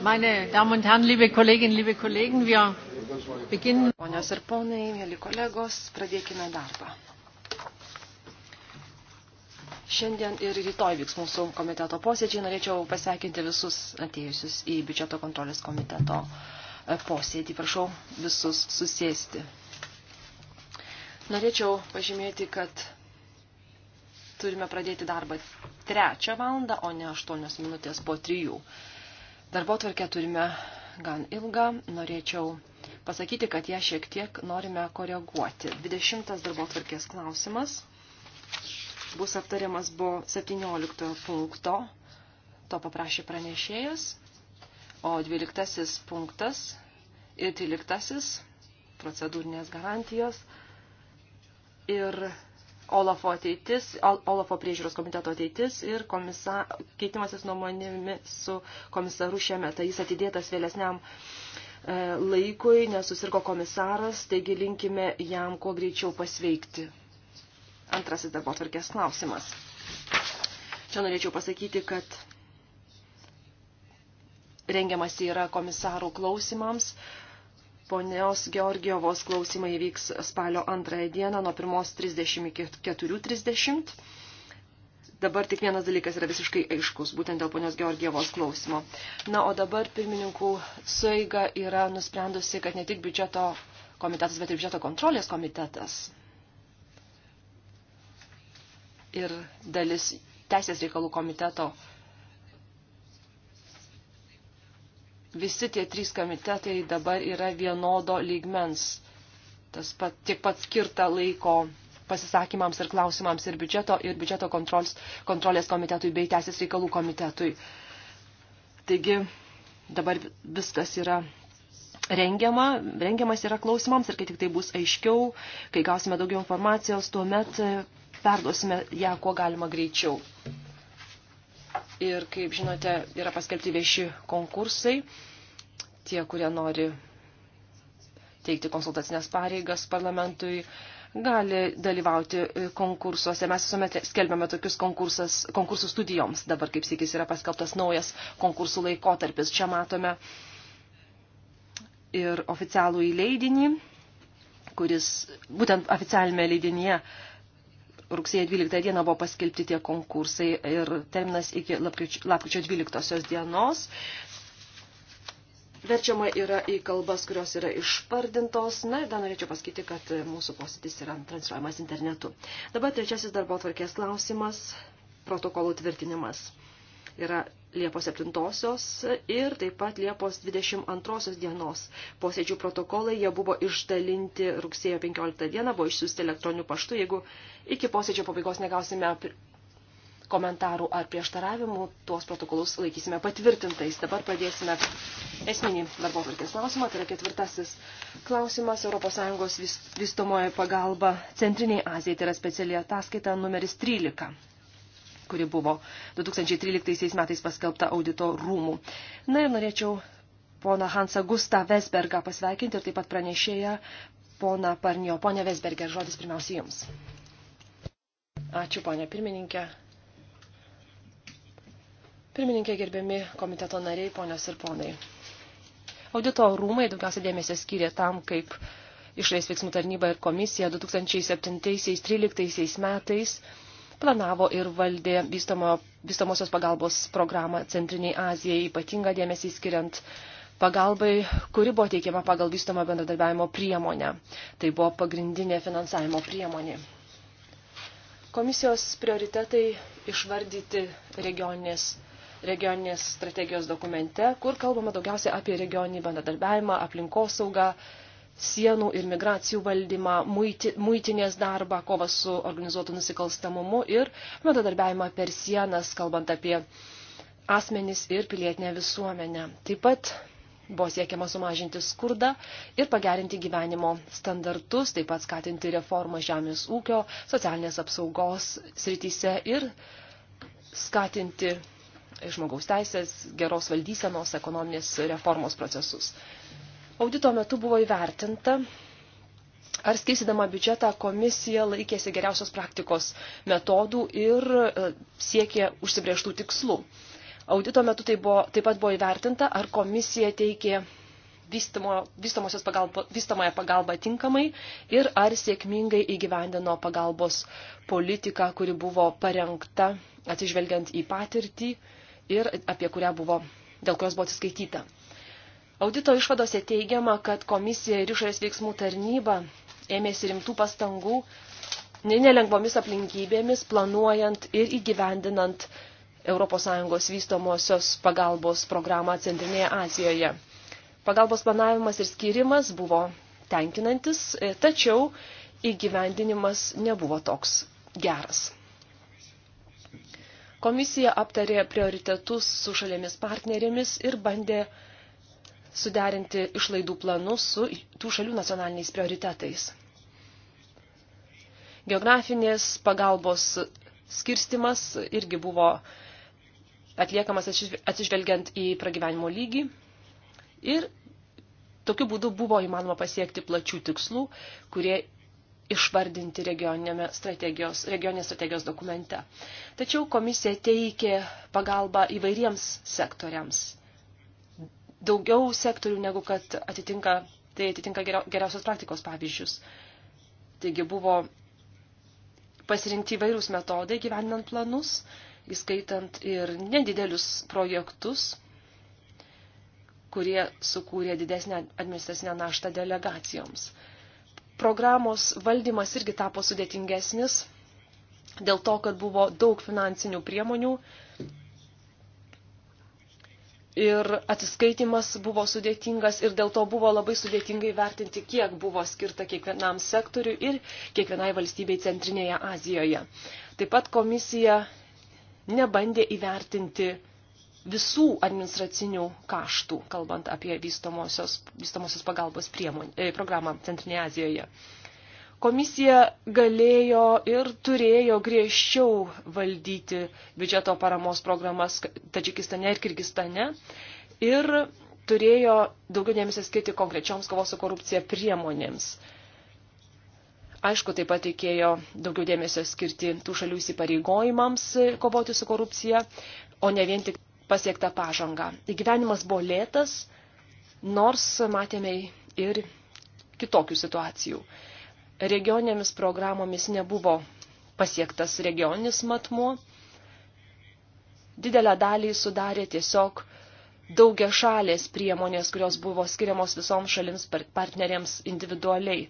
Meine Damen und Herren, liebe Kolleginnen, liebe Kollegen, wir beginnen. Ponios ir ponai, mėly kolegos, pradėkime darbą. Šiandien ir rytoj vyks mūsų komiteto posėdžiai. Norėčiau pasveikinti visus atėjusius į biudžeto kontrolės komiteto e, posėdį. Prašau visus susėsti. Norėčiau pažymėti, kad turime pradėti darbą trečią valandą, o ne aštuonios minutės po trijų. Darbo tvarkę turime gan ilgą. Norėčiau pasakyti, kad ją šiek tiek norime koreguoti. 20 darbo tvarkės klausimas bus aptariamas buvo 17 punkto. To paprašė pranešėjas. O 12 punktas ir 13 procedūrinės garantijos ir Olafo ateitis, Olafo priežiūros komiteto ateitis ir komisa, keitimasis nuomonėmis su komisaru šiame. Tai jis atidėtas vėlesniam e, laikui, nes susirgo komisaras, taigi linkime jam kuo greičiau pasveikti. Antrasis darbo tvarkės klausimas. Čia norėčiau pasakyti, kad rengiamasi yra komisarų klausimams, Ponios Georgievos klausimai vyks spalio antrąją dieną nuo 1.30 iki 4.30. Dabar tik vienas dalykas yra visiškai aiškus, būtent dėl ponios Georgievos klausimo. Na, o dabar pirmininkų suiga yra nusprendusi, kad ne tik biudžeto komitetas, bet ir biudžeto kontrolės komitetas. Ir dalis Teisės reikalų komiteto visi tie trys komitetai dabar yra vienodo lygmens. Tas pat, tiek pat skirta laiko pasisakymams ir klausimams ir biudžeto, ir biudžeto kontrols, kontrolės komitetui bei teisės reikalų komitetui. Taigi dabar viskas yra rengiama, rengiamas yra klausimams ir kai tik tai bus aiškiau, kai gausime daugiau informacijos, tuomet e, perduosime ją kuo galima greičiau. Ir kaip žinote, yra paskelbti vieši konkursai tie, kurie nori teikti konsultacinės pareigas parlamentui, gali dalyvauti e, konkursuose. Mes visuomet skelbiame tokius konkursų studijoms. Dabar, kaip sėkis, yra paskelbtas naujas konkursų laikotarpis. Čia matome ir oficialų įleidinį, kuris būtent oficialinėme leidinėje rugsėjo 12 dieną buvo paskelbti tie konkursai ir terminas iki lapkričio 12 dienos verčiama yra į kalbas, kurios yra išvardintos. Na ir dar norėčiau pasakyti, kad mūsų posėdis yra transliuojamas internetu. Dabar trečiasis darbo tvarkės klausimas - protokolų tvirtinimas. Yra Liepos 7 ir taip pat Liepos 22 dienos posėdžių protokolai, jie buvo išdalinti rugsėjo 15 dieną, buvo išsiųsti elektroniniu paštu, jeigu iki posėdžio pabaigos negausime komentarų ar prieštaravimų, tuos protokolus laikysime patvirtintais. Dabar pradėsime esminį darbo tvarkės klausimą, tai yra ketvirtasis klausimas ES vystomoje pagalba Centriniai Azijai, tai yra speciali ataskaita numeris 13 kuri buvo 2013 metais paskelbta audito rūmų. Na ir norėčiau pona Hansą Gustą Vesbergą pasveikinti ir taip pat pranešėją pona Parnio. Pone Vesberger, žodis pirmiausia jums. Ačiū, ponė pirmininkė. Pirmininkė gerbiami komiteto nariai, ponios ir ponai. Audito rūmai daugiausia dėmesio skyrė tam, kaip išrais veiksmų tarnyba ir komisija 2007-2013 metais planavo ir valdė vystomo, vystomosios pagalbos programą Centriniai Azijai, ypatingą dėmesį skiriant pagalbai, kuri buvo teikiama pagal vystomą bendradarbiavimo priemonę. Tai buvo pagrindinė finansavimo priemonė. Komisijos prioritetai išvardyti regioninės regioninės strategijos dokumente, kur kalbama daugiausiai apie regioninį bendradarbiavimą, aplinkosaugą, sienų ir migracijų valdymą, muiti, muitinės darbą, kovą su organizuotu nusikalstamumu ir bendradarbiavimą per sienas, kalbant apie asmenis ir pilietinę visuomenę. Taip pat buvo siekiama sumažinti skurdą ir pagerinti gyvenimo standartus, taip pat skatinti reformą žemės ūkio, socialinės apsaugos srityse ir skatinti žmogaus teisės, geros valdysenos, ekonominės reformos procesus. Audito metu buvo įvertinta, ar skirsidama biudžetą komisija laikėsi geriausios praktikos metodų ir e, siekė užsibrieštų tikslų. Audito metu tai buvo, taip pat buvo įvertinta, ar komisija teikė vystymo, pagalba, vystamąją pagalbą tinkamai ir ar sėkmingai įgyvendino pagalbos politiką, kuri buvo parengta atsižvelgiant į patirtį ir apie kurią buvo, dėl kurios buvo atsiskaityta. Audito išvadose teigiama, kad komisija ir išorės veiksmų tarnyba ėmėsi rimtų pastangų nelengvomis aplinkybėmis planuojant ir įgyvendinant ES vystomosios pagalbos programą Centrinėje Azijoje. Pagalbos planavimas ir skirimas buvo tenkinantis, tačiau įgyvendinimas nebuvo toks geras. Komisija aptarė prioritetus su šalėmis partnerėmis ir bandė suderinti išlaidų planus su tų šalių nacionaliniais prioritetais. Geografinės pagalbos skirstimas irgi buvo atliekamas atsižvelgiant į pragyvenimo lygį ir tokiu būdu buvo įmanoma pasiekti plačių tikslų, kurie išvardinti regioninės strategijos, regioninės strategijos dokumente. Tačiau komisija teikė pagalbą įvairiems sektoriams. Daugiau sektorių negu kad atitinka, tai atitinka geriausios praktikos pavyzdžius. Taigi buvo pasirinkti įvairūs metodai gyvenant planus, įskaitant ir nedidelius projektus, kurie sukūrė didesnę administracinę naštą delegacijoms programos valdymas irgi tapo sudėtingesnis dėl to, kad buvo daug finansinių priemonių ir atsiskaitimas buvo sudėtingas ir dėl to buvo labai sudėtingai vertinti, kiek buvo skirta kiekvienam sektoriu ir kiekvienai valstybei Centrinėje Azijoje. Taip pat komisija nebandė įvertinti visų administracinių kaštų, kalbant apie vystomosios, vystomosios pagalbos priemon, e, programą Centrinėje Azijoje. Komisija galėjo ir turėjo griežčiau valdyti biudžeto paramos programas Tadžikistane ir Kirgistane ir turėjo daugiau dėmesio skirti konkrečioms kovos su korupcija priemonėms. Aišku, taip pat reikėjo daugiau dėmesio skirti tų šalių įsipareigojimams kovoti su korupcija, o ne vien tik pasiektą pažangą. Įgyvenimas tai buvo lėtas, nors matėme ir kitokių situacijų. Regioninėmis programomis nebuvo pasiektas regioninis matmuo. Didelę dalį sudarė tiesiog daugia šalės priemonės, kurios buvo skiriamos visoms šalims partneriams individualiai.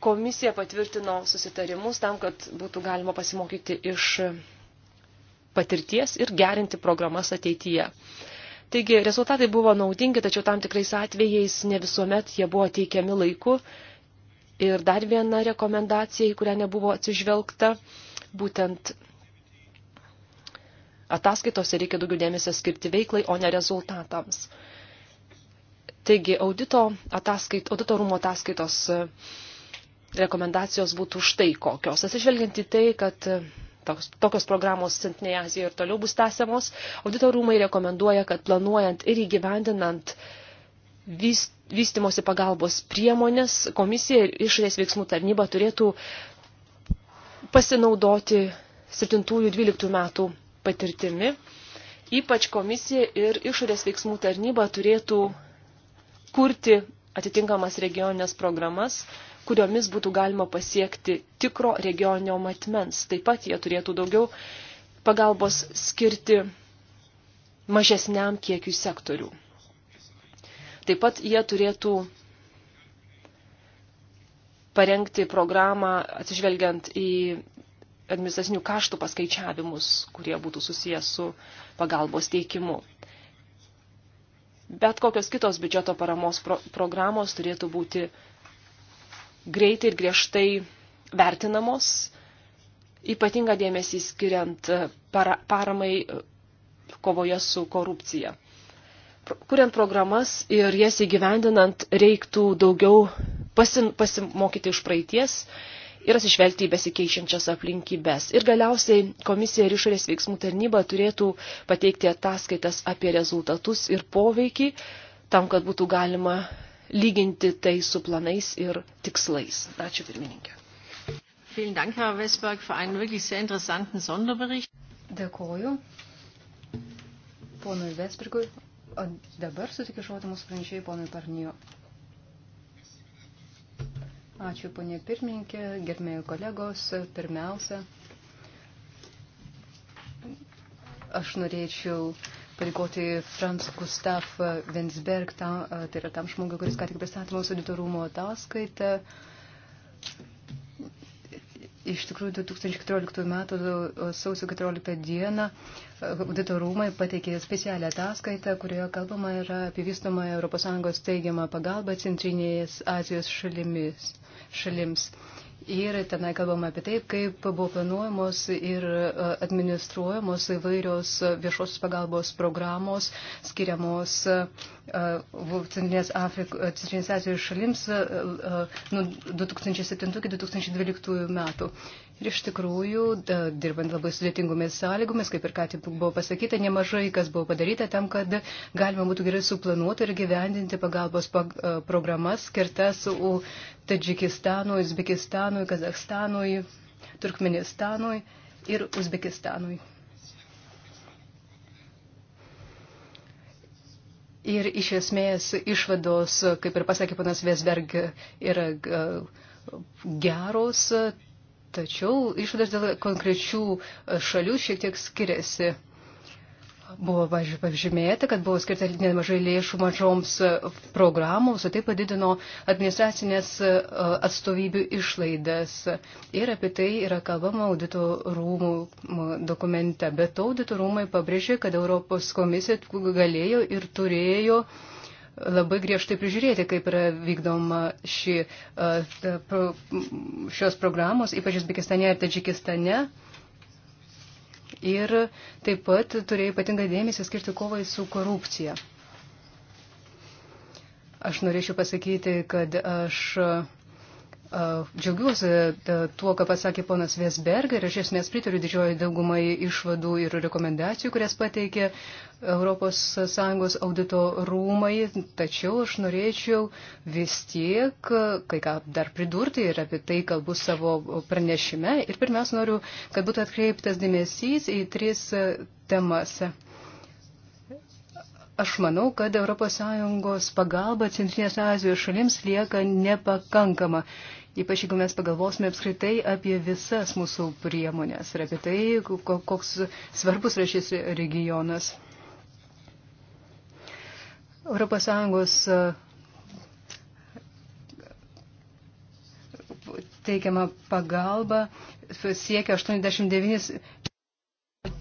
Komisija patvirtino susitarimus tam, kad būtų galima pasimokyti iš patirties ir gerinti programas ateityje. Taigi rezultatai buvo naudingi, tačiau tam tikrais atvejais ne visuomet jie buvo teikiami laiku. Ir dar viena rekomendacija, į kurią nebuvo atsižvelgta, būtent ataskaitose reikia daugiau dėmesio skirti veiklai, o ne rezultatams. Taigi audito, ataskait, audito rūmo ataskaitos rekomendacijos būtų štai kokios. Atsižvelgiant į tai, kad Toks, tokios programos Centrinėje Azijoje ir toliau bus tęsiamos. Auditorumai rekomenduoja, kad planuojant ir įgyvendinant vyst, vystimosi pagalbos priemonės, komisija ir išorės veiksmų tarnyba turėtų pasinaudoti 7-12 metų patirtimi. Ypač komisija ir išorės veiksmų tarnyba turėtų kurti atitinkamas regioninės programas, kuriomis būtų galima pasiekti tikro regioninio matmens. Taip pat jie turėtų daugiau pagalbos skirti mažesniam kiekiui sektorių. Taip pat jie turėtų parengti programą atsižvelgiant į administracinių kaštų paskaičiavimus, kurie būtų susijęs su pagalbos teikimu bet kokios kitos biudžeto paramos pro programos turėtų būti greitai ir griežtai vertinamos, ypatinga dėmesį skiriant e, para paramai e, kovoje su korupcija. Kuriant programas ir jas įgyvendinant, reiktų daugiau pasimokyti iš praeities ir atsižvelgti į besikeičiančias aplinkybės. Ir galiausiai komisija ir išorės veiksmų tarnyba turėtų pateikti ataskaitas apie rezultatus ir poveikį, tam, kad būtų galima lyginti tai su planais ir tikslais. Ačiū pirmininkė. Vielen Dank, Herr Westberg, für einen wirklich sehr interessanten Sonderbericht. Dėkoju. Ponui Vesbergui. O dabar sutikiu žodį mūsų pranešėjai ponui Parnijo. Ačiū, ponė pirmininkė, gerbėjai kolegos. Pirmiausia, aš norėčiau padėkoti Franz Gustav Wensberg, tam, tai yra tam žmogui, kuris ką tik pristatė mūsų auditorumo ataskaitą. Iš tikrųjų, 2014 m. sausio 14 d. E, audito rūmai pateikė specialią ataskaitą, kurioje kalbama yra apie vystomą ES teigiamą pagalbą Centrinės Azijos šalimis, šalims. Ir tenai kalbama apie taip, kaip buvo planuojamos ir e, administruojamos įvairios viešos pagalbos programos skiriamos e, Centrinės Azijos šalims e, nuo 2007 iki 2012 metų. Ir iš tikrųjų, da, dirbant labai sudėtingomis sąlygomis, kaip ir ką tik buvo pasakyta, nemažai kas buvo padaryta tam, kad galima būtų gerai suplanuoti ir gyvendinti pagalbos pag programas skirtas Tadžikistanui, Uzbekistanui, Kazakstanui, Turkmenistanui ir Uzbekistanui. Ir iš esmės išvados, kaip ir pasakė panas Vesberg, yra geros, Tačiau išvadas dėl konkrečių e, šalių šiek tiek skiriasi. Buvo pažymėta, kad buvo skirta nemažai lėšų mažoms e, programoms, o tai padidino administracinės e, atstovybių išlaidas. Ir apie tai yra kalbama audito rūmų dokumente. Bet audito rūmai pabrėžė, kad Europos komisija galėjo ir turėjo uh, labai griežtai prižiūrėti, kaip yra vykdoma ši, šios programos, ypač Uzbekistane ir Tadžikistane. Ir taip pat turėjo ypatingą dėmesį skirti kovai su korupcija. Aš norėčiau pasakyti, kad aš Džiaugiuosi tuo, ką pasakė ponas Vesberger, ir iš esmės pritariu didžioji daugumai išvadų ir rekomendacijų, kurias pateikė ES audito rūmai, tačiau aš norėčiau vis tiek kai ką dar pridurti ir apie tai kalbu savo pranešime. Ir pirmiausia, noriu, kad būtų atkreiptas dėmesys į tris temas. Aš manau, kad ES pagalba Centrinės Azijos šalims lieka nepakankama. Ypač jeigu mes pagalvosime apskritai apie visas mūsų priemonės ir apie tai, koks svarbus yra šis regionas. Europos Sąjungos e, teikiama pagalba siekia 89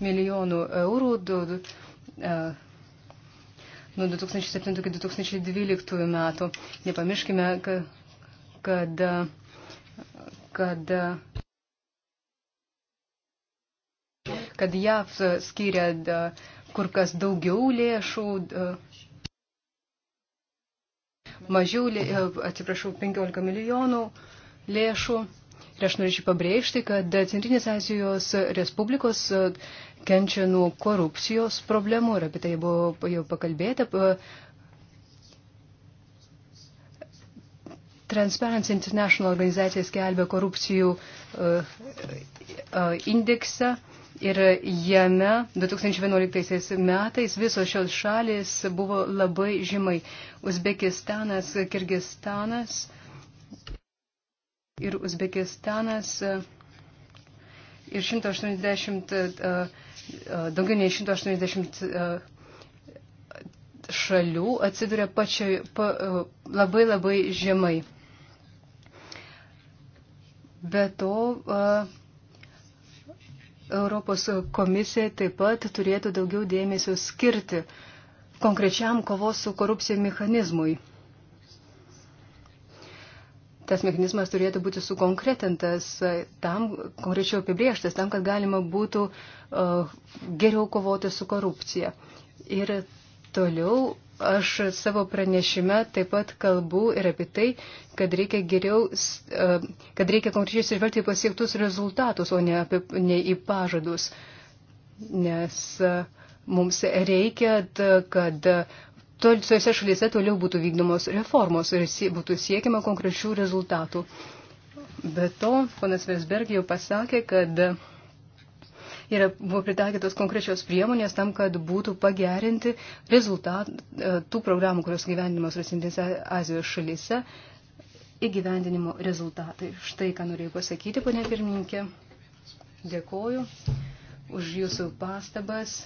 milijonų eurų e, nuo 2007 iki 2012 metų. Nepamirškime, kad kad, kad JAV skiria kur kas daugiau lėšų, mažiau, atsiprašau, 15 milijonų lėšų. Ir aš norėčiau pabrėžti, kad Centrinės Azijos Respublikos kenčia nuo korupcijos problemų ir apie tai buvo jau pakalbėta Transparency International organizacija skelbė korupcijų uh, uh, indeksą ir jame 2011 metais visos šios šalis buvo labai žymai. Uzbekistanas, Kirgistanas ir Uzbekistanas ir 180, e, daugiau nei 180 šalių atsiduria pačioje pa, labai labai žemai. Be to, Europos komisija taip pat turėtų daugiau dėmesio skirti konkrečiam kovos su korupcija mechanizmui. Tas mechanizmas turėtų būti sukonkretintas, tam, konkrečiau apibrieštas, tam, kad galima būtų geriau kovoti su korupcija. Ir Toliau aš savo pranešime taip pat kalbu ir apie tai, kad reikia geriau, e, kad reikia konkrečiai sižvelgti į pasiektus rezultatus, o ne, apie, ne į pažadus. Nes e, mums reikia, kad tose šalyse toliau būtų vykdomos reformos ir būtų siekiama konkrečių rezultatų. Be to, panas Vesberg jau pasakė, kad yra, buvo pritaikytos konkrečios priemonės tam, kad būtų pagerinti rezultat e, tų programų, kurios gyvenimas rasintinėse Azijos šalyse, įgyvendinimo rezultatai. Štai ką norėjau pasakyti, ponė pirmininkė. Dėkoju už jūsų pastabas.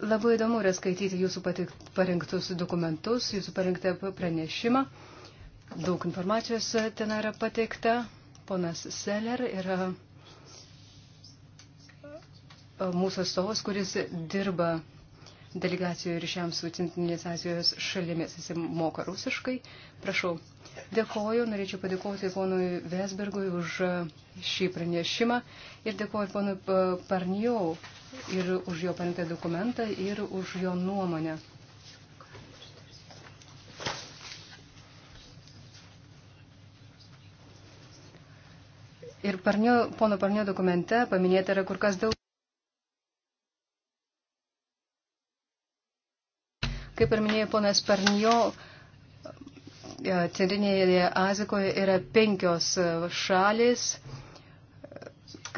Labai įdomu yra skaityti jūsų parinktus dokumentus, jūsų parinktą pranešimą. Daug informacijos ten yra pateikta. Ponas Seller yra e, mūsų atstovas, kuris dirba delegacijoje ryšiams su Centrinės Azijos šalimis. Jis moka rusiškai. Prašau. Dėkoju, norėčiau padėkoti ponui Vesbergui už šį pranešimą ir dėkoju ponui Parnijau ir už jo parengtą dokumentą ir už jo nuomonę. Ir parnio, pono Parnio dokumente paminėta yra kur kas daug. Kaip ir minėjo ponas Parnio, e, Centrinėje Azikoje yra penkios e, šalis.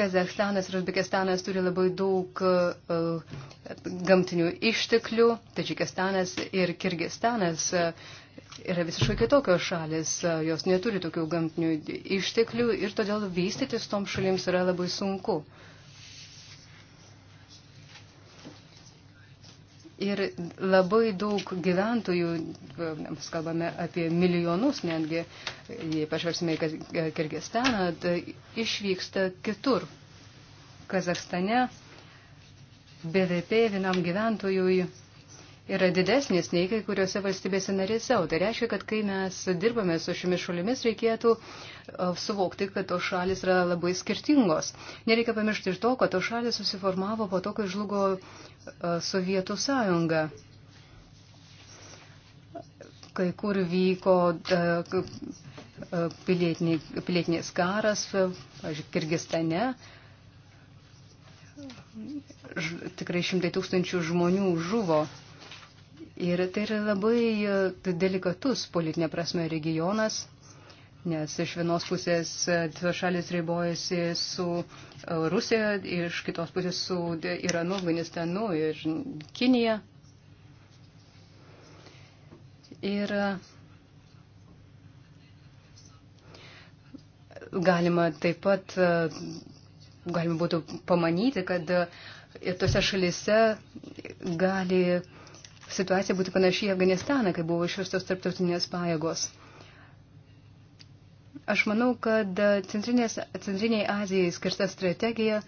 Kazahstanas ir Uzbekistanas turi labai daug e, gamtinių išteklių, Tadžikistanas ir Kirgistanas yra visiškai kitokios šalis, jos neturi tokių gamtinių išteklių ir todėl vystytis tom šalims yra labai sunku. Ir labai daug gyventojų, mes kalbame apie milijonus netgi, jei pažvelgsime į Kirgistaną, tai išvyksta kitur. Kazakstane BVP vienam gyventojui yra didesnės nei kai kuriuose valstybėse narėse. O tai reiškia, kad kai mes dirbame su šiomis šalimis, reikėtų suvokti, kad tos šalis yra labai skirtingos. Nereikia pamiršti ir to, kad tos šalis susiformavo po to, kai žlugo Sovietų sąjunga. Kai kur vyko pilietinės karas, pažiūrėk, Kirgistane, tikrai šimtai tūkstančių žmonių žuvo. Ir tai yra labai e, delikatus politinė prasme regionas, nes iš vienos pusės e, šalis ribojasi su e, Rusija, iš kitos pusės su Iranu, Afganistanu ir Kinija. Ir galima taip pat, galima būtų pamanyti, kad tose šalise gali situacija būtų panašiai į Afganistaną, kai buvo išvestos tarptautinės pajėgos. Aš manau, kad centriniai Azijai skirta strategija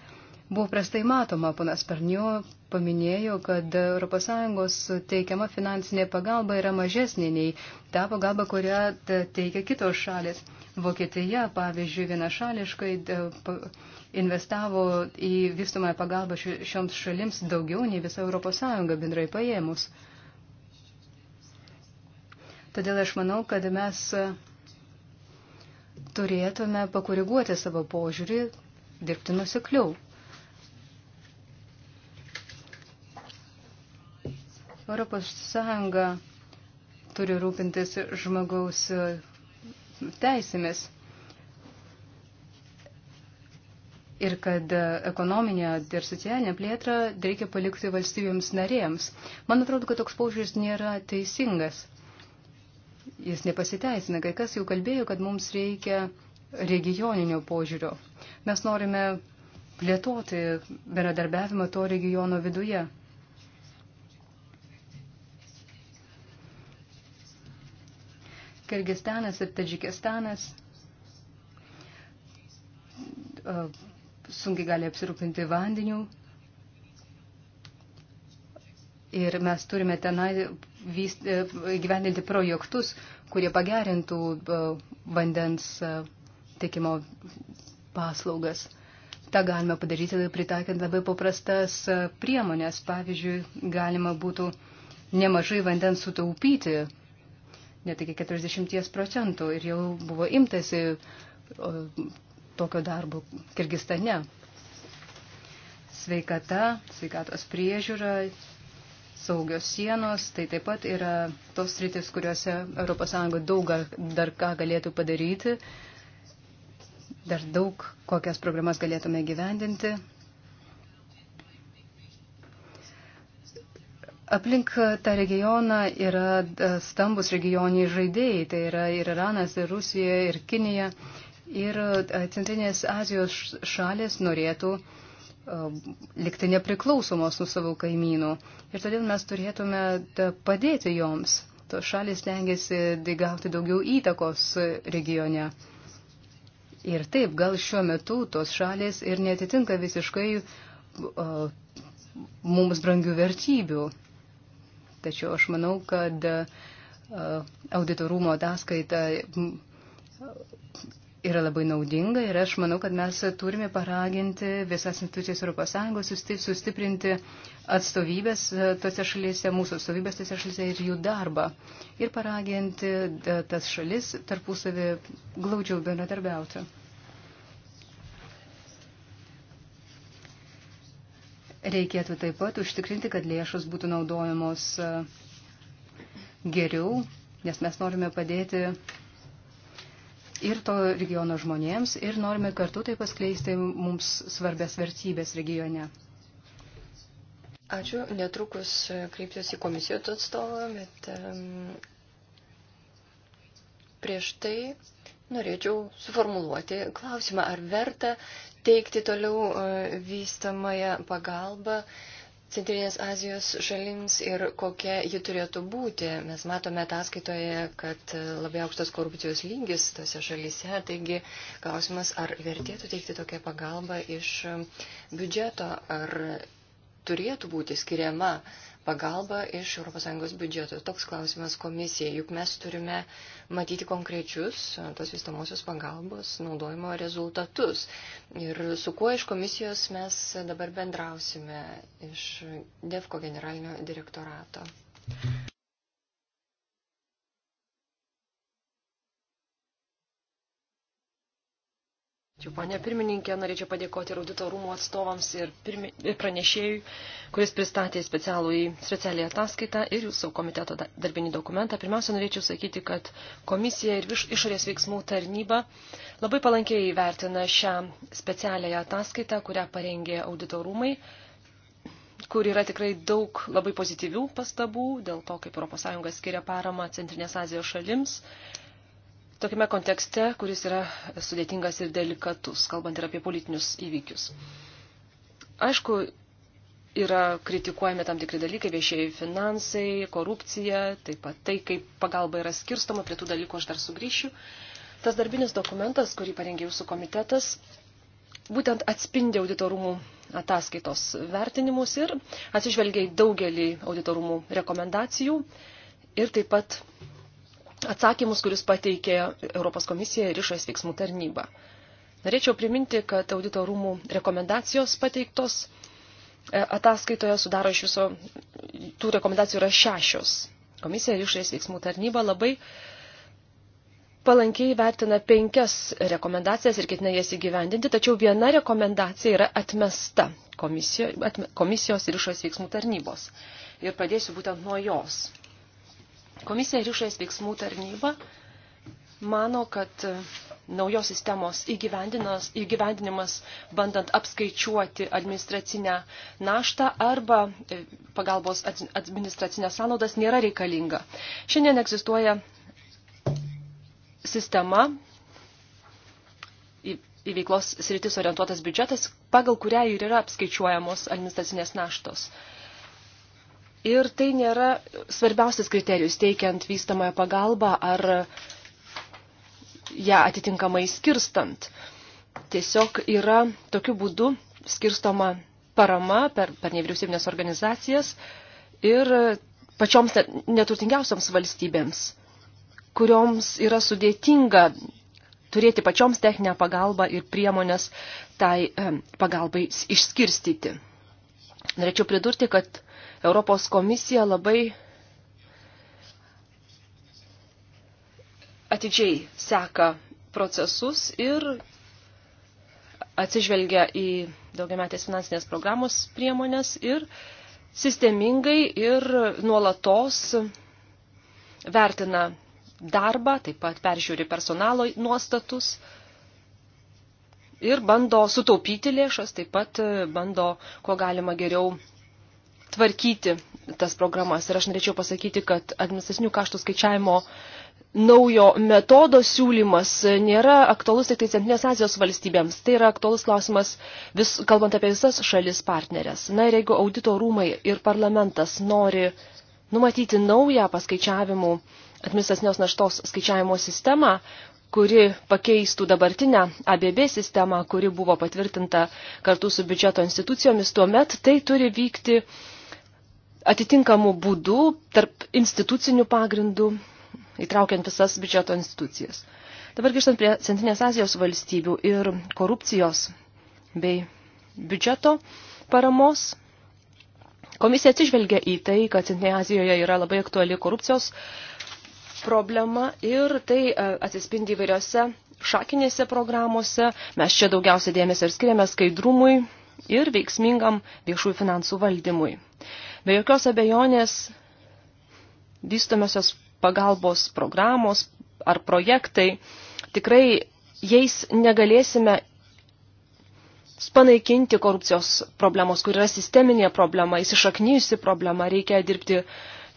buvo prastai matoma. Ponas Parnio paminėjo, kad ES teikiama finansinė pagalba yra mažesnė nei ta pagalba, kurią teikia kitos šalis. Vokietija, pavyzdžiui, vienašališkai investavo į vystomąją pagalbą šioms šalims daugiau nei visa ES bendrai paėmus. Todėl aš manau, kad mes turėtume pakoreguoti savo požiūrį, dirbti nusikliau. Europos Sąjunga turi rūpintis žmogaus teisėmis. Ir kad ekonominė ir socialinė plėtra reikia palikti valstybėms narėms. Man atrodo, kad toks paužiūris nėra teisingas jis nepasiteisina. Kai kas jau kalbėjo, kad mums reikia regioninio požiūrio. Mes norime plėtoti beradarbiavimą to regiono viduje. Kirgistanas ir Tadžikistanas sunkiai gali apsirūpinti vandeniu, Ir mes turime tenai e, gyvendinti projektus, kurie pagerintų e, vandens e, tiekimo paslaugas. Ta galima padaryti pritaikant labai paprastas priemonės. Pavyzdžiui, galima būtų nemažai vandens sutaupyti, net iki 40 procentų. Ir jau buvo imtasi tokio darbo Kirgistane. Sveikata, sveikatos priežiūra saugios sienos, tai taip pat yra tos rytis, kuriuose ES daug dar ką galėtų padaryti, dar daug kokias programas galėtume gyvendinti. Aplink tą regioną yra stambus regioniai žaidėjai, tai yra ir Iranas, ir Rusija, ir Kinija. Ir Centrinės Azijos šalės norėtų uh, Um, likti nepriklausomos nuo savo kaimynų. Ir todėl mes turėtume padėti joms. To šalis tengiasi gauti daugiau įtakos regione. Ir taip, gal šiuo metu tos šalis ir netitinka visiškai uh, mums brangių vertybių. Tačiau aš manau, kad uh, auditorumo ataskaita yra labai naudinga ir aš manau, kad mes turime paraginti visas institucijas ES sustiprinti atstovybės e, tose šalyse, mūsų atstovybės tose šalyse ir jų darbą ir paraginti e, tas šalis tarpusavį glaudžiau bendradarbiauti. Reikėtų taip pat užtikrinti, kad lėšos būtų naudojamos e, geriau, nes mes norime padėti ir to regiono žmonėms ir norime kartu tai paskleisti mums svarbės vertybės regione. Ačiū. Netrukus kreipsiuosi į komisijos atstovą, bet um, prieš tai norėčiau suformuluoti klausimą, ar verta teikti toliau e, vystamąją pagalbą uh, Centrinės Azijos šalims ir kokia ji turėtų būti. Mes matome ataskaitoje, kad labai aukštas korupcijos lygis tose šalyse, taigi klausimas, ar vertėtų teikti tokią pagalbą iš biudžeto, ar turėtų būti skiriama uh, pagalbą iš ES biudžeto. Toks klausimas komisijai, juk mes turime matyti konkrečius tos vystamosios pagalbos naudojimo rezultatus. Ir su kuo iš komisijos mes dabar bendrausime iš DEFCO generalinio direktorato. Čia, panė pirmininkė, norėčiau padėkoti ir audito rūmų atstovams ir, pirmi, ir pranešėjui, kuris pristatė specialų į specialią ataskaitą ir jūsų komiteto darbinį dokumentą. Pirmiausia, norėčiau sakyti, kad komisija ir viš, išorės veiksmų tarnyba labai palankiai įvertina šią specialiąją ataskaitą, kurią parengė audito rūmai, kur yra tikrai daug labai pozityvių pastabų dėl to, kaip ES skiria paramą Centrinės Azijos šalims tokiame kontekste, kuris yra sudėtingas ir delikatus, kalbant ir apie politinius įvykius. Aišku, yra kritikuojami tam tikri dalykai, viešieji finansai, korupcija, taip pat tai, kaip pagalba yra skirstoma, prie tų dalykų aš dar sugrįšiu. Tas darbinis dokumentas, kurį parengė jūsų komitetas, būtent atspindi auditorumų ataskaitos vertinimus ir atsižvelgia į daugelį auditorumų rekomendacijų ir taip pat atsakymus, kuris pateikė Europos komisija ir išorės veiksmų tarnyba. Norėčiau priminti, kad audito rūmų rekomendacijos pateiktos e, ataskaitoje sudaro iš viso, tų rekomendacijų yra šešios. Komisija ir išorės veiksmų tarnyba labai palankiai vertina penkias rekomendacijas ir ketina jas įgyvendinti, tačiau viena rekomendacija yra atmesta komisijo, atme, komisijos ir išorės veiksmų tarnybos. Ir pradėsiu būtent nuo jos. Komisija ir išorės veiksmų tarnyba mano, kad e, naujos sistemos įgyvendinimas, bandant apskaičiuoti administracinę naštą arba e, pagalbos administracinės sąnaudas, nėra reikalinga. Šiandien egzistuoja sistema į veiklos sritis orientuotas biudžetas, pagal kurią ir yra apskaičiuojamos administracinės naštos. Ir tai nėra svarbiausias kriterijus teikiant vystamąją pagalbą ar ją atitinkamai skirstant. Tiesiog yra tokiu būdu skirstoma parama per, per nevyriausybinės organizacijas ir pačioms neturtingiausioms valstybėms, kurioms yra sudėtinga turėti pačioms techninę pagalbą ir priemonės tai pagalbai išskirstyti. Norėčiau pridurti, kad Europos komisija labai atidžiai seka procesus ir atsižvelgia į daugiametės finansinės programos priemonės ir sistemingai ir nuolatos vertina darbą, taip pat peržiūri personalo nuostatus ir bando sutaupyti lėšas, taip pat bando, kuo galima geriau tvarkyti tas programas. Ir aš norėčiau pasakyti, kad administracinių kaštų skaičiavimo naujo metodo siūlymas nėra aktualus tik tai Centrinės Azijos valstybėms. Tai yra aktualus klausimas, vis, kalbant apie visas šalis partnerės. Na ir jeigu audito rūmai ir parlamentas nori numatyti naują paskaičiavimų administracinės naštos skaičiavimo sistemą, kuri pakeistų dabartinę ABB sistemą, kuri buvo patvirtinta kartu su biudžeto institucijomis, tuomet tai turi vykti uh, atitinkamų būdų, tarp institucinių pagrindų, įtraukiant visas biudžeto institucijas. Dabar grįžtant prie Centrinės Azijos valstybių ir korupcijos bei biudžeto paramos. Komisija atsižvelgia į tai, kad Centrinėje Azijoje yra labai aktuali korupcijos problema ir tai e, atsispindi įvairiose šakinėse programuose. Mes čia daugiausia dėmesio ir skiriame skaidrumui ir veiksmingam viešųjų finansų valdymui. Be jokios abejonės vystomiosios pagalbos programos ar projektai tikrai jais negalėsime panaikinti korupcijos problemos, kur yra sisteminė problema, įsišaknyjusi problema, reikia dirbti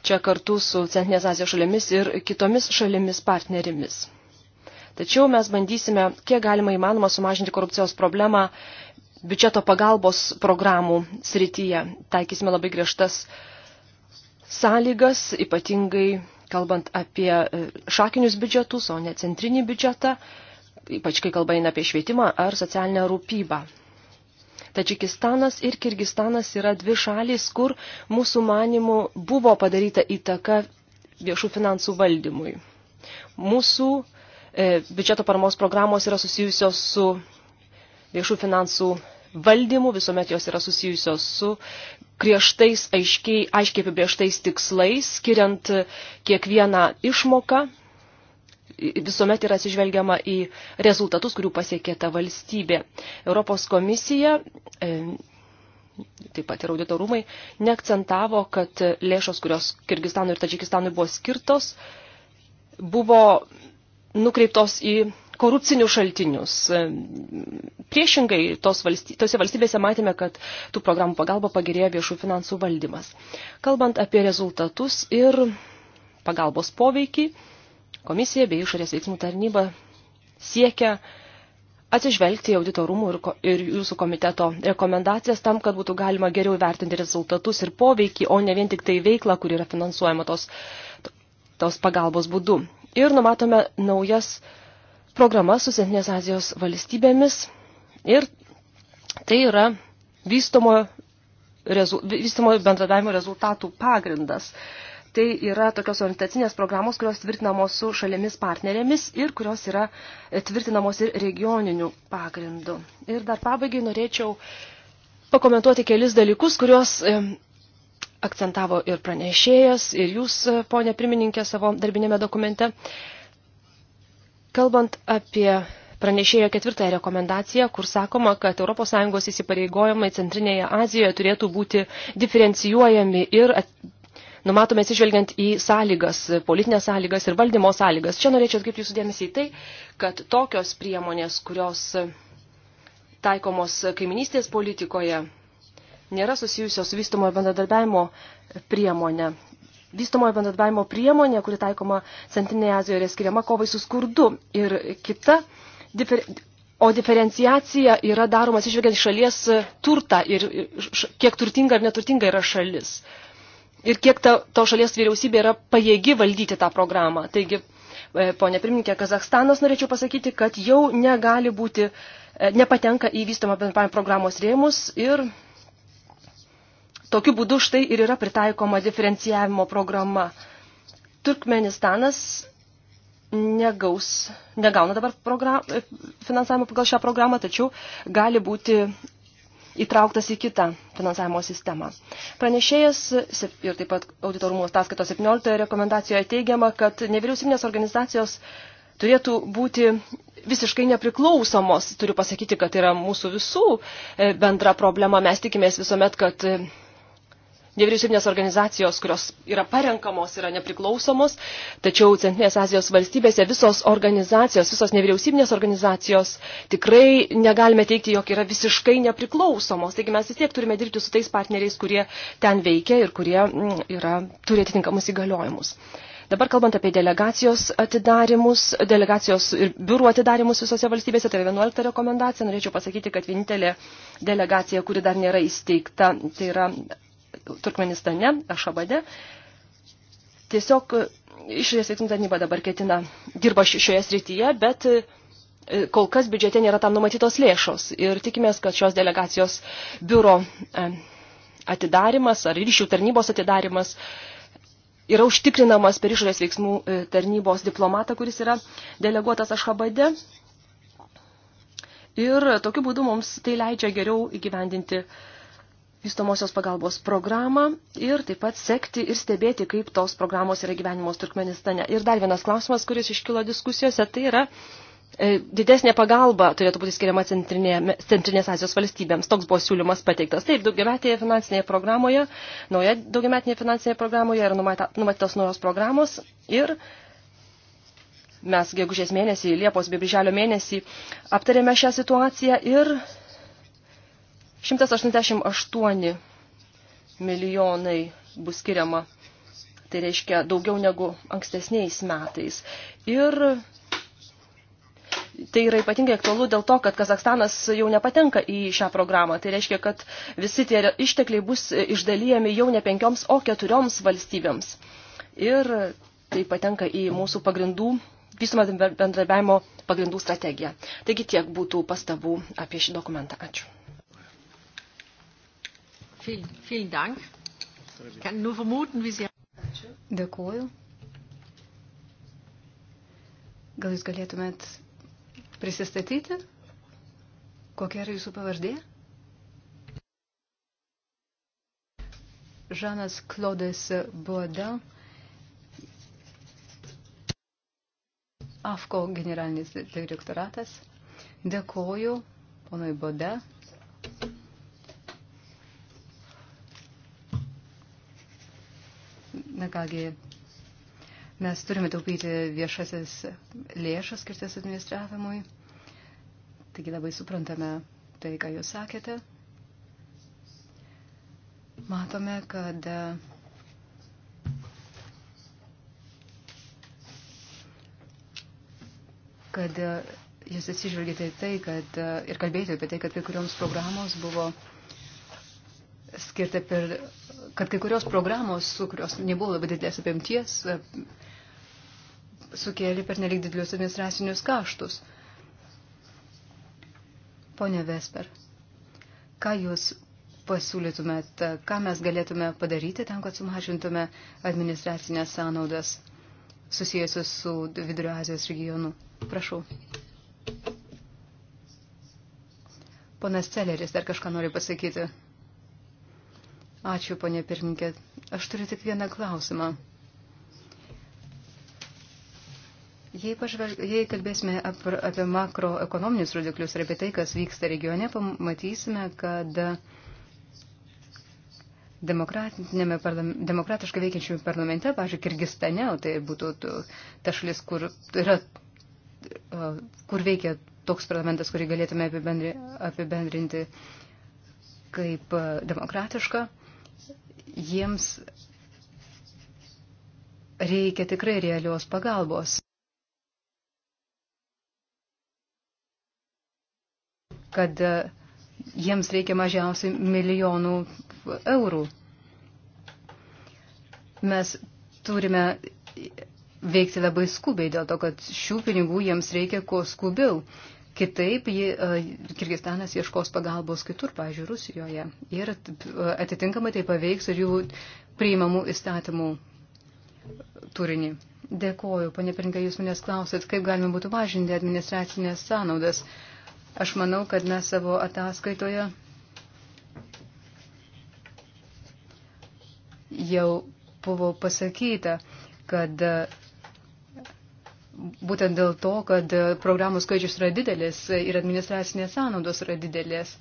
čia kartu su Centrinės Azijos šalimis ir kitomis šalimis partnerimis. Tačiau mes bandysime, kiek galima įmanoma, sumažinti korupcijos problemą biudžeto pagalbos programų srityje. Taikysime labai griežtas sąlygas, ypatingai kalbant apie e, šakinius biudžetus, o ne centrinį biudžetą, ypač kai kalba eina apie švietimą ar socialinę rūpybą. Tačikistanas ir Kirgistanas yra dvi šalys, kur mūsų manimų buvo padaryta įtaka viešų finansų valdymui. Mūsų e, biudžeto paramos programos yra susijusios su viešų finansų valdymu, visuomet jos yra susijusios su griežtais, aiškiai, aiškiai apibrieštais tikslais, skiriant kiekvieną išmoką, visuomet yra atsižvelgiama į rezultatus, kurių pasiekė ta valstybė. Europos komisija, e, taip pat ir auditorumai, neakcentavo, kad lėšos, kurios Kirgistanui ir Tadžikistanui buvo skirtos, buvo nukreiptos į korupcinius šaltinius. Priešingai, tos valsty, tose valstybėse matėme, kad tų programų pagalba pagerėjo viešų finansų valdymas. Kalbant apie rezultatus ir pagalbos poveikį, komisija bei išorės veiksmų tarnyba siekia atsižvelgti į auditorumų ir, ir jūsų komiteto rekomendacijas tam, kad būtų galima geriau vertinti rezultatus ir poveikį, o ne vien tik tai veiklą, kur yra finansuojama tos, tos pagalbos būdu. Ir numatome naujas uh, programas su Centrinės Azijos valstybėmis ir tai yra vystomo, rezu, vystomo bendradavimo rezultatų pagrindas. Tai yra tokios orientacinės programos, kurios tvirtinamos su šalėmis partnerėmis ir kurios yra e, tvirtinamos ir regioniniu pagrindu. Ir dar pabaigai norėčiau pakomentuoti kelis dalykus, kuriuos e, akcentavo ir pranešėjas, ir jūs, e, ponė pirmininkė, savo darbinėme dokumente. Kalbant apie pranešėjo ketvirtąją rekomendaciją, kur sakoma, kad ES įsipareigojimai Centrinėje Azijoje turėtų būti diferencijuojami ir at... numatome atsižvelgiant į sąlygas, politinės sąlygas ir valdymo sąlygas. Čia norėčiau atkreipti jūsų dėmesį į tai, kad tokios priemonės, kurios taikomos kaiminystės politikoje, nėra susijusios su vystumo ir bendradarbiavimo priemonė vystomojo bendradarbiavimo priemonė, kuri taikoma Centrinėje Azijoje, yra skiriama kovai su skurdu. Ir kita, difer, o diferenciacija yra daromas išvegiant šalies turtą ir, ir š, kiek turtinga ar neturtinga yra šalis. Ir kiek ta, to šalies vyriausybė yra pajėgi valdyti tą programą. Taigi, e, ponė pirmininkė, Kazakstanas norėčiau pasakyti, kad jau negali būti, e, nepatenka į vystomą bendravimo programos rėmus ir Tokiu būdu štai ir yra pritaikoma diferencijavimo programa. Turkmenistanas negaus, negauna dabar program, finansavimo pagal šią programą, tačiau gali būti įtrauktas į kitą finansavimo sistemą. Pranešėjas ir taip pat auditorumo ataskaitos 17 rekomendacijoje teigiama, kad nevyriausybinės organizacijos turėtų būti visiškai nepriklausomos. Turiu pasakyti, kad tai yra mūsų visų e, bendra problema. Mes tikimės visuomet, kad e, nevyriausybinės organizacijos, kurios yra parenkamos, yra nepriklausomos, tačiau Centrinės Azijos valstybėse visos organizacijos, visos nevyriausybinės organizacijos tikrai negalime teikti, jog yra visiškai nepriklausomos. Taigi mes vis tiek turime dirbti su tais partneriais, kurie ten veikia ir kurie mm, yra, turi atitinkamus įgaliojimus. Dabar kalbant apie delegacijos atidarimus, delegacijos ir biurų atidarimus visose valstybėse, tai yra 11 rekomendacija, norėčiau pasakyti, kad vienintelė delegacija, kuri dar nėra įsteigta, tai yra Turkmenistane, Ašabade. Tiesiog e, išorės veiksmų tarnyba dabar ketina dirba šioje srityje, bet e, kol kas biudžete nėra tam numatytos lėšos ir tikimės, kad šios delegacijos biuro e, atidarimas ar ryšių tarnybos atidarimas yra užtikrinamas per išorės veiksmų tarnybos diplomatą, kuris yra deleguotas Ašhabade. Ir tokiu būdu mums tai leidžia geriau įgyvendinti uh, vystomosios pagalbos programą ir taip pat sekti ir stebėti, kaip tos programos yra gyvenimos Turkmenistane. Ir dar vienas klausimas, kuris iškilo diskusijose, tai yra e, didesnė pagalba turėtų būti skiriama centrinė, centrinės Azijos valstybėms. Toks buvo siūlymas pateiktas. Taip, daugiametėje finansinėje programoje, nauja daugiametinėje finansinėje programoje yra numatytos naujos programos ir mes gegužės mėnesį, Liepos bei Birželio mėnesį aptarėme šią situaciją ir 188 milijonai bus skiriama, tai reiškia daugiau negu ankstesniais metais. Ir tai yra ypatingai aktualu dėl to, kad Kazakstanas jau nepatenka į šią programą. Tai reiškia, kad visi tie ištekliai bus išdalyjami jau ne penkioms, o keturioms valstybėms. Ir tai patenka į mūsų pagrindų, vystumą bendradarbiavimo pagrindų strategiją. Taigi tiek būtų pastabų apie šį dokumentą. Ačiū. Vielen, vielen Dank. Ich kann nur vermuten, wie Sie. Dėkuoju. Gal Jūs galėtumėt prisistatyti? Kokia yra Jūsų pavardė? Žanas Klodas Boda, AFKO generalinis direktoratas. Dėkoju ponui Boda Na kągi, mes turime taupyti viešasis lėšas skirtas administravimui. Taigi labai suprantame tai, ką jūs sakėte. Matome, kad kad jūs atsižvelgėte į tai, kad ir kalbėjote apie tai, kad kai kurioms programos buvo skirta per kad kai kurios programos, kurios nebuvo labai didelės apimties, e, sukėlė per nelik didelius administracinius kaštus. Pone Vesper, ką Jūs pasiūlytumėt, e, ką mes galėtume padaryti tam, kad sumažintume administracinės sąnaudas susijusios su Vidurio Azijos regionu? Prašau. Ponas Celeris dar kažką nori pasakyti. Ačiū, ponė pirmininkė. Aš turiu tik vieną klausimą. Jei, pažvelg, jei kalbėsime ap, apie makroekonominius rodiklius ir apie tai, kas vyksta regione, pamatysime, kad demokratiškai veikiančių parlamente, pažiūrėjau, Kirgistane, o tai būtų ta šalis, kur, yra, kur veikia toks parlamentas, kurį galėtume apibendrinti kaip demokratišką jiems reikia tikrai realios pagalbos. kad e, jiems reikia mažiausiai milijonų eurų. Mes turime veikti labai skubiai dėl to, kad šių pinigų jiems reikia kuo skubiau. Kitaip, e, Kirgistanas ieškos pagalbos kitur, pažiūrėjau, Rusijoje. Ir e, atitinkamai tai paveiks ir jų priimamų įstatymų turinį. Dėkoju, panė Pirinka, jūs manęs klausėt, kaip galima būtų mažinti administracinės sąnaudas. Aš manau, kad mes savo ataskaitoje jau buvo pasakyta, kad būtent dėl to, kad programų skaičius yra didelis ir administracinės sąnaudos yra didelės.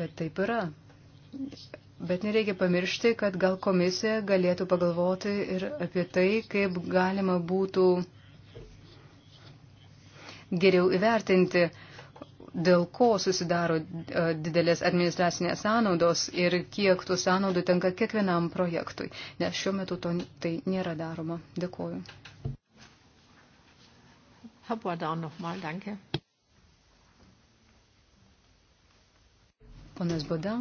Bet taip yra. Bet nereikia pamiršti, kad gal komisija galėtų pagalvoti ir apie tai, kaip galima būtų geriau įvertinti, dėl ko susidaro e, didelės administracinės sąnaudos ir kiek tų sąnaudų tenka kiekvienam projektui, nes šiuo metu to, tai nėra daroma. Dėkuoju. Herr Bordaun nochmal, danke. Ponas Boda.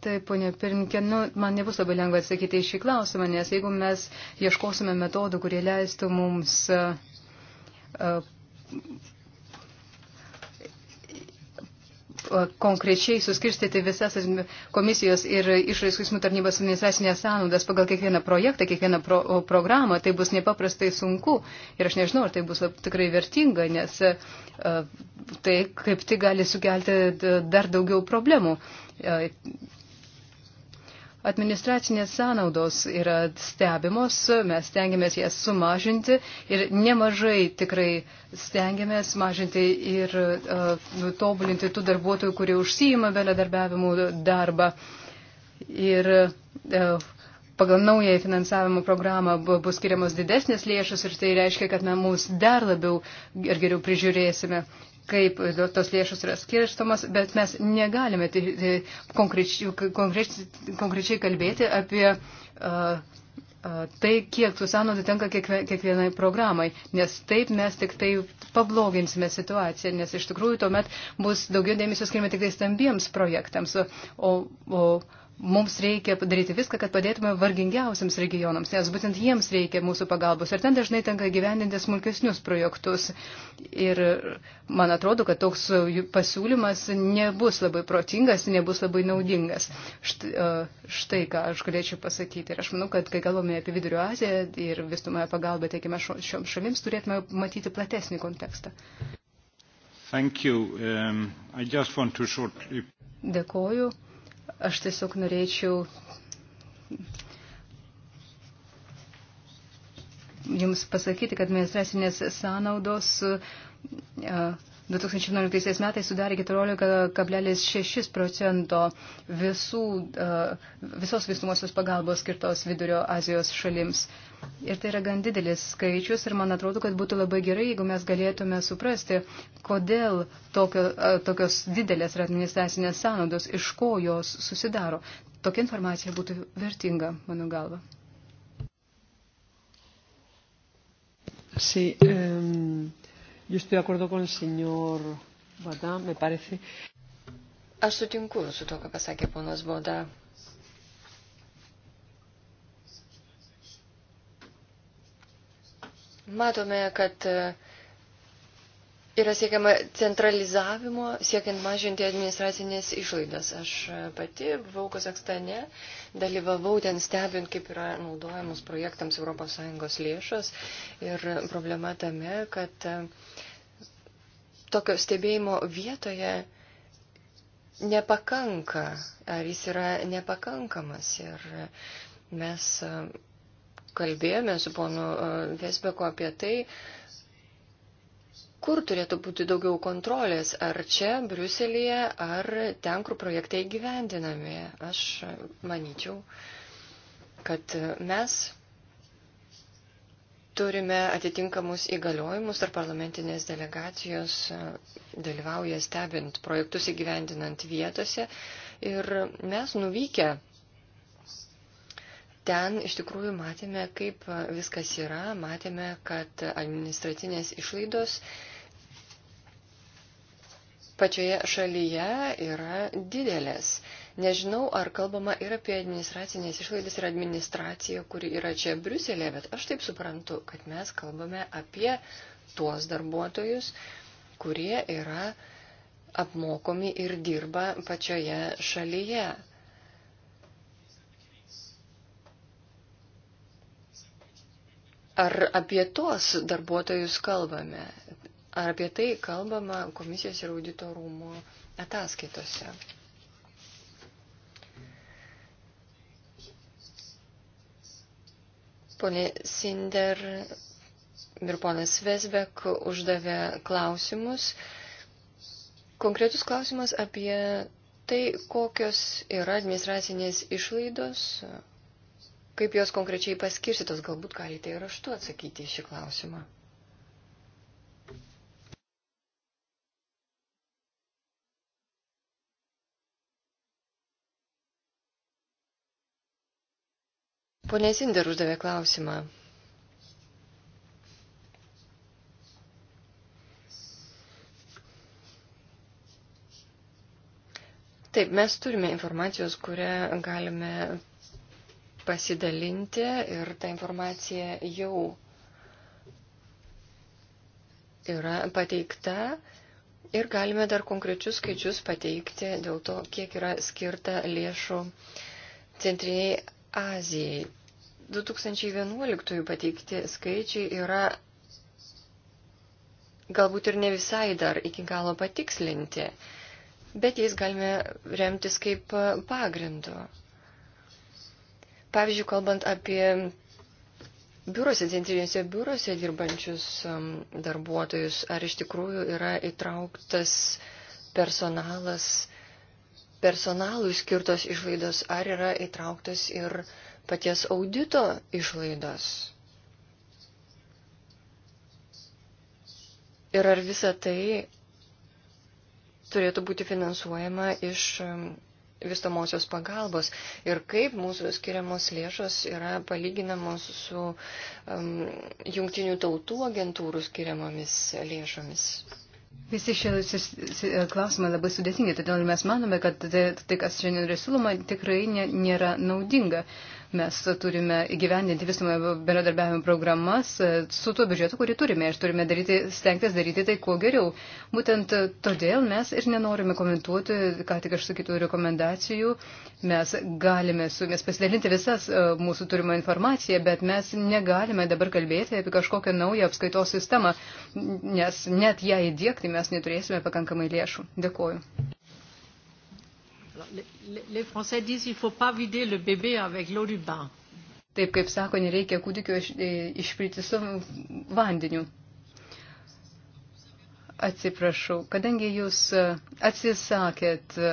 Taip, ponė pirmininkė, nu, man nebus labai lengva atsakyti į šį klausimą, nes jeigu mes ieškosime metodų, kurie leistų mums uh, uh konkrečiai suskirstyti visas komisijos ir išraiskismų tarnybos administracinės sąnaudas pagal kiekvieną projektą, kiekvieną pro, programą, tai bus nepaprastai sunku. Ir aš nežinau, ar tai bus lab, tikrai vertinga, nes tai kaip tai gali sukelti dar daugiau problemų administracinės sąnaudos yra stebimos, mes stengiamės jas sumažinti ir nemažai tikrai stengiamės mažinti ir e, uh, tobulinti tų darbuotojų, kurie užsijima bendradarbiavimų darbą. Ir uh, pagal naują finansavimo programą bus skiriamos didesnės lėšos ir tai reiškia, kad mes mus dar labiau ir geriau prižiūrėsime. Uh, kaip tos lėšos yra skirstomas, bet mes negalime konkrečiai, konkrečiai, konkrečiai kalbėti apie uh, tai, kiek tų sąnaudų tenka kiekvienai programai, nes taip mes tik tai pabloginsime situaciją, nes iš tikrųjų tuomet bus daugiau dėmesio skirime tik tai stambiems projektams, o, o Mums reikia padaryti viską, kad padėtume vargingiausiams regionams, nes būtent jiems reikia mūsų pagalbos. Ir ten dažnai tenka gyvendinti smulkesnius projektus. Ir man atrodo, kad toks pasiūlymas nebus labai protingas, nebus labai naudingas. Štai, e, štai ką aš galėčiau pasakyti. Ir aš manau, kad kai kalbame apie Vidurio Aziją ir visumą pagalbą teikime šioms šalims, turėtume matyti platesnį kontekstą. Thank you. Um, I just want to short... Dėkoju. Aš tiesiog norėčiau Jums pasakyti, kad administracinės sąnaudos 2011 metais sudarė 14,6 procento visų, e, visos visumosios pagalbos skirtos Vidurio Azijos šalims. Ir tai yra gan didelis skaičius ir man atrodo, kad būtų labai gerai, jeigu mes galėtume suprasti, kodėl tokio, e, tokios didelės ir administracinės sąnaudos, iš ko jos susidaro. Tokia informacija būtų vertinga, mano galva. Sí, um... Yo estoy de acuerdo con el señor Bada, me parece. Aš sutinku su to, ką pasakė ponas Boda. Matome, kad uh, Yra siekiama centralizavimo, siekiant mažinti administracinės išlaidas. Aš e, pati buvau Kazakstane, dalyvavau ten stebint, kaip yra naudojamos projektams ES lėšos. Ir problema tame, kad e, tokio stebėjimo vietoje nepakanka, ar jis yra nepakankamas. Ir e, mes kalbėjome su ponu Vesbeku apie tai, Kur turėtų būti daugiau kontrolės? Ar čia, Briuselėje, ar ten, kur projektai gyvendinami? Aš manyčiau, kad mes turime atitinkamus įgaliojimus ar parlamentinės delegacijos e, dalyvauja stebint projektus įgyvendinant vietose. Ir mes nuvykę ten iš tikrųjų matėme, kaip viskas yra, matėme, kad administracinės išlaidos pačioje šalyje yra didelės. Nežinau, ar kalbama ir apie administracinės išlaidas ir administraciją, kuri yra čia Briuselėje, bet aš taip suprantu, kad mes kalbame apie tuos darbuotojus, kurie yra apmokomi ir dirba pačioje šalyje. Ar apie tuos darbuotojus kalbame? Ar apie tai kalbama komisijos ir audito rūmų ataskaitose? Pone Sinder ir ponas Vesbek uždavė klausimus. Konkretus klausimas apie tai, kokios yra administracinės išlaidos, kaip jos konkrečiai paskirstytos, galbūt galite ir raštu atsakyti į šį klausimą. Pone Zinder uždavė klausimą. Taip, mes turime informacijos, kurią galime pasidalinti ir ta informacija jau yra pateikta ir galime dar konkrečius skaičius pateikti dėl to, kiek yra skirta lėšų Centriniai Azijai. 2011 pateikti skaičiai yra galbūt ir ne visai dar iki galo patikslinti, bet jais galime remtis kaip pagrindu. Pavyzdžiui, kalbant apie biurose, centrinėse biurose dirbančius um, darbuotojus, ar iš tikrųjų yra įtrauktas personalas, personalui skirtos išlaidos, ar yra įtrauktas ir paties audito išlaidos. Ir ar visa tai turėtų būti finansuojama iš um, vystamosios pagalbos ir kaip mūsų skiriamos lėšos yra palyginamos su um, jungtinių tautų agentūrų skiriamomis lėšomis. Visi šie klausimai labai sudėtingi, todėl mes manome, kad tai, tai kas šiandien yra siūloma, tikrai nėra naudinga. Mes turime įgyvendinti visumą bendradarbiavimo programas e, su tuo biudžetu, kurį turime ir turime daryti, stengtis daryti tai kuo geriau. Būtent e, todėl mes ir nenorime komentuoti, ką tik aš sakytų rekomendacijų. Mes galime su jumis pasidalinti visas e, mūsų turimą informaciją, bet mes negalime dabar kalbėti apie kažkokią naują apskaitos sistemą, nes net ją įdėkti mes neturėsime pakankamai lėšų. Dėkuoju. Alors, les, les Français disent, il ne faut pas vider le bébé avec l'eau du bain. Taip kaip sako, nereikia kūdikio e, išpilti su vandeniu. Atsiprašau, kadangi jūs e, atsisakėt e,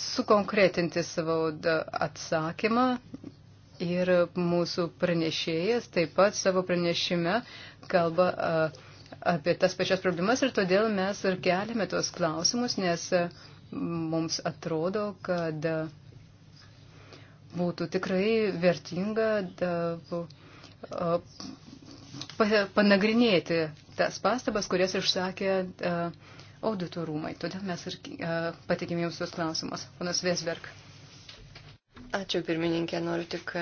sukonkretinti savo atsakymą ir mūsų pranešėjas taip pat savo pranešime kalba apie tas pačias problemas ir todėl mes ir keliame tuos klausimus, nes mums atrodo, kad būtų tikrai vertinga da, pa, panagrinėti tas pastabas, kurias išsakė audito rūmai. Todėl mes ir patikėm jums tuos klausimus. Ponas Vesberg. Ačiū pirmininkė, noriu tik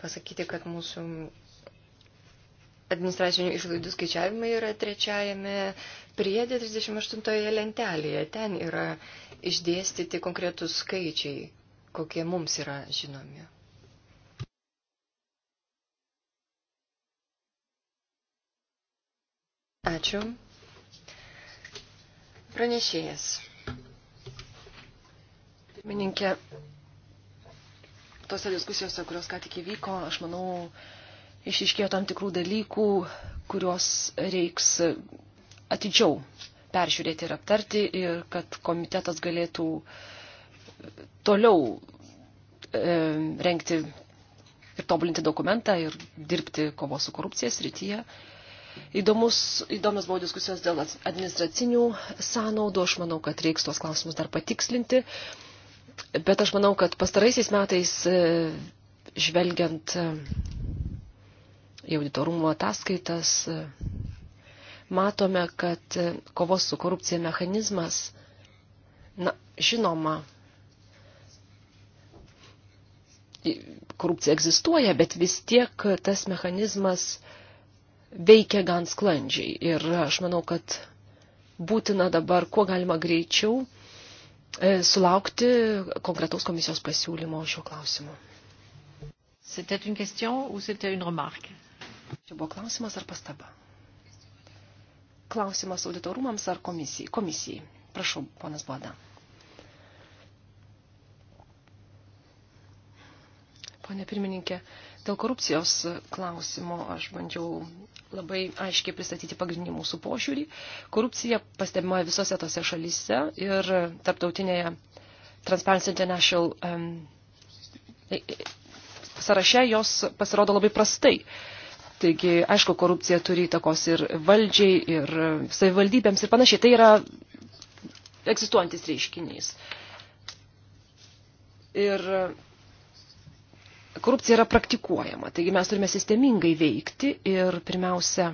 pasakyti, kad mūsų administracinių išlaidų skaičiavimai yra trečiajame priedė 38 lentelėje. Ten yra išdėstyti konkretus skaičiai, kokie mums yra žinomi. Ačiū. Pranešėjas. Pirmininkė, tose diskusijose, kurios ką tik įvyko, aš manau, išiškėjo tam tikrų dalykų, kuriuos reiks atidžiau peržiūrėti ir aptarti ir kad komitetas galėtų e, toliau e, renkti ir tobulinti dokumentą ir dirbti kovos su korupcija srityje. Įdomus, įdomios buvo diskusijos dėl administracinių sąnaudų, aš manau, kad reiks tuos klausimus dar patikslinti, bet aš manau, kad pastaraisiais metais e, žvelgiant į auditorumo ataskaitas, matome, kad kovos su korupcija mechanizmas, na, žinoma, korupcija egzistuoja, bet vis tiek tas mechanizmas veikia gan sklandžiai. Ir aš manau, kad būtina dabar, kuo galima greičiau, e, sulaukti konkretaus komisijos pasiūlymo šio klausimu. C'était une question ou c'était une remarque Čia buvo klausimas ar pastaba? Klausimas auditorumams ar komisijai? Komisijai. Prašau, ponas Bada. Pone pirmininkė, dėl korupcijos klausimo aš bandžiau labai aiškiai pristatyti pagrindinį mūsų požiūrį. Korupcija pastebima visose tose šalyse ir tarptautinėje Transparency International um, sąraše jos pasirodo labai prastai. Uh, Taigi, aišku, korupcija turi įtakos ir valdžiai, ir savivaldybėms ir panašiai. Tai yra egzistuojantis reiškinys. Ir korupcija yra praktikuojama. Taigi mes turime sistemingai veikti ir pirmiausia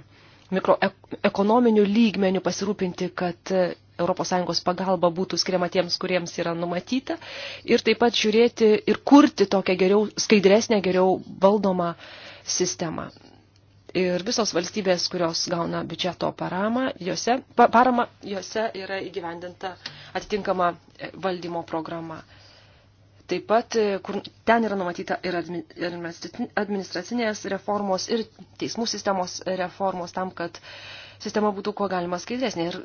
mikroekonominių lygmenių pasirūpinti, kad ES pagalba būtų skiriama tiems, kuriems yra numatyta. Ir taip pat žiūrėti ir kurti tokią geriau, skaidresnę, geriau valdomą sistemą. Ir visos valstybės, kurios gauna biudžeto paramą, jose, pa, parama, jose yra įgyvendinta atitinkama e, valdymo programa. Taip pat e, kur, ten yra numatyta ir administracinės reformos, ir teismų sistemos reformos tam, kad sistema būtų kuo galima skaidresnė. Ir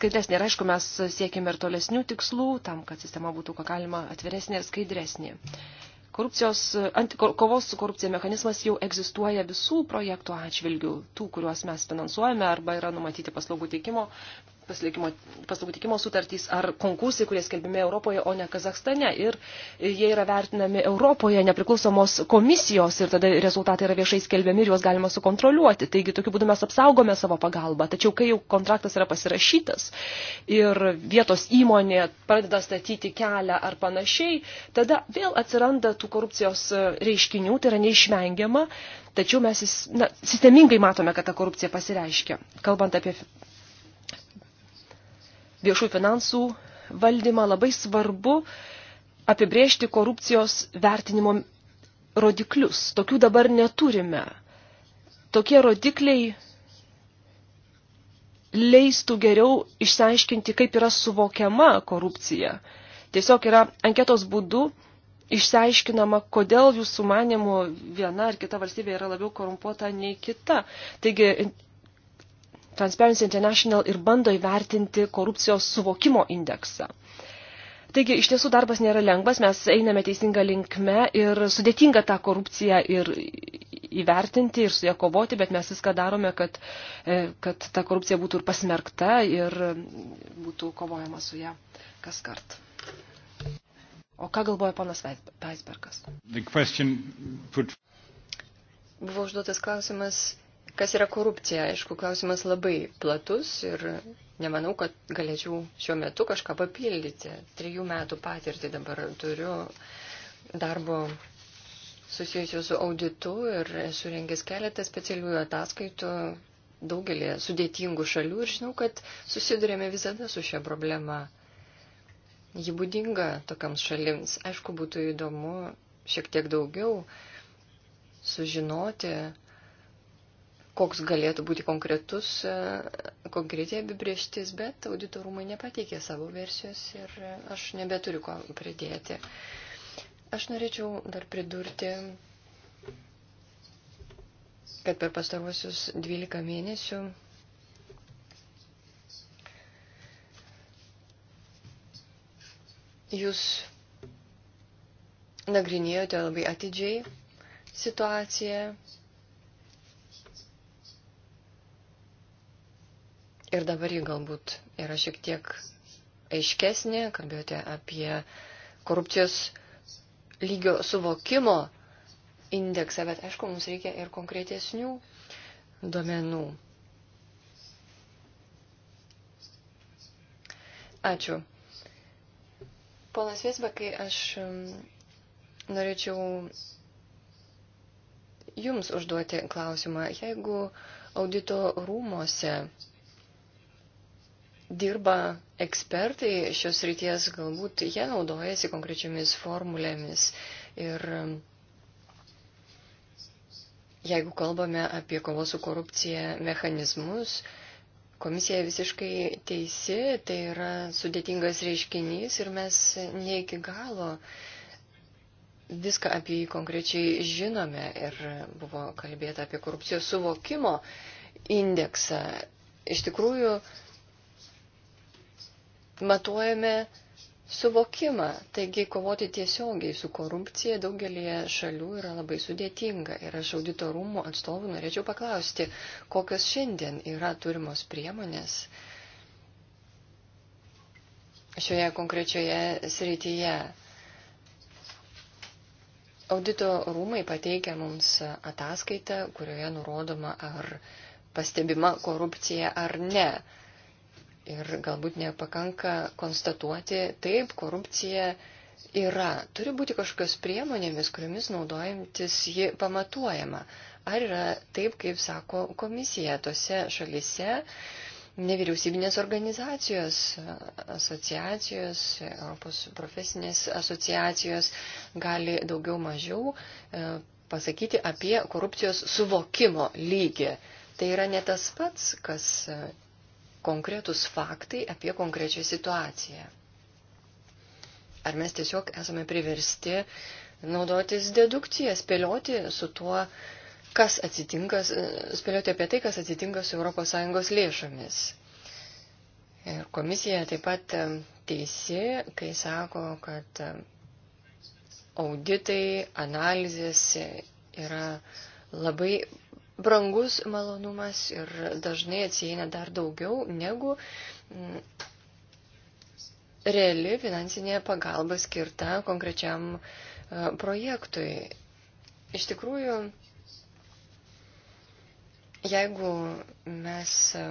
skaidresnė, ir aišku, mes siekime ir tolesnių tikslų tam, kad sistema būtų kuo galima atviresnė ir skaidresnė. Korupcijos, kovos su korupcija mechanizmas jau egzistuoja visų projektų atžvilgių, tų, kuriuos mes finansuojame arba yra numatyti paslaugų teikimo paslaugų tikimo sutartys ar konkursai, kurie skelbimi Europoje, o ne Kazakstane. Ir jie yra vertinami Europoje nepriklausomos komisijos ir tada rezultatai yra viešai skelbiami ir juos galima sukontroliuoti. Taigi tokiu būdu mes apsaugome savo pagalbą. Tačiau kai jau kontraktas yra pasirašytas ir vietos įmonė pradeda statyti kelią ar panašiai, tada vėl atsiranda tų korupcijos e, reiškinių, tai yra neišvengiama. Tačiau mes na, sistemingai matome, kad ta korupcija pasireiškia. Kalbant apie viešų finansų valdymą, labai svarbu apibrėžti korupcijos vertinimo rodiklius. Tokių dabar neturime. Tokie rodikliai leistų geriau išsiaiškinti, kaip yra suvokiama korupcija. Tiesiog yra anketos būdu išsiaiškinama, kodėl jūsų manimų viena ar kita valstybė yra labiau korumpuota nei kita. Taigi Transparency International ir bando įvertinti korupcijos suvokimo indeksą. Taigi, iš tiesų darbas nėra lengvas, mes einame teisinga linkme ir sudėtinga tą korupciją ir įvertinti ir su ją kovoti, bet mes viską darome, kad, e, kad ta korupcija būtų ir pasmerkta ir būtų kovojama su ją kas kart. O ką galvoja panas Weisbergas? Put... Buvo užduotas klausimas Kas yra korupcija? Aišku, klausimas labai platus ir nemanau, kad galėčiau šiuo metu kažką papildyti. Trijų metų patirtį dabar turiu darbo susijusiu su auditu ir esu rengęs keletą specialiųjų ataskaitų daugelį sudėtingų šalių ir žinau, kad susidurėme visada su šia problema. Ji būdinga tokiams šalims. Aišku, būtų įdomu šiek tiek daugiau sužinoti koks galėtų būti konkretus, e, konkretiai apibrieštis, bet auditorumai nepateikė savo versijos ir aš nebeturiu ko pridėti. Aš norėčiau dar pridurti, kad per pastaruosius 12 mėnesių jūs nagrinėjote labai atidžiai situaciją Ir dabar ji galbūt yra šiek tiek aiškesnė, kalbėjote apie korupcijos lygio suvokimo indeksą, bet aišku, mums reikia ir konkretesnių duomenų. Ačiū. Ponas Viesbakai, aš norėčiau Jums užduoti klausimą. Jeigu audito rūmose dirba ekspertai šios ryties, galbūt jie naudojasi konkrečiomis formulėmis. Ir jeigu kalbame apie kovos su korupcija mechanizmus, komisija visiškai teisi, tai yra sudėtingas reiškinys ir mes ne iki galo viską apie jį konkrečiai žinome ir buvo kalbėta apie korupcijos suvokimo indeksą. Iš tikrųjų, matuojame suvokimą. Taigi kovoti tiesiogiai su korupcija daugelie šalių yra labai sudėtinga. Ir aš auditorumų atstovų norėčiau paklausti, kokios šiandien yra turimos priemonės šioje konkrečioje srityje. Audito rūmai pateikia mums ataskaitą, kurioje nurodoma, ar pastebima korupcija ar ne. Ir galbūt nepakanka konstatuoti, taip, korupcija yra. Turi būti kažkokios priemonėmis, kuriomis naudojantis ji pamatuojama. Ar yra taip, kaip sako komisija tose šalise, nevyriausybinės organizacijos, asociacijos, Europos profesinės asociacijos gali daugiau mažiau e, pasakyti apie korupcijos suvokimo lygį. Tai yra ne tas pats, kas konkretus faktai apie konkrečią situaciją. Ar mes tiesiog esame priversti naudotis dedukciją, spėlioti su tuo, kas atsitinka, spėlioti apie tai, kas atsitinka su ES lėšomis. Ir komisija taip pat teisi, kai sako, kad auditai, analizės yra labai brangus malonumas ir dažnai atsieina dar daugiau negu mm, reali finansinė pagalba skirta konkrečiam e, projektui. Iš tikrųjų, jeigu mes e,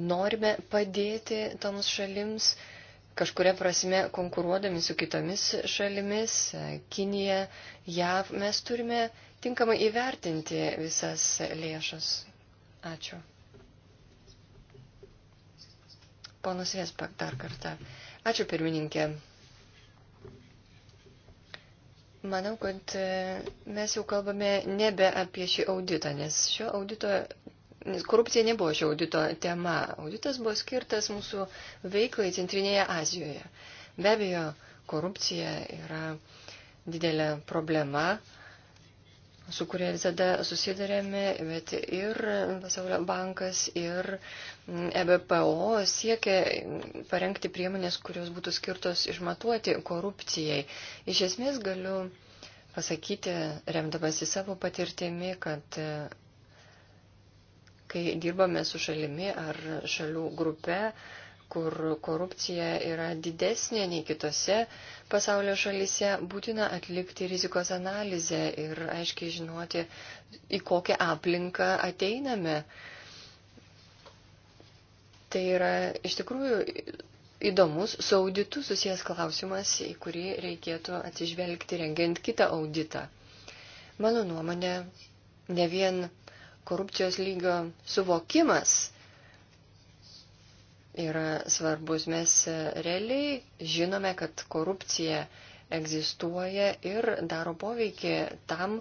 norime padėti toms šalims, kažkuria prasme konkuruodami su kitomis šalimis, e, Kinija, JAV, mes turime tinkamai įvertinti visas lėšas. Ačiū. Ponas Vespak dar kartą. Ačiū pirmininkė. Manau, kad e, mes jau kalbame nebe apie šį auditą, nes šio audito, nes korupcija nebuvo šio audito tema. Auditas buvo skirtas mūsų veiklai Centrinėje Azijoje. Be abejo, korupcija yra didelė problema, su kuria visada susidarėme, bet ir Pasaulio bankas, ir mm, EBPO siekia parengti priemonės, kurios būtų skirtos išmatuoti korupcijai. Iš esmės galiu pasakyti, remdamasi savo patirtimi, kad e, kai dirbame su šalimi ar šalių grupe, kur korupcija yra didesnė nei kitose pasaulio šalise, būtina atlikti rizikos analizę ir aiškiai žinoti, į kokią aplinką ateiname. Tai yra iš tikrųjų įdomus su auditu susijęs klausimas, į kurį reikėtų atsižvelgti rengiant kitą auditą. Mano nuomonė, ne vien korupcijos lygio suvokimas, yra svarbus. Mes e, realiai žinome, kad korupcija egzistuoja ir daro poveikį tam,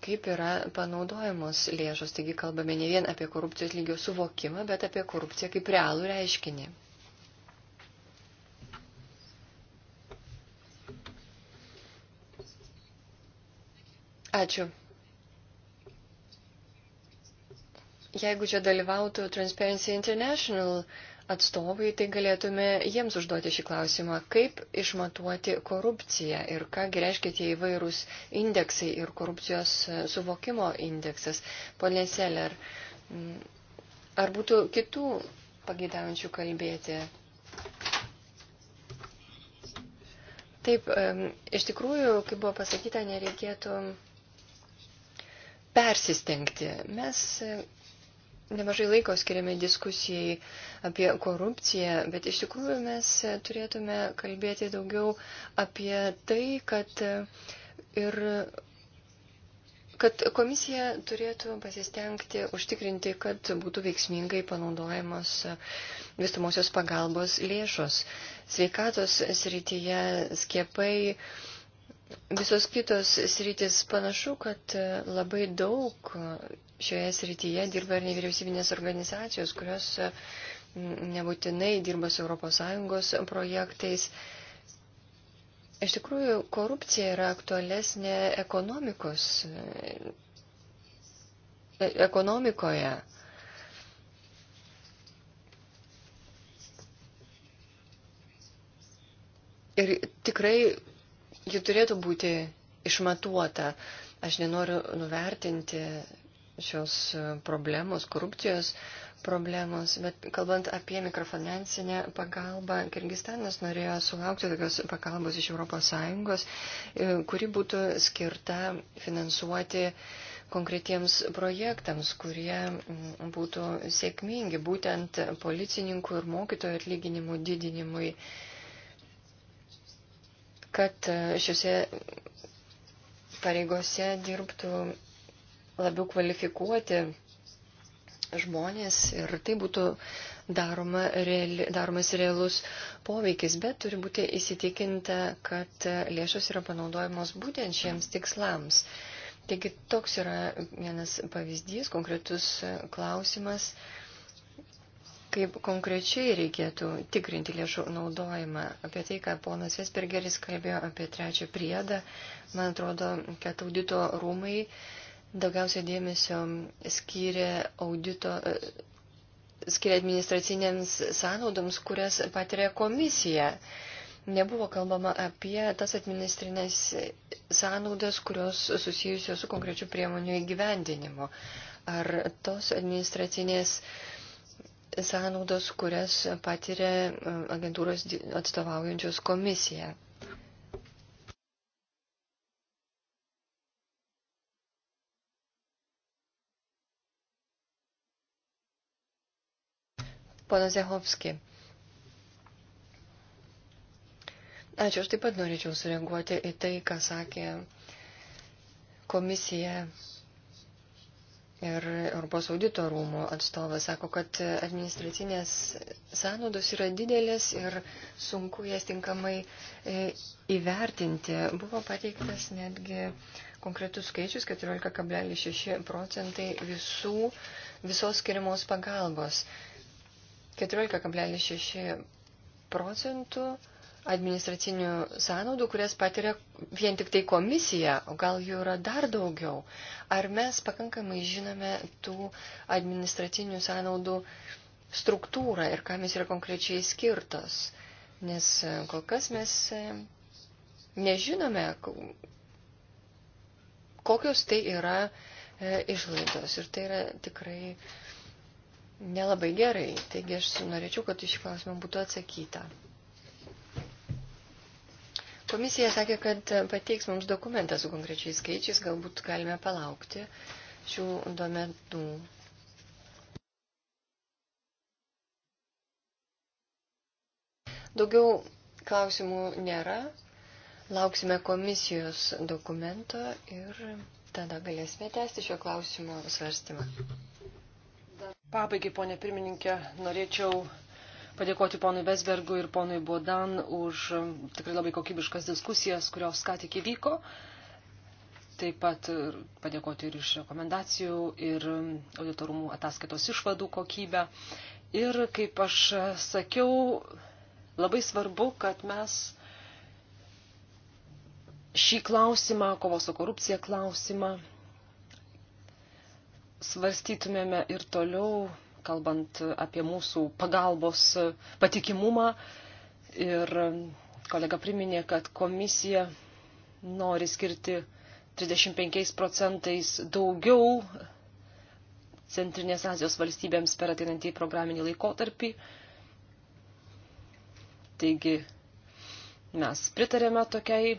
kaip yra panaudojamos lėšos. Taigi kalbame ne vien apie korupcijos lygio suvokimą, bet apie korupciją kaip realų reiškinį. Ačiū. Jeigu čia dalyvautų Transparency International, uh, atstovai, tai galėtume jiems užduoti šį klausimą, kaip išmatuoti korupciją ir ką reiškia tie įvairūs indeksai ir korupcijos e, suvokimo indeksas. Pone Seller, mm, ar būtų kitų pagėdaujančių kalbėti? Taip, e, iš tikrųjų, kaip buvo pasakyta, nereikėtų persistengti. Mes e, nemažai laiko skiriame diskusijai apie korupciją, bet iš tikrųjų mes turėtume kalbėti daugiau apie tai, kad ir kad komisija turėtų pasistengti užtikrinti, kad būtų veiksmingai panaudojamos visumosios pagalbos lėšos. Sveikatos srityje skiepai, visos kitos sritis panašu, kad e, labai daug e, šioje srityje dirba ir nevyriausybinės organizacijos, kurios e, nebūtinai dirba su ES projektais. Iš tikrųjų, korupcija yra aktualesnė ekonomikos, ekonomikoje. Ir tikrai Ji turėtų būti išmatuota. Aš nenoriu nuvertinti šios problemos, korupcijos problemos, bet kalbant apie mikrofinansinę pagalbą, Kirgistanas norėjo sulaukti tokios pagalbos iš ES, e, kuri būtų skirta finansuoti konkretiems projektams, kurie mm, būtų sėkmingi būtent policininkų ir mokytojų atlyginimų didinimui kad e, šiuose pareigose dirbtų labiau kvalifikuoti žmonės ir tai būtų daroma reali, daromas realus poveikis, bet turi būti įsitikinta, kad e, lėšos yra panaudojamos būtent šiems tikslams. Taigi toks yra vienas pavyzdys, konkretus e, klausimas, kaip konkrečiai reikėtų tikrinti lėšų naudojimą. Apie tai, ką ponas Vespergeris kalbėjo apie trečią priedą, man atrodo, kad audito rūmai daugiausia dėmesio skyrė audito e, skiria administracinėms sąnaudoms, kurias patiria komisija. Nebuvo kalbama apie tas administrinės sąnaudas, kurios susijusios su konkrečiu priemonių įgyvendinimu. Ar tos administracinės uh, sąnaudos, kurias patiria e, agentūros atstovaujančios komisija. Pana Zehovski. Ačiū, aš taip pat norėčiau sureaguoti į tai, ką sakė komisija Ir Europos audito rūmų atstovas sako, kad administracinės sąnaudos yra didelės ir sunku jas tinkamai e, įvertinti. Buvo pateiktas netgi konkretus skaičius 14,6 procentai visų, visos skiriamos pagalbos. 14,6 procentų administracinių sąnaudų, kurias patiria vien tik tai komisija, o gal jų yra dar daugiau. Ar mes pakankamai žinome tų administracinių sąnaudų struktūrą ir kam jis yra konkrečiai skirtos? Nes e, kol kas mes e, nežinome, kokios tai yra e, išlaidos. Ir tai yra tikrai nelabai gerai. Taigi aš norėčiau, kad iš klausimą būtų atsakyta. Komisija sakė, kad pateiks mums dokumentą su konkrečiais skaičiais, galbūt galime palaukti šių duomenų. Daugiau klausimų nėra. Lauksime komisijos dokumento ir tada galėsime tęsti šio klausimo svarstymą. Pabaigai, ponė pirmininkė, norėčiau padėkoti ponui Vesbergui ir ponui Bodan už um, tikrai labai kokybiškas diskusijas, kurios ką tik įvyko. Taip pat um, padėkoti ir iš rekomendacijų, ir um, auditorumų ataskaitos išvadų kokybę. Ir kaip aš uh, sakiau, labai svarbu, kad mes šį klausimą, kovos su korupcija klausimą, svarstytumėme ir toliau kalbant apie mūsų pagalbos patikimumą. Ir kolega priminė, kad komisija nori skirti 35 procentais daugiau Centrinės Azijos valstybėms per ateinantį programinį laikotarpį. Taigi mes pritarėme tokiai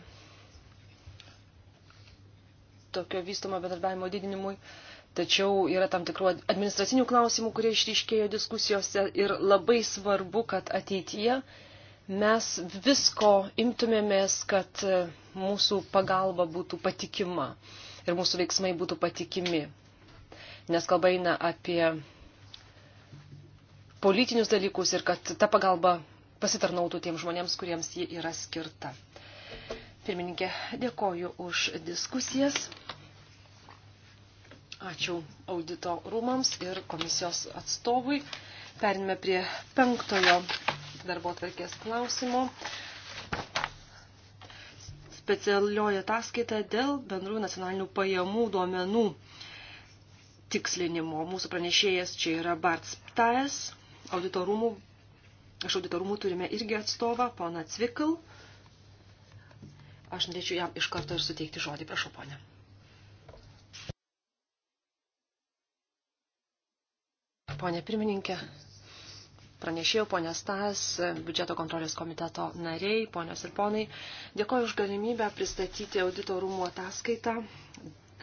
tokio vystomo bendradarbiavimo didinimui. Uh, Tačiau yra tam tikrų administracinių klausimų, kurie išryškėjo diskusijose ir labai svarbu, kad ateityje mes visko imtumėmės, kad e, mūsų pagalba būtų patikima ir mūsų veiksmai būtų patikimi. Nes kalba eina apie politinius dalykus ir kad ta pagalba pasitarnautų tiems žmonėms, kuriems ji yra skirta. Pirmininkė, dėkoju už diskusijas. Ačiū audito rūmams ir komisijos atstovui. Perime prie penktojo darbo atvarkės klausimo. Specialioji ataskaita dėl bendrų nacionalinių pajamų duomenų tikslinimo. Mūsų pranešėjas čia yra Bart Stais, auditorumų, iš auditorumų turime irgi atstovą, pana Cvikl. Aš norėčiau jam iš karto ir suteikti žodį, prašau, ponė. ponė pirmininkė, pranešėjau, ponė Stas, biudžeto kontrolės komiteto nariai, ponios ir ponai. Dėkoju už galimybę pristatyti audito rūmų ataskaitą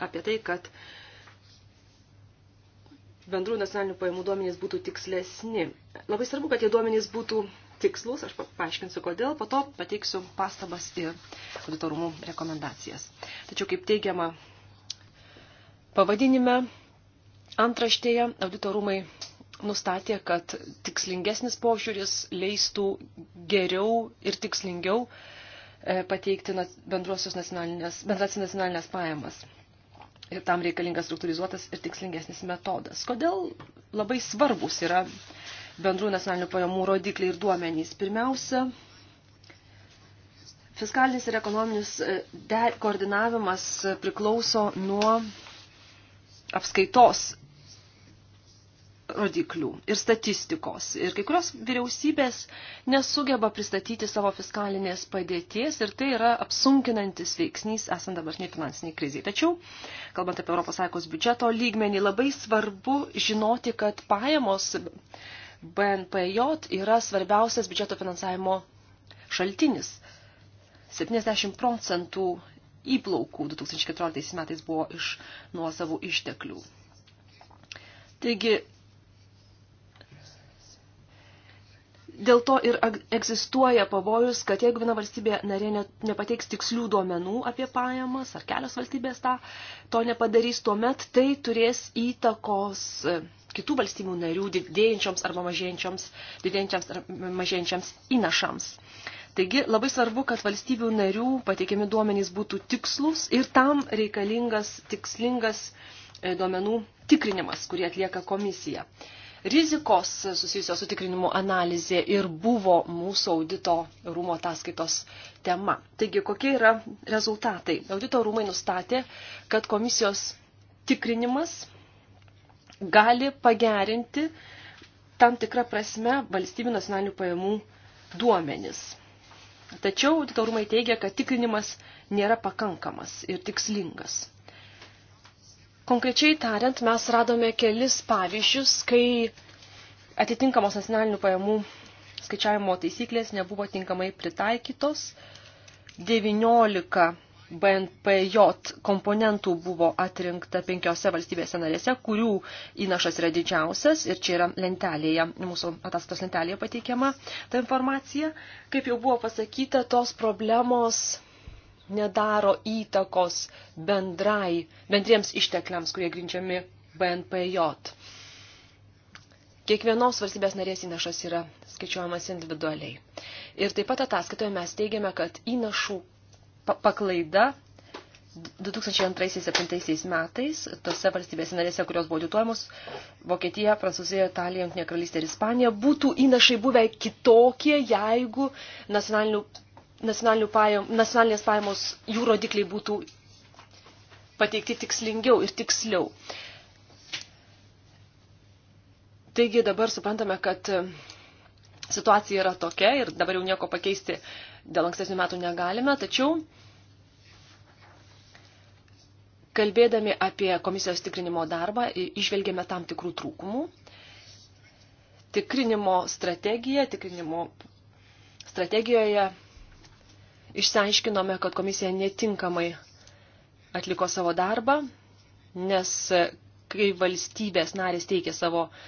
apie tai, kad bendrų nacionalinių pajamų duomenys būtų tikslesni. Labai svarbu, kad tie duomenys būtų tikslus, aš paaiškinsiu kodėl, po to pateiksiu pastabas ir auditorumų rekomendacijas. Tačiau, kaip teigiama pavadinime, Antraštėje auditorumai nustatė, kad tikslingesnis požiūris leistų geriau ir tikslingiau e, pateikti bendrosios nacionalinės, bendras nacionalinės pajamas. Ir tam reikalingas struktūrizuotas ir tikslingesnis metodas. Kodėl labai svarbus yra bendrų nacionalinių pajamų rodikliai ir duomenys? Pirmiausia, fiskalinis ir ekonominis e, koordinavimas priklauso nuo apskaitos rodiklių ir statistikos. Ir kai kurios vyriausybės nesugeba pristatyti savo fiskalinės padėties ir tai yra apsunkinantis veiksnys esant dabartiniai finansiniai kriziai. Tačiau, kalbant apie ES biudžeto lygmenį, labai svarbu žinoti, kad pajamos BNPJ yra svarbiausias biudžeto finansavimo šaltinis. 70 procentų įplaukų 2014 metais buvo iš nuosavų išteklių. Taigi, Dėl to ir egzistuoja pavojus, kad jeigu viena valstybė narė nepateiks tikslių duomenų apie pajamas, ar kelios valstybės tą, to nepadarys, tuomet tai turės įtakos e, kitų valstybių narių didėjančioms arba mažėjančioms, didėjančiams ar mažėjančiams įnašams. Taigi labai svarbu, kad valstybių narių pateikiami duomenys būtų tikslus ir tam reikalingas tikslingas e, duomenų tikrinimas, kurį atlieka komisija. Rizikos susijusios su tikrinimu analizė ir buvo mūsų audito rūmo ataskaitos tema. Taigi, kokie yra rezultatai? Audito rūmai nustatė, kad komisijos tikrinimas gali pagerinti tam tikrą prasme valstybių nacionalinių pajamų duomenis. Tačiau auditorumai teigia, kad tikrinimas nėra pakankamas ir tikslingas. Konkrečiai tariant, mes radome kelis pavyzdžius, kai atitinkamos nacionalinių pajamų skaičiavimo taisyklės nebuvo tinkamai pritaikytos. 19 BNPJ komponentų buvo atrinkta penkiose valstybėse narėse, kurių įnašas yra didžiausias ir čia yra lentelėje, mūsų ataskaitos lentelėje pateikiama ta informacija. Kaip jau buvo pasakyta, tos problemos nedaro įtakos bendrai, bendriems ištekliams, kurie grindžiami BNPJ. Kiekvienos valstybės narės įnašas yra skaičiuojamas individualiai. Ir taip pat ataskaitoje mes teigiame, kad įnašų paklaida 2002-2007 metais tose valstybėse narėse, kurios buvo audituojamos – Vokietija, Prancūzija, Italija, Junktinė karalystė ir Ispanija – būtų įnašai buvę kitokie, jeigu nacionalinių, nacionalinių pajam, nacionalinės pajamos jų rodikliai būtų pateikti tikslingiau ir tiksliau. Taigi dabar suprantame, kad situacija yra tokia ir dabar jau nieko pakeisti dėl ankstesnių metų negalime, tačiau kalbėdami apie komisijos tikrinimo darbą išvelgėme tam tikrų trūkumų. Tikrinimo strategija, tikrinimo strategijoje išsiaiškinome, kad komisija netinkamai atliko savo darbą, nes kai valstybės narės teikia savo uh,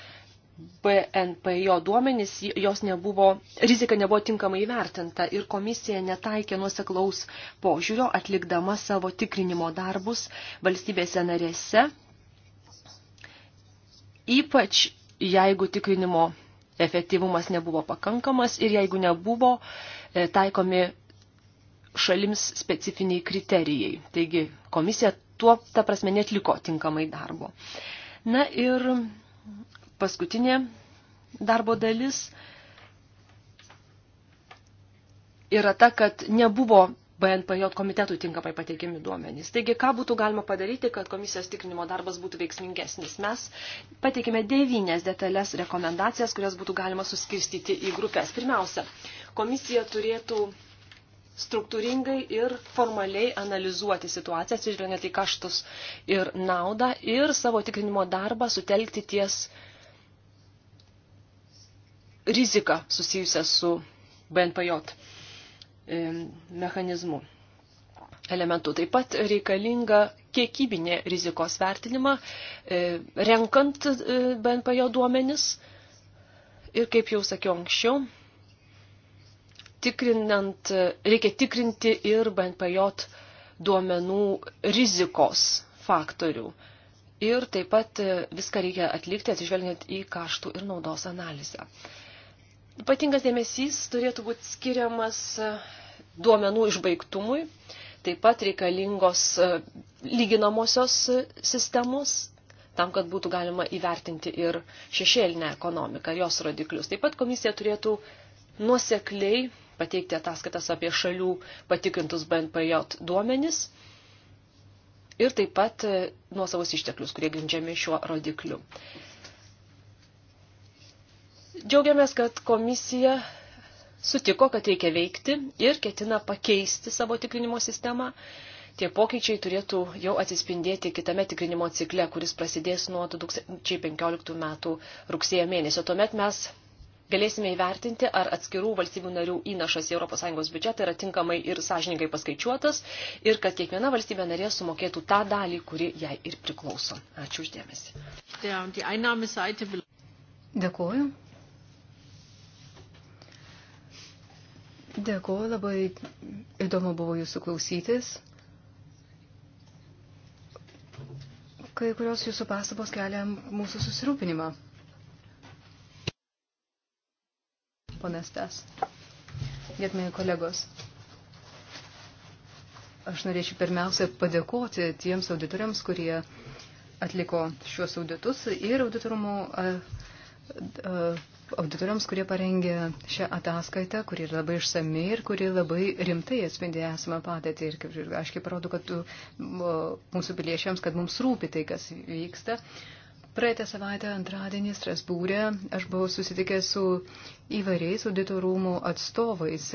BNPJ duomenys, jos nebuvo, rizika nebuvo tinkamai įvertinta ir komisija netaikė nuoseklaus požiūrio atlikdama savo tikrinimo darbus valstybėse narėse, ypač jeigu tikrinimo efektyvumas nebuvo pakankamas ir jeigu nebuvo e, taikomi šalims specifiniai kriterijai. Taigi komisija tuo, ta prasme, netliko tinkamai darbo. Na ir paskutinė darbo dalis yra ta, kad nebuvo BNPJ komitetui tinkamai pateikiami duomenys. Taigi, ką būtų galima padaryti, kad komisijos tikrinimo darbas būtų veiksmingesnis? Mes pateikime devynias detalės rekomendacijas, kurias būtų galima suskirstyti į grupės. Pirmiausia, komisija turėtų struktūringai ir formaliai analizuoti situacijas, išvelgiant į kaštus ir naudą ir savo tikrinimo darbą sutelkti ties uh, riziką susijusią su BNPJ e, mechanizmu elementų. Taip pat reikalinga kiekybinė rizikos vertinima, e, renkant e, BNPJ duomenis ir, kaip jau sakiau anksčiau, tikrinant, reikia tikrinti ir BNPJ duomenų rizikos faktorių. Ir taip pat viską reikia atlikti atsižvelgiant į kaštų ir naudos analizę. Ypatingas dėmesys turėtų būti skiriamas e, duomenų išbaigtumui, taip pat reikalingos e, lyginamosios e, sistemos, tam, kad būtų galima įvertinti ir šešėlinę ekonomiką, jos rodiklius. Taip pat komisija turėtų nuosekliai pateikti ataskaitas apie šalių patikrintus BNPJ duomenis ir taip pat nuosavus išteklius, kurie grindžiami šiuo rodikliu. Džiaugiamės, kad komisija sutiko, kad reikia veikti ir ketina pakeisti savo tikrinimo sistemą. Tie pokyčiai turėtų jau atsispindėti kitame tikrinimo cikle, kuris prasidės nuo 2015 metų rugsėjo mėnesio. Tuomet mes galėsime įvertinti, ar atskirų valstybių narių įnašas į ES biudžetą yra tinkamai ir sąžininkai paskaičiuotas ir kad kiekviena valstybė narė sumokėtų tą dalį, kuri jai ir priklauso. Ačiū uždėmesi. Dėkuoju. Dėkuoju, labai įdomu buvo jūsų klausytis. Kai kurios jūsų pastabos kelia mūsų susirūpinimą. Ponas Tes, gerbėjai kolegos, aš norėčiau pirmiausia padėkoti tiems auditoriams, kurie atliko šiuos auditus ir auditorumo uh, uh, auditoriams, kurie parengė šią ataskaitą, kuri yra labai išsami ir kuri labai rimtai atspindi esamą padėtį ir, kaip aiškiai, parodo, kad mūsų piliečiams, kad mums rūpi tai, kas vyksta. Praeitą savaitę antradienį Strasbūrė aš buvau susitikęs su įvairiais auditorumų atstovais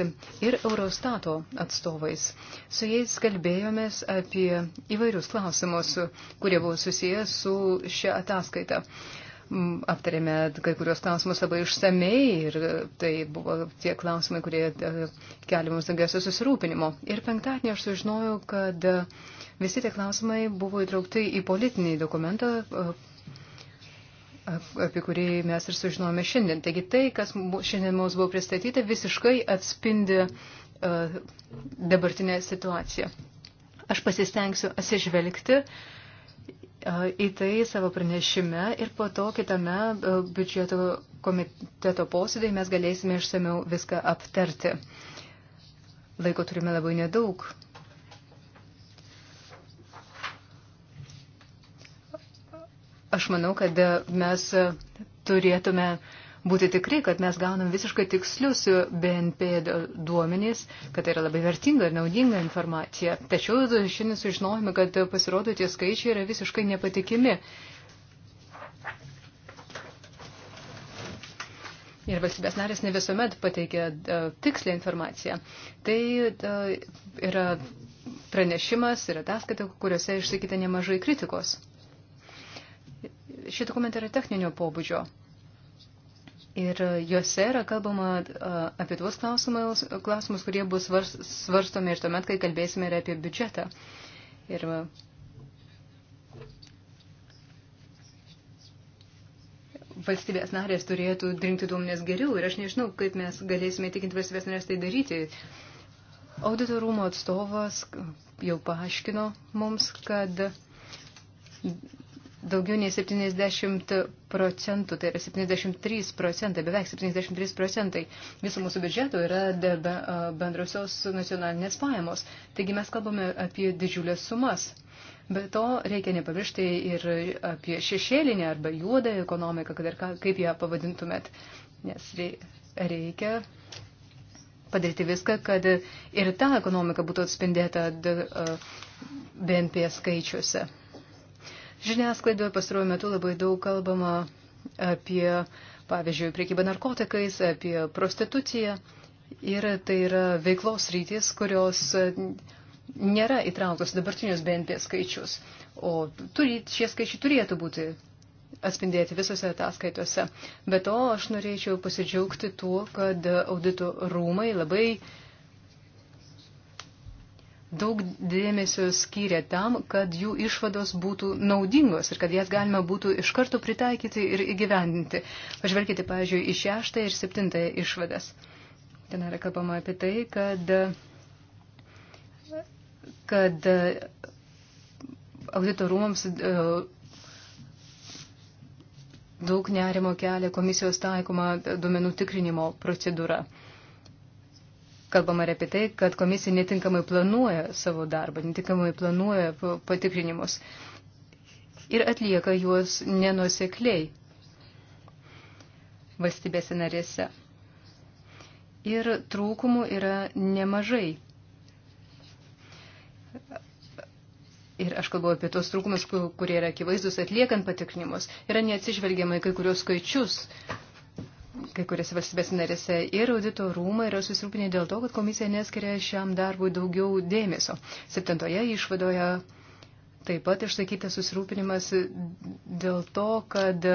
ir Eurostato atstovais. Su jais kalbėjomės apie įvairius klausimus, kurie buvo susijęs su šia ataskaita. Uh, Mm, aptarėme kai kurios klausimus labai išsamei ir e, tai buvo tie klausimai, kurie e, kelia mums daugiausia susirūpinimo. Ir penktadienį aš sužinojau, kad e, visi tie klausimai buvo įtraukti į politinį dokumentą apie kurį mes ir sužinojome šiandien. Taigi tai, kas šiandien mums buvo pristatyta, visiškai atspindi uh, dabartinę situaciją. Aš pasistengsiu atsižvelgti uh, į tai savo pranešime ir po to kitame biudžeto komiteto posėdėje mes galėsime išsamiau viską aptarti. Laiko turime labai nedaug. Aš manau, kad mes turėtume uh, būti tikri, kad mes gaunam visiškai tikslius BNP duomenys, kad tai yra labai vertinga ir naudinga informacija. Tačiau šiandien sužinojome, kad pasirodo tie skaičiai yra visiškai nepatikimi. Ir valstybės narės ne visuomet pateikia e, tikslę informaciją. Tai e, yra pranešimas ir ataskaita, kuriuose išsakyta nemažai kritikos. Šie dokumentai yra techninio pobūdžio. Ir juose yra kalbama apie tuos klausimus, klausimus kurie bus svarstomi ir tuomet, kai kalbėsime ir apie biudžetą. Ir valstybės narės turėtų rinkti duomenės geriau ir aš nežinau, kaip mes galėsime tikinti valstybės narės tai daryti. Auditorumo atstovas jau paaiškino mums, kad daugiau nei 70 procentų, tai yra 73 procentai, beveik 73 procentai viso mūsų biudžeto yra bendrosios nacionalinės pajamos. Taigi mes kalbame apie didžiulės sumas. Be to reikia nepamiršti ir apie šešėlinę arba juodą ekonomiką, kad ir ką, kaip ją pavadintumėt, nes reikia padaryti viską, kad ir ta ekonomika būtų atspindėta BNP skaičiuose. Žiniasklaidoje pastaruoju metu labai daug kalbama apie, pavyzdžiui, priekybą narkotikais, apie prostituciją. Ir tai yra veiklos rytis, kurios nėra įtrauktos dabartinius BNP skaičius, o turi, šie skaičiai turėtų būti atspindėti visose ataskaitose. Be to, aš norėčiau pasidžiaugti tuo, kad audito rūmai labai uh, daug dėmesio skyrė tam, kad jų išvados būtų naudingos ir kad jas galima būtų iš karto pritaikyti ir įgyvendinti. Pažvelkite, pavyzdžiui, į šeštą ir septintą išvadas. Ten yra kalbama apie tai, kad, kad e, auditorumams e, daug nerimo kelia komisijos taikoma duomenų tikrinimo procedūra kalbama ir apie tai, kad komisija netinkamai planuoja savo darbą, netinkamai planuoja patikrinimus ir atlieka juos nenusekliai valstybėse narėse. Ir trūkumų yra nemažai. Ir aš kalbu apie tos trūkumus, kurie yra akivaizdus atliekant patikrinimus. Yra neatsižvelgiamai kai kurios skaičius, kai kuriuose valstybės narėse ir audito rūmai yra susirūpinę dėl to, kad komisija neskiria šiam darbui daugiau dėmesio. Septintoje išvadoje taip pat išsakytas susirūpinimas dėl to, kad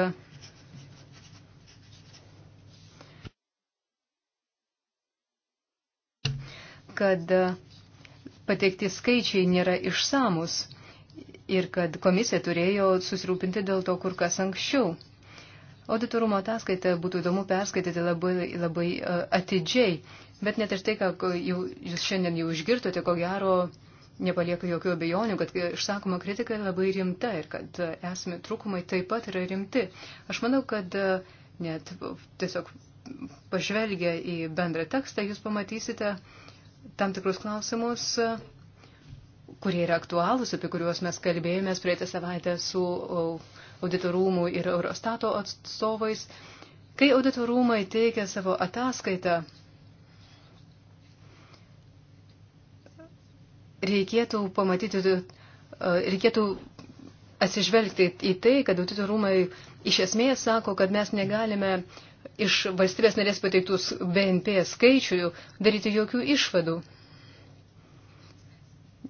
kad pateikti skaičiai nėra išsamus ir kad komisija turėjo susirūpinti dėl to kur kas anksčiau. Auditorumo ataskaitą būtų įdomu perskaityti labai, labai e, atidžiai, bet net ir tai, ką jau, jūs šiandien jau išgirtote, ko gero nepalieka jokių abejonių, kad išsakoma kritika labai rimta ir kad e, esami trūkumai taip pat yra rimti. Aš manau, kad e, net tiesiog pažvelgę į bendrą tekstą, jūs pamatysite tam tikrus klausimus, kurie yra aktualūs, apie kuriuos mes kalbėjomės praeitą savaitę su. O, auditorumų ir Eurostato atstovais. Kai auditorumai teikia savo ataskaitą, reikėtų pamatyti, e, reikėtų atsižvelgti į tai, kad auditorumai iš esmės sako, kad mes negalime iš valstybės narės pateiktus BNP skaičių daryti jokių išvadų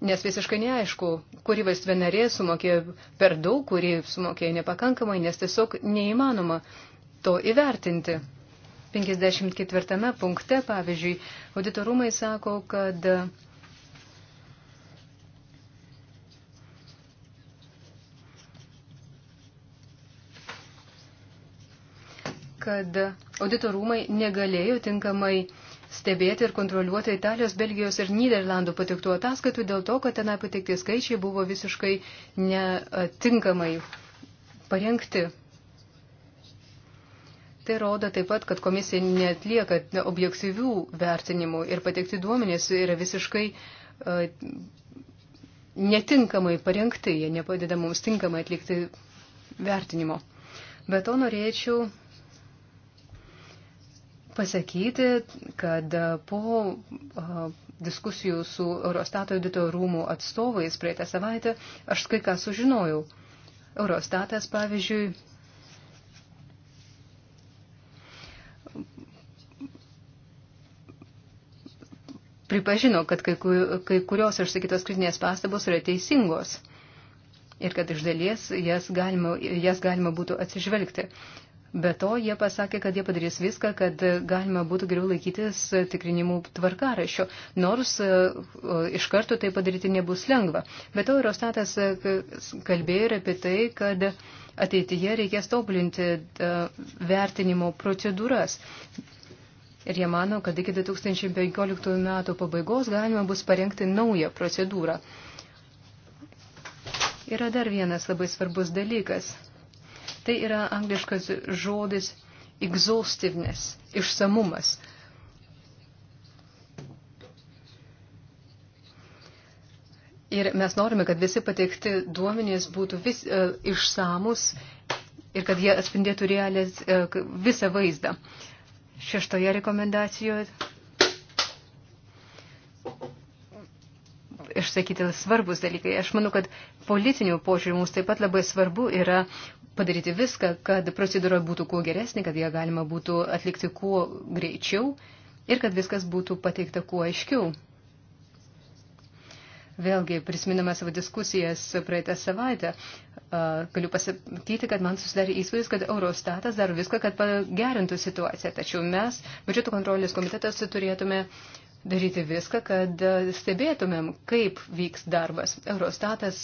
nes visiškai neaišku, kuri valstybė narė sumokė per daug, kuri sumokė nepakankamai, nes tiesiog neįmanoma to įvertinti. 54 punkte, pavyzdžiui, auditorumai sako, kad kad auditorumai negalėjo tinkamai stebėti ir kontroliuoti Italijos, Belgijos ir Niderlandų patiktų ataskaitų dėl to, kad tenai patikti skaičiai buvo visiškai netinkamai parengti. Tai rodo taip pat, kad komisija netlieka objektyvių vertinimų ir pateikti duomenys yra visiškai uh, netinkamai parengti, jie nepadeda mums tinkamai atlikti vertinimo. Be to norėčiau pasakyti, kad e, po e, diskusijų su Eurostato audito rūmų atstovais praeitą savaitę aš kai ką sužinojau. Eurostatas, pavyzdžiui, pripažino, kad kai, kai kurios išsakytos kritinės pastabos yra teisingos ir kad iš dalies jas galima, jas galima būtų atsižvelgti. Be to, jie pasakė, kad jie padarys viską, kad galima būtų geriau laikytis tikrinimų tvarkarašio, nors e, e, iš karto tai padaryti nebus lengva. Be to, Eurostatas e, kalbėjo ir apie tai, kad ateityje reikės tobulinti vertinimo procedūras. Ir jie mano, kad iki 2015 metų pabaigos galima bus parengti naują procedūrą. Yra dar vienas labai svarbus dalykas – Tai yra angliškas žodis exhaustiveness, išsamumas. Ir mes norime, kad visi pateikti duomenys būtų vis, uh, išsamus ir kad jie atspindėtų realės uh, visą vaizdą. Šeštoje rekomendacijoje išsakyti svarbus dalykai. Aš manau, kad politinių požiūrį mums taip pat labai svarbu yra padaryti viską, kad procedūra būtų kuo geresnė, kad ją galima būtų atlikti kuo greičiau ir kad viskas būtų pateikta kuo aiškiau. Vėlgi, prisiminama savo diskusijas praeitą savaitę, galiu pasakyti, kad man susidarė įspūdis, kad Eurostatas daro viską, kad pagerintų situaciją. Tačiau mes, biudžeto kontrolės komitetas, turėtume uh, daryti viską, kad e, stebėtumėm, kaip vyks darbas. Eurostatas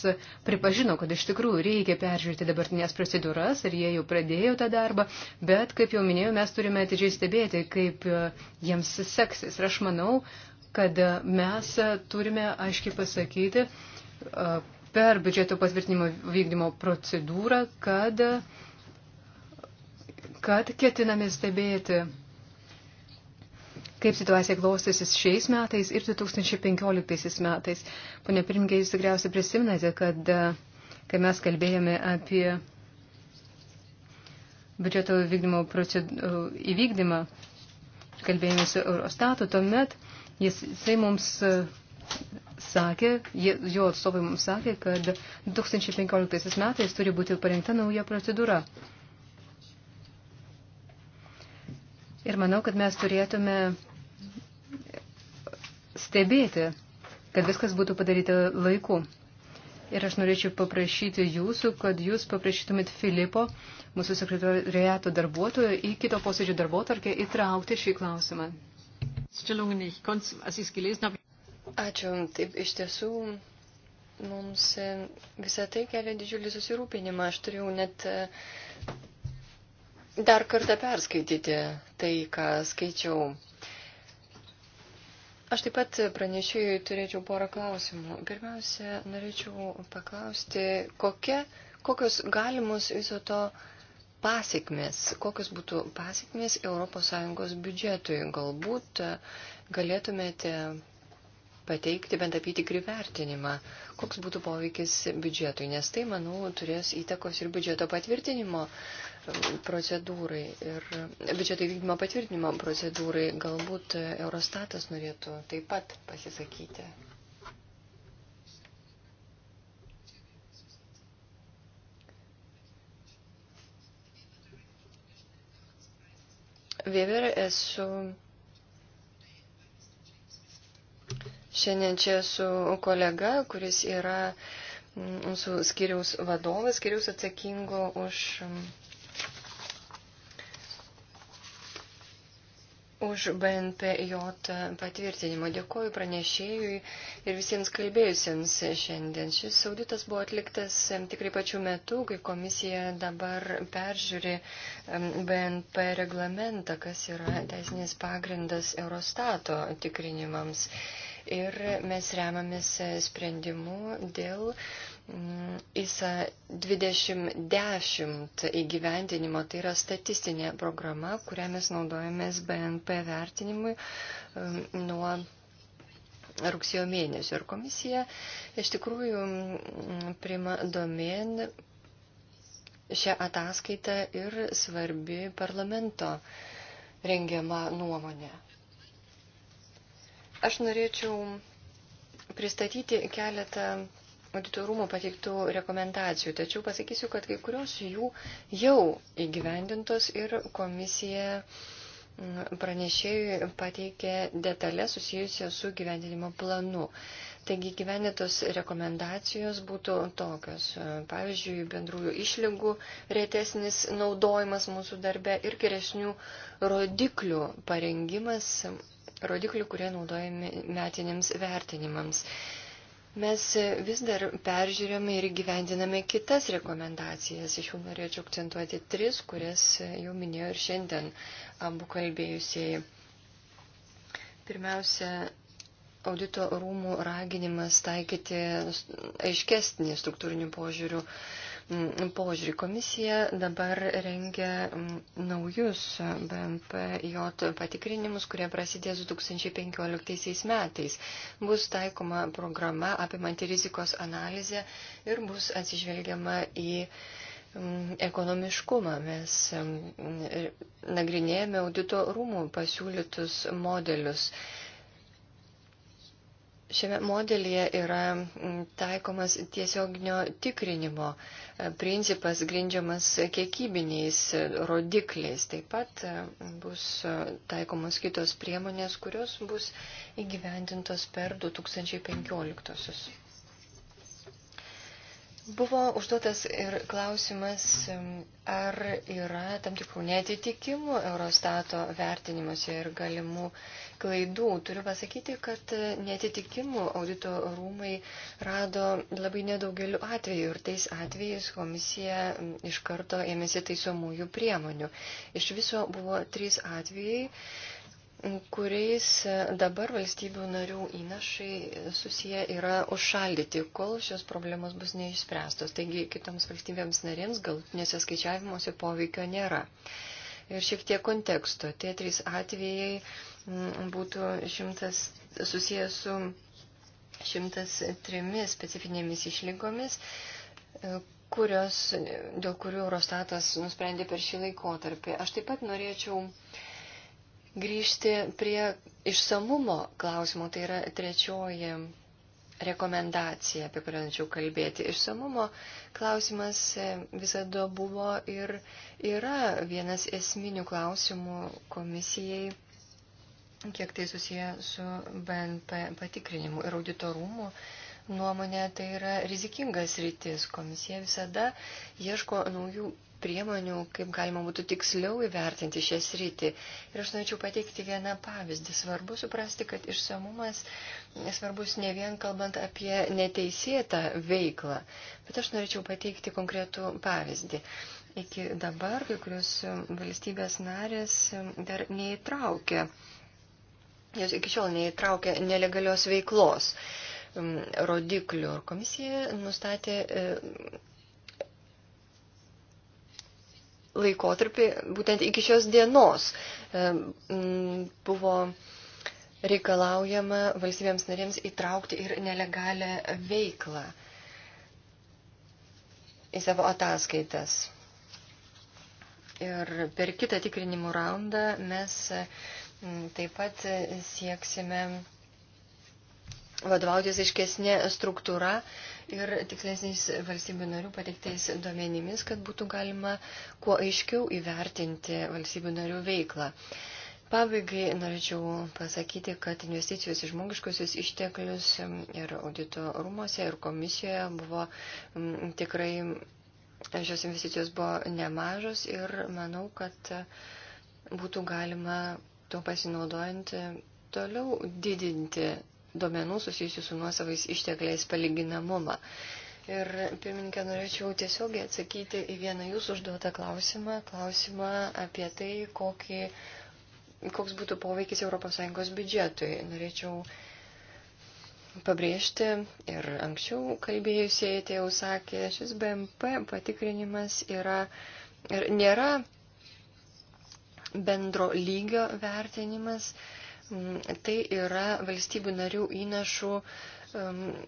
pripažino, kad iš tikrųjų reikia peržiūrėti dabartinės procedūras ir jie jau pradėjo tą darbą, bet, kaip jau minėjau, mes turime atidžiai stebėti, kaip e, jiems seksis. Ir aš manau, kad e, mes turime aiškiai pasakyti per biudžeto patvirtinimo vykdymo procedūrą, kad, kad ketiname stebėti kaip situacija klostysis šiais metais ir 2015 metais. Pone pirmininkė, jūs tikriausiai prisiminate, kad e, kai mes kalbėjome apie biudžeto vykdymo e, įvykdymą, kalbėjome su Eurostatu, tuomet jis, jisai mums e, sakė, jo atstovai mums sakė, kad 2015 metais turi būti parengta nauja procedūra. Ir manau, kad mes turėtume stebėti, kad viskas būtų padaryta laiku. Ir aš norėčiau paprašyti jūsų, kad jūs paprašytumėt Filipo, mūsų sekretoriato darbuotojo, į kito posėdžio darbuotarkę įtraukti šį klausimą. Ačiū. Taip, iš tiesų, mums e, visą tai kelia didžiulį susirūpinimą. Aš turėjau net e, dar kartą perskaityti tai, ką skaičiau Aš taip pat pranešėjui turėčiau porą klausimų. Pirmiausia, norėčiau paklausti, kokia, kokios galimus viso to pasiekmes, kokios būtų pasiekmes ES biudžetui. Galbūt galėtumėte pateikti bent apytikrį vertinimą, koks būtų poveikis biudžetui, nes tai, manau, turės įtakos ir biudžeto patvirtinimo um, procedūrai ir biudžeto įvykdymo patvirtinimo procedūrai. Galbūt Eurostatas norėtų taip pat pasisakyti. Vėver esu Šiandien čia su kolega, kuris yra mm, mūsų skiriaus vadovas, skiriaus atsakingo už, mm, už BNPJ patvirtinimą. Dėkoju pranešėjui ir visiems kalbėjusiems šiandien. Šis auditas buvo atliktas mm, tikrai pačiu metu, kai komisija dabar peržiūri BNP reglamentą, kas yra teisinės pagrindas Eurostato tikrinimams ir mes remiamės e, sprendimu dėl mm, ISA 2010 įgyvendinimo. Tai yra statistinė programa, kurią mes naudojamės BNP vertinimui mm, nuo rugsėjo mėnesio. Ir komisija iš tikrųjų mm, prima domen šią ataskaitą ir svarbi parlamento rengiama nuomonė. Aš norėčiau pristatyti keletą auditorumų pateiktų rekomendacijų, tačiau pasakysiu, kad kai kurios jų jau įgyvendintos ir komisija mm, pranešėjui pateikė detalę susijusią su gyvendinimo planu. Taigi gyvendintos rekomendacijos būtų tokios. Pavyzdžiui, bendrųjų išlygų retesnis naudojimas mūsų darbe ir geresnių rodiklių parengimas rodiklių, kurie naudojami metiniams vertinimams. Mes vis dar peržiūrėme ir gyvendiname kitas rekomendacijas. Iš jų norėčiau akcentuoti tris, kurias jau minėjo ir šiandien abu kalbėjusieji. Pirmiausia, audito rūmų raginimas taikyti aiškesnį struktūrinių požiūrių uh, Mm, požiūrį. Komisija dabar rengia mm, naujus mm, BMPJ patikrinimus, kurie prasidės 2015 metais. Bus taikoma programa apimanti rizikos analizę ir bus atsižvelgiama į ekonomiškumą. Mes nagrinėjame audito rūmų pasiūlytus modelius Šiame modelyje yra taikomas tiesioginio tikrinimo e, principas grindžiamas kiekybiniais e, rodikliais. Taip pat e, bus taikomos kitos priemonės, kurios bus įgyvendintos per 2015. -osius. Buvo užduotas ir klausimas, ar yra tam tikrų netitikimų Eurostato vertinimuose ir galimų klaidų. Turiu pasakyti, kad netitikimų audito rūmai rado labai nedaugeliu atveju ir tais atvejais komisija iš karto ėmėsi taisomųjų priemonių. Iš viso buvo trys atvejai kuriais dabar valstybių narių įnašai susiję yra užšaldyti, kol šios problemos bus neišspręstos. Taigi kitoms valstybėms narėms galutinėse skaičiavimuose poveikio nėra. Ir šiek tiek konteksto. Tie trys atvejai mm, būtų šimtas, susiję su 103 specifinėmis išlygomis, kurios, dėl kurių Eurostatas nusprendė per šį laikotarpį. Aš taip pat norėčiau uh, grįžti prie išsamumo klausimo, tai yra trečioji rekomendacija, apie kurią norėčiau kalbėti. Išsamumo klausimas e, visada buvo ir yra vienas esminių klausimų komisijai, kiek tai susiję su BNP patikrinimu ir auditorumu nuomonė tai yra rizikingas rytis. Komisija visada ieško naujų priemonių, kaip galima būtų tiksliau įvertinti šią sritį. Ir aš norėčiau pateikti vieną pavyzdį. Svarbu suprasti, kad išsamumas svarbus ne vien kalbant apie neteisėtą veiklą, bet aš norėčiau pateikti konkretų pavyzdį. Iki dabar kai kurios valstybės narės dar neįtraukė, jos iki šiol neįtraukė nelegalios veiklos mm, rodiklių. Komisija nustatė e, laikotarpį, būtent iki šios dienos e, buvo reikalaujama valstybėms narėms įtraukti ir nelegalę veiklą į savo ataskaitas. Ir per kitą tikrinimų raundą mes taip pat sieksime vadovautis aiškesnė struktūra ir tikslesniais valstybių narių pateiktais duomenimis, kad būtų galima kuo aiškiau įvertinti valstybių narių veiklą. Pabaigai norėčiau pasakyti, kad investicijos į žmogiškusius išteklius ir audito rūmose ir komisijoje buvo tikrai, šios investicijos buvo nemažos ir manau, kad būtų galima tuo pasinaudojant toliau didinti duomenų susijusių su nuosavais ištekliais palyginamumą. Ir pirmininkė, norėčiau tiesiogiai atsakyti į vieną jūsų užduotą klausimą, klausimą apie tai, kokį, koks būtų poveikis ES biudžetui. Norėčiau pabrėžti ir anksčiau kalbėjusieji tai jau sakė, šis BMP patikrinimas yra ir nėra bendro lygio vertinimas. Uh, Mm, tai yra valstybių narių įnašų mm,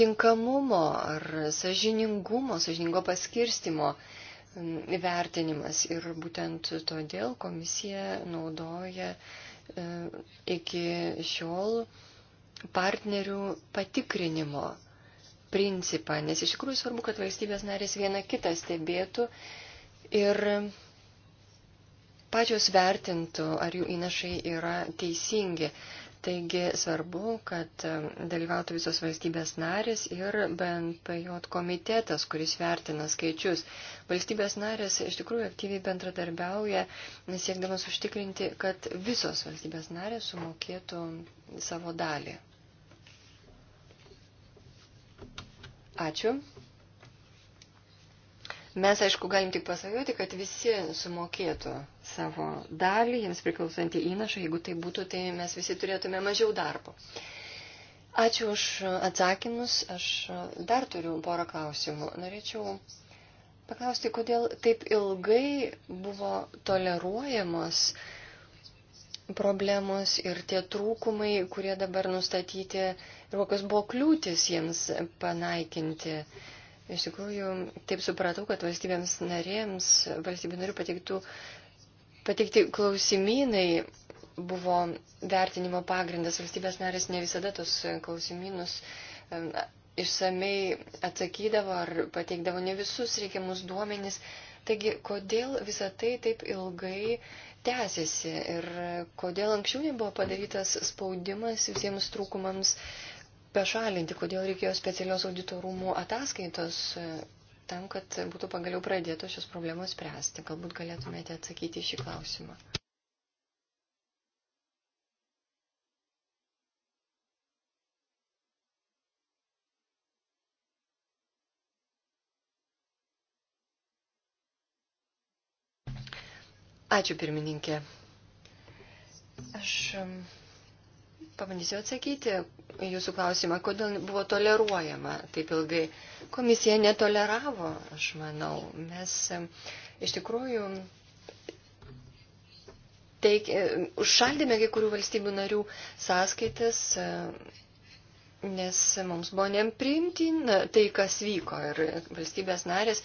tinkamumo ar sažiningumo, sažiningo paskirstimo mm, vertinimas. Ir būtent todėl komisija naudoja iki šiol partnerių patikrinimo principą, nes iš tikrųjų svarbu, kad valstybės narės viena kitą stebėtų ir pačios vertintų, ar jų įnašai yra teisingi. Taigi svarbu, kad dalyvautų visos valstybės narės ir BNPJ komitetas, kuris vertina skaičius. Valstybės narės iš tikrųjų aktyviai bendradarbiauja, siekdamas užtikrinti, kad visos valstybės narės sumokėtų savo dalį. Ačiū. Mes, aišku, galim tik pasakyti, kad visi sumokėtų savo dalį, jiems priklausantį įnašą. Jeigu tai būtų, tai mes visi turėtume mažiau darbo. Ačiū už atsakymus. Aš dar turiu porą klausimų. Norėčiau paklausti, kodėl taip ilgai buvo toleruojamos problemos ir tie trūkumai, kurie dabar nustatyti ir kokios buvo kliūtis jiems panaikinti. Uh, Iš tikrųjų, taip supratau, kad valstybėms narėms, valstybių narių pateiktų, pateikti klausimynai buvo vertinimo pagrindas. Valstybės narės ne visada tos klausimynus išsamei atsakydavo ar pateikdavo ne visus reikiamus duomenys. Taigi, kodėl visa tai taip ilgai tęsiasi ir kodėl anksčiau nebuvo padarytas spaudimas visiems trūkumams pašalinti, kodėl reikėjo specialios auditorumų ataskaitos e, tam, kad būtų pagaliau pradėtos šios problemos spręsti. Galbūt galėtumėte atsakyti šį klausimą. Ačiū pirmininkė. Aš Pabandysiu atsakyti jūsų klausimą, kodėl buvo toleruojama taip ilgai. Komisija netoleravo, aš manau. Mes e, iš tikrųjų teik, e, užšaldėme kai kurių valstybių narių sąskaitas, e, nes mums buvo nepriimtina tai, kas vyko. Ir valstybės narės,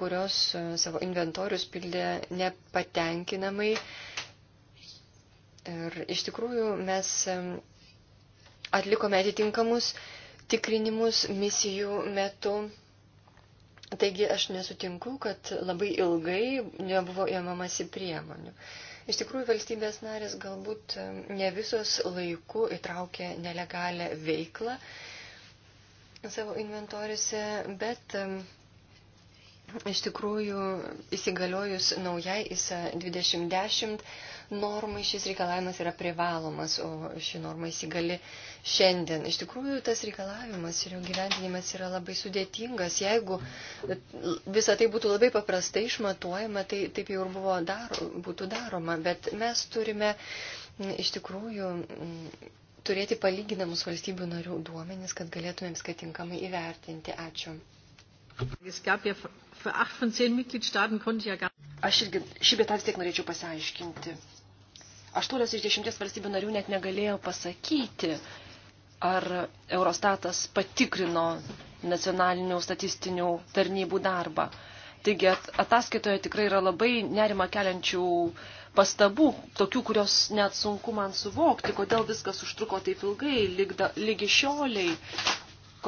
kurios savo inventorius pildė nepatenkinamai, Ir iš tikrųjų mes atlikome atitinkamus tikrinimus misijų metu. Taigi aš nesutinku, kad labai ilgai nebuvo įmamasi priemonių. Iš tikrųjų, valstybės narės galbūt ne visos laiku įtraukė nelegalę veiklą savo inventoriuose, bet iš tikrųjų įsigaliojus naujai ISA 2010 normai šis reikalavimas yra privalomas, o ši norma įsigali šiandien. Iš tikrųjų, tas reikalavimas ir jo gyvendinimas yra labai sudėtingas. Jeigu visa tai būtų labai paprastai išmatuojama, tai taip jau ir buvo dar, būtų daroma. Bet mes turime iš tikrųjų turėti palyginamus valstybių narių duomenis, kad galėtumėm viską tinkamai įvertinti. Ačiū. Aš irgi šį betą vis tiek norėčiau pasiaiškinti. 8 iš 10 valstybių narių net negalėjo pasakyti, ar Eurostatas patikrino nacionalinių statistinių tarnybų darbą. Taigi ataskaitoje tikrai yra labai nerima keliančių pastabų, tokių, kurios net sunku man suvokti, kodėl viskas užtruko taip ilgai, lygda, lygi šioliai,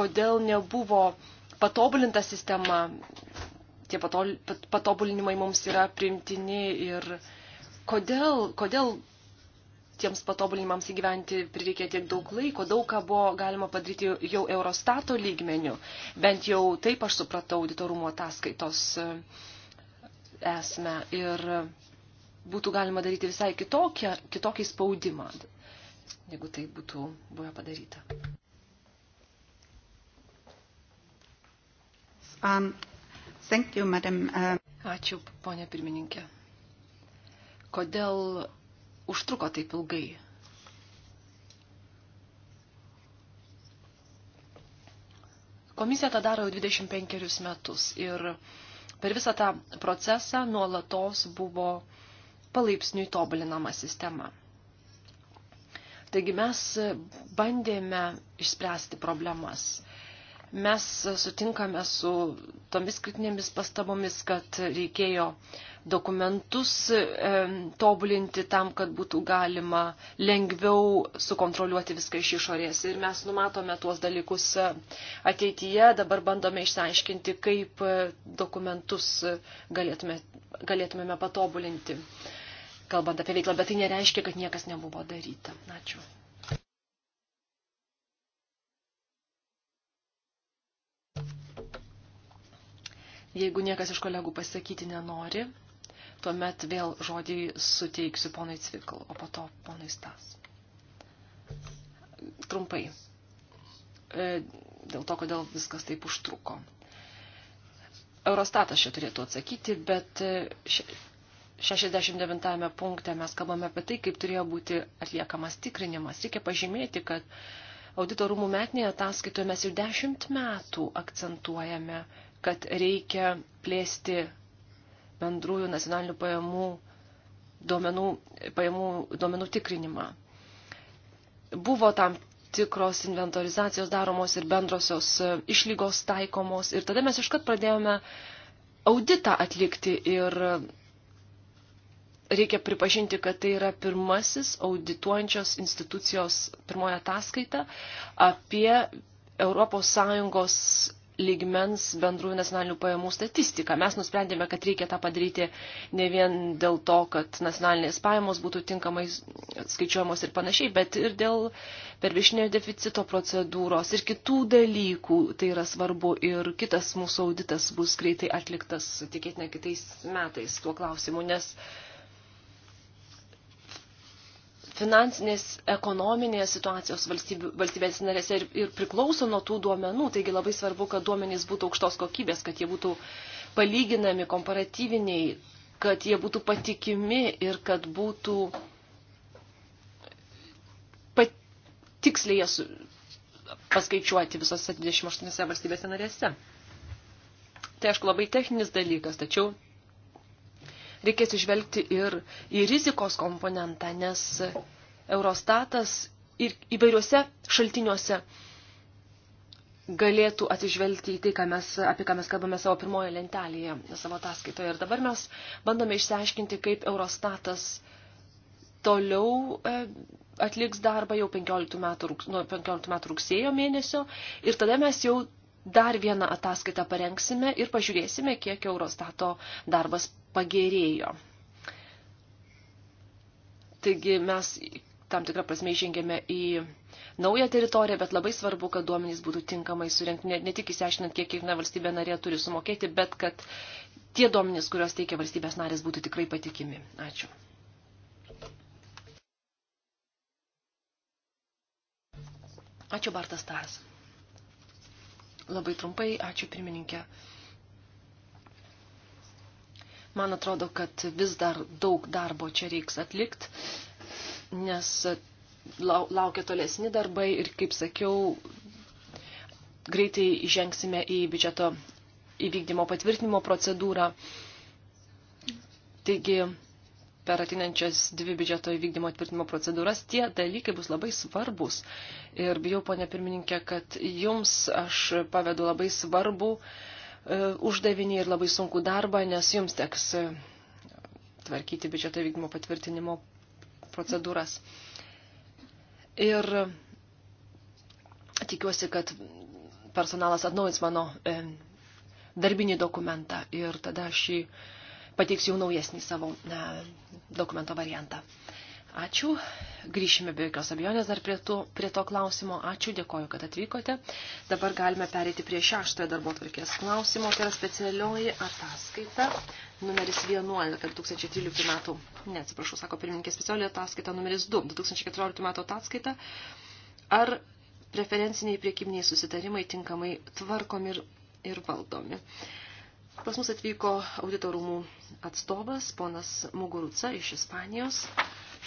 kodėl nebuvo patobulinta sistema, tie patol, pat, patobulinimai mums yra primtini ir kodėl, kodėl tiems patobulinimams įgyventi prireikė tiek daug laiko, daug ką buvo galima padaryti jau Eurostato lygmenių. Bent jau taip aš supratau auditorumo ataskaitos e, esmę ir būtų galima daryti visai kitokią, kitokį spaudimą, jeigu tai būtų buvę padaryta. Um, thank you, madam. Uh... Ačiū, ponė pirmininkė. Kodėl užtruko taip ilgai. Komisija tą daro jau 25 metus ir per visą tą procesą nuolatos buvo palaipsniui tobulinama sistema. Taigi mes bandėme išspręsti problemas. Mes sutinkame su tomis kritinėmis pastabomis, kad reikėjo uh, dokumentus e, tobulinti tam, kad būtų galima lengviau sukontroliuoti viską iš išorės. Ir mes numatome tuos dalykus e, ateityje, dabar bandome išsiaiškinti, kaip e, dokumentus galėtume, galėtumėme patobulinti, kalbant apie veiklą, bet tai nereiškia, kad niekas nebuvo daryta. Ačiū. Jeigu niekas iš kolegų pasakyti nenori, tuomet vėl žodį suteiksiu ponai Cvikl, o po to ponai Stas. Trumpai. E, dėl to, kodėl viskas taip užtruko. Eurostatas čia turėtų atsakyti, bet 69 e, punkte mes kalbame apie tai, kaip turėjo būti atliekamas tikrinimas. Reikia pažymėti, kad audito rūmų metinėje ataskaitoje mes jau dešimt metų akcentuojame, kad reikia plėsti bendrųjų nacionalinių pajamų duomenų, pajamų duomenų tikrinimą. Buvo tam tikros inventorizacijos daromos ir bendrosios e, išlygos taikomos. Ir tada mes iškart pradėjome auditą atlikti ir e, reikia pripažinti, kad tai yra pirmasis audituojančios institucijos pirmoja ataskaita apie ES lygmens bendrųjų nacionalinių pajamų statistiką. Mes nusprendėme, kad reikia tą padaryti ne vien dėl to, kad nacionalinės pajamos būtų tinkamai skaičiuojamos ir panašiai, bet ir dėl pervišinio deficito procedūros ir kitų dalykų. Tai yra svarbu ir kitas mūsų auditas bus greitai atliktas, tikėtina, kitais metais tuo klausimu, nes uh, finansinės ekonominės situacijos valstybės narėse ir, ir priklauso nuo tų duomenų. Taigi labai svarbu, kad duomenys būtų aukštos kokybės, kad jie būtų palyginami, komparatyviniai, kad jie būtų patikimi ir kad būtų pat, tiksliai jas paskaičiuoti visose 28 valstybėse narėse. Tai aišku labai techninis dalykas, tačiau reikės išvelgti ir į rizikos komponentą, nes Eurostatas ir įvairiuose šaltiniuose galėtų atsižvelgti į tai, ką mes, apie ką mes kalbame savo pirmoje lentelėje, savo ataskaitoje. Ir dabar mes bandome išsiaiškinti, kaip Eurostatas toliau e, atliks darbą jau 15 metų, nuo 15 metų rugsėjo mėnesio ir tada mes jau dar vieną ataskaitą parengsime ir pažiūrėsime, kiek Eurostato darbas pagerėjo. Taigi mes tam tikrą prasme įžengėme į naują teritoriją, bet labai svarbu, kad duomenys būtų tinkamai surinkti, ne, ne tik įsiaiškinant, kiek kiekviena valstybė narė turi sumokėti, bet kad tie duomenys, kuriuos teikia valstybės narės, būtų tikrai patikimi. Ačiū. Ačiū Bartas Taras. Labai trumpai, ačiū pirmininkė. Man atrodo, kad vis dar daug darbo čia reiks atlikti, nes laukia tolesni darbai ir, kaip sakiau, greitai įžengsime į biudžeto įvykdymo patvirtinimo procedūrą. Taigi, per atinančias dvi biudžeto įvykdymo atvirtimo procedūras, tie dalykai bus labai svarbus. Ir bijau, ponė pirmininkė, kad jums aš pavedu labai svarbu uh, E, uždavinį ir labai sunku darbą, nes jums teks e, tvarkyti biudžeto vykdymo patvirtinimo procedūras. Ir tikiuosi, kad personalas atnaujins mano e, darbinį dokumentą ir tada aš jį pateiksiu jau naujesnį savo dokumento variantą. Ačiū. Grįšime be jokios abejonės dar prie to, prie to klausimo. Ačiū, dėkoju, kad atvykote. Dabar galime perėti prie šeštojo darbo tvarkės klausimo. Tai yra specialioji ataskaita numeris 11 2013 metų. Ne, atsiprašau, sako pirmininkė specialioji ataskaita numeris 2 2014 metų ataskaita. Ar preferenciniai priekybiniai susitarimai tinkamai tvarkomi ir, ir valdomi? Pas mus atvyko auditorumų atstovas, ponas Muguruca iš Ispanijos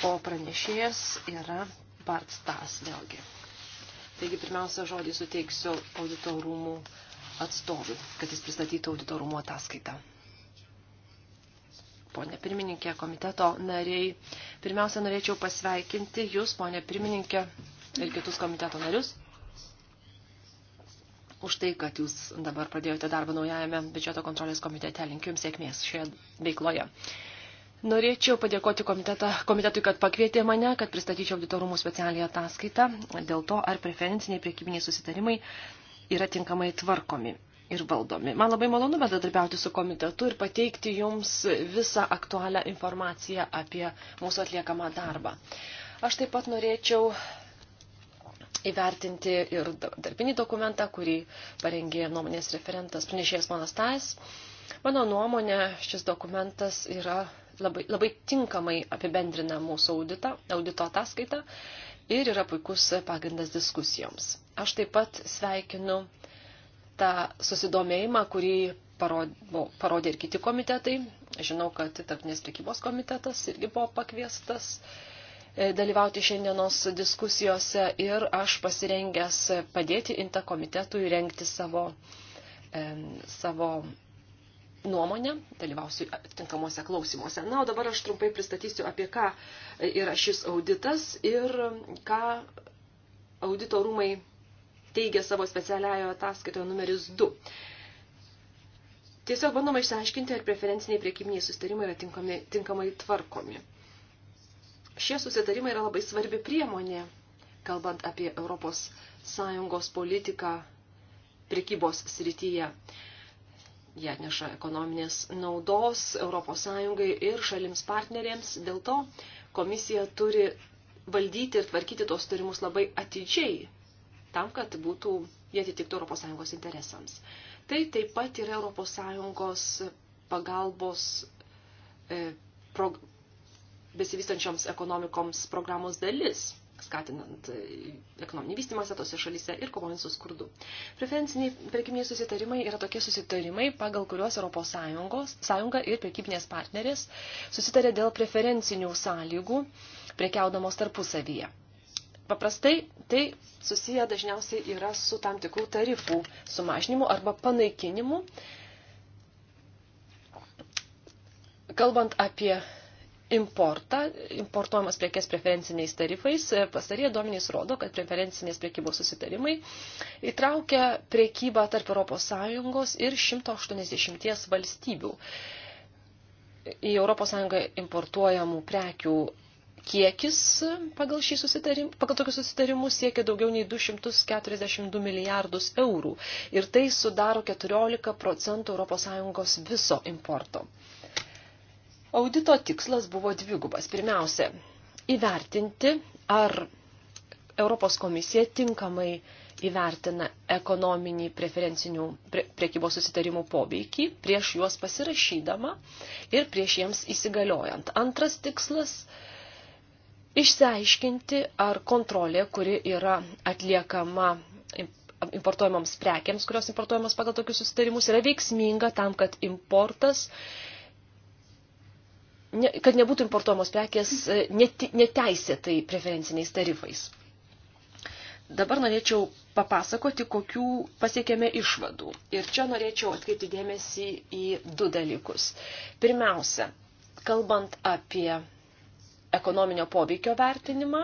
o pranešėjas yra Bart Stas vėlgi. Taigi pirmiausia žodį suteiksiu auditorumų atstovui, kad jis pristatytų auditorumų ataskaitą. Pone pirmininkė, komiteto nariai, pirmiausia norėčiau pasveikinti jūs, ponė pirmininkė, ir kitus komiteto narius už tai, kad jūs dabar pradėjote darbą naujajame biudžeto kontrolės komitete. Linkiu jums sėkmės šioje veikloje. Norėčiau padėkoti komitetui, kad pakvietė mane, kad pristatyčiau auditorumų specialiai ataskaitą dėl to, ar preferenciniai priekybiniai susitarimai yra tinkamai tvarkomi ir valdomi. Man labai malonu bendradarbiauti su komitetu ir pateikti jums visą aktualią informaciją apie mūsų atliekamą darbą. Aš taip pat norėčiau įvertinti ir darbinį dokumentą, kurį parengė nuomonės referentas pranešėjas Manas Tais. Mano nuomonė, šis dokumentas yra labai, labai tinkamai apibendrina mūsų auditą, audito ataskaitą ir yra puikus pagrindas diskusijoms. Aš taip pat sveikinu tą susidomėjimą, kurį nu, parodė ir kiti komitetai. Žinau, kad tarpinės prekybos komitetas irgi buvo pakviestas e, dalyvauti šiandienos diskusijose ir aš pasirengęs padėti INTA komitetui rengti savo, savo nuomonę, dalyvausiu atitinkamuose klausimuose. Na, o dabar aš trumpai pristatysiu, apie ką yra šis auditas ir ką audito rūmai teigia savo specialiojo ataskaitoje numeris 2. Tiesiog bandoma išsiaiškinti, ar preferenciniai priekybiniai sustarimai yra tinkami, tinkamai tvarkomi. Šie susitarimai yra labai svarbi priemonė, kalbant apie ES politiką priekybos srityje. Jie atneša ekonominės naudos ES ir šalims partneriams. Dėl to komisija turi valdyti ir tvarkyti tos turimus labai atidžiai, tam, kad būtų jie atitiktų ES interesams. Tai taip pat yra ES pagalbos e, prog, besivystančioms ekonomikoms programos dalis skatinant e, ekonominį vystimąsi tose šalyse ir kovojant su skurdu. Preferenciniai prekybiniai susitarimai yra tokie susitarimai, pagal kuriuos ES sąjunga ir prekybinės partnerės susitarė dėl preferencinių sąlygų prekiaudamos tarpusavyje. Paprastai tai susiję dažniausiai yra su tam tikrų tarifų sumažinimu arba panaikinimu. Kalbant apie importą, importuojamas prekes preferenciniais tarifais, pastarėje duomenys rodo, kad preferencinės prekybos susitarimai įtraukia prekybą tarp ES ir 180 valstybių. Į ES importuojamų prekių kiekis pagal, šį susitarim, pagal tokius susitarimus siekia daugiau nei 242 milijardus eurų ir tai sudaro 14 procentų ES viso importo. Audito tikslas buvo dvigubas. Pirmiausia, įvertinti, ar Europos komisija tinkamai įvertina ekonominį preferencinių pre, priekybos susitarimų poveikį prieš juos pasirašydama ir prieš jiems įsigaliojant. Antras tikslas - išsiaiškinti, ar kontrolė, kuri yra atliekama importuojamams prekiams, kurios importuojamos pagal tokius susitarimus, yra veiksminga tam, kad importas ne, kad nebūtų importuojamos prekės e, net, neteisėtai preferenciniais tarifais. Dabar norėčiau papasakoti, kokių pasiekėme išvadų. Ir čia norėčiau atkreipti dėmesį į du dalykus. Pirmiausia, kalbant apie ekonominio poveikio vertinimą,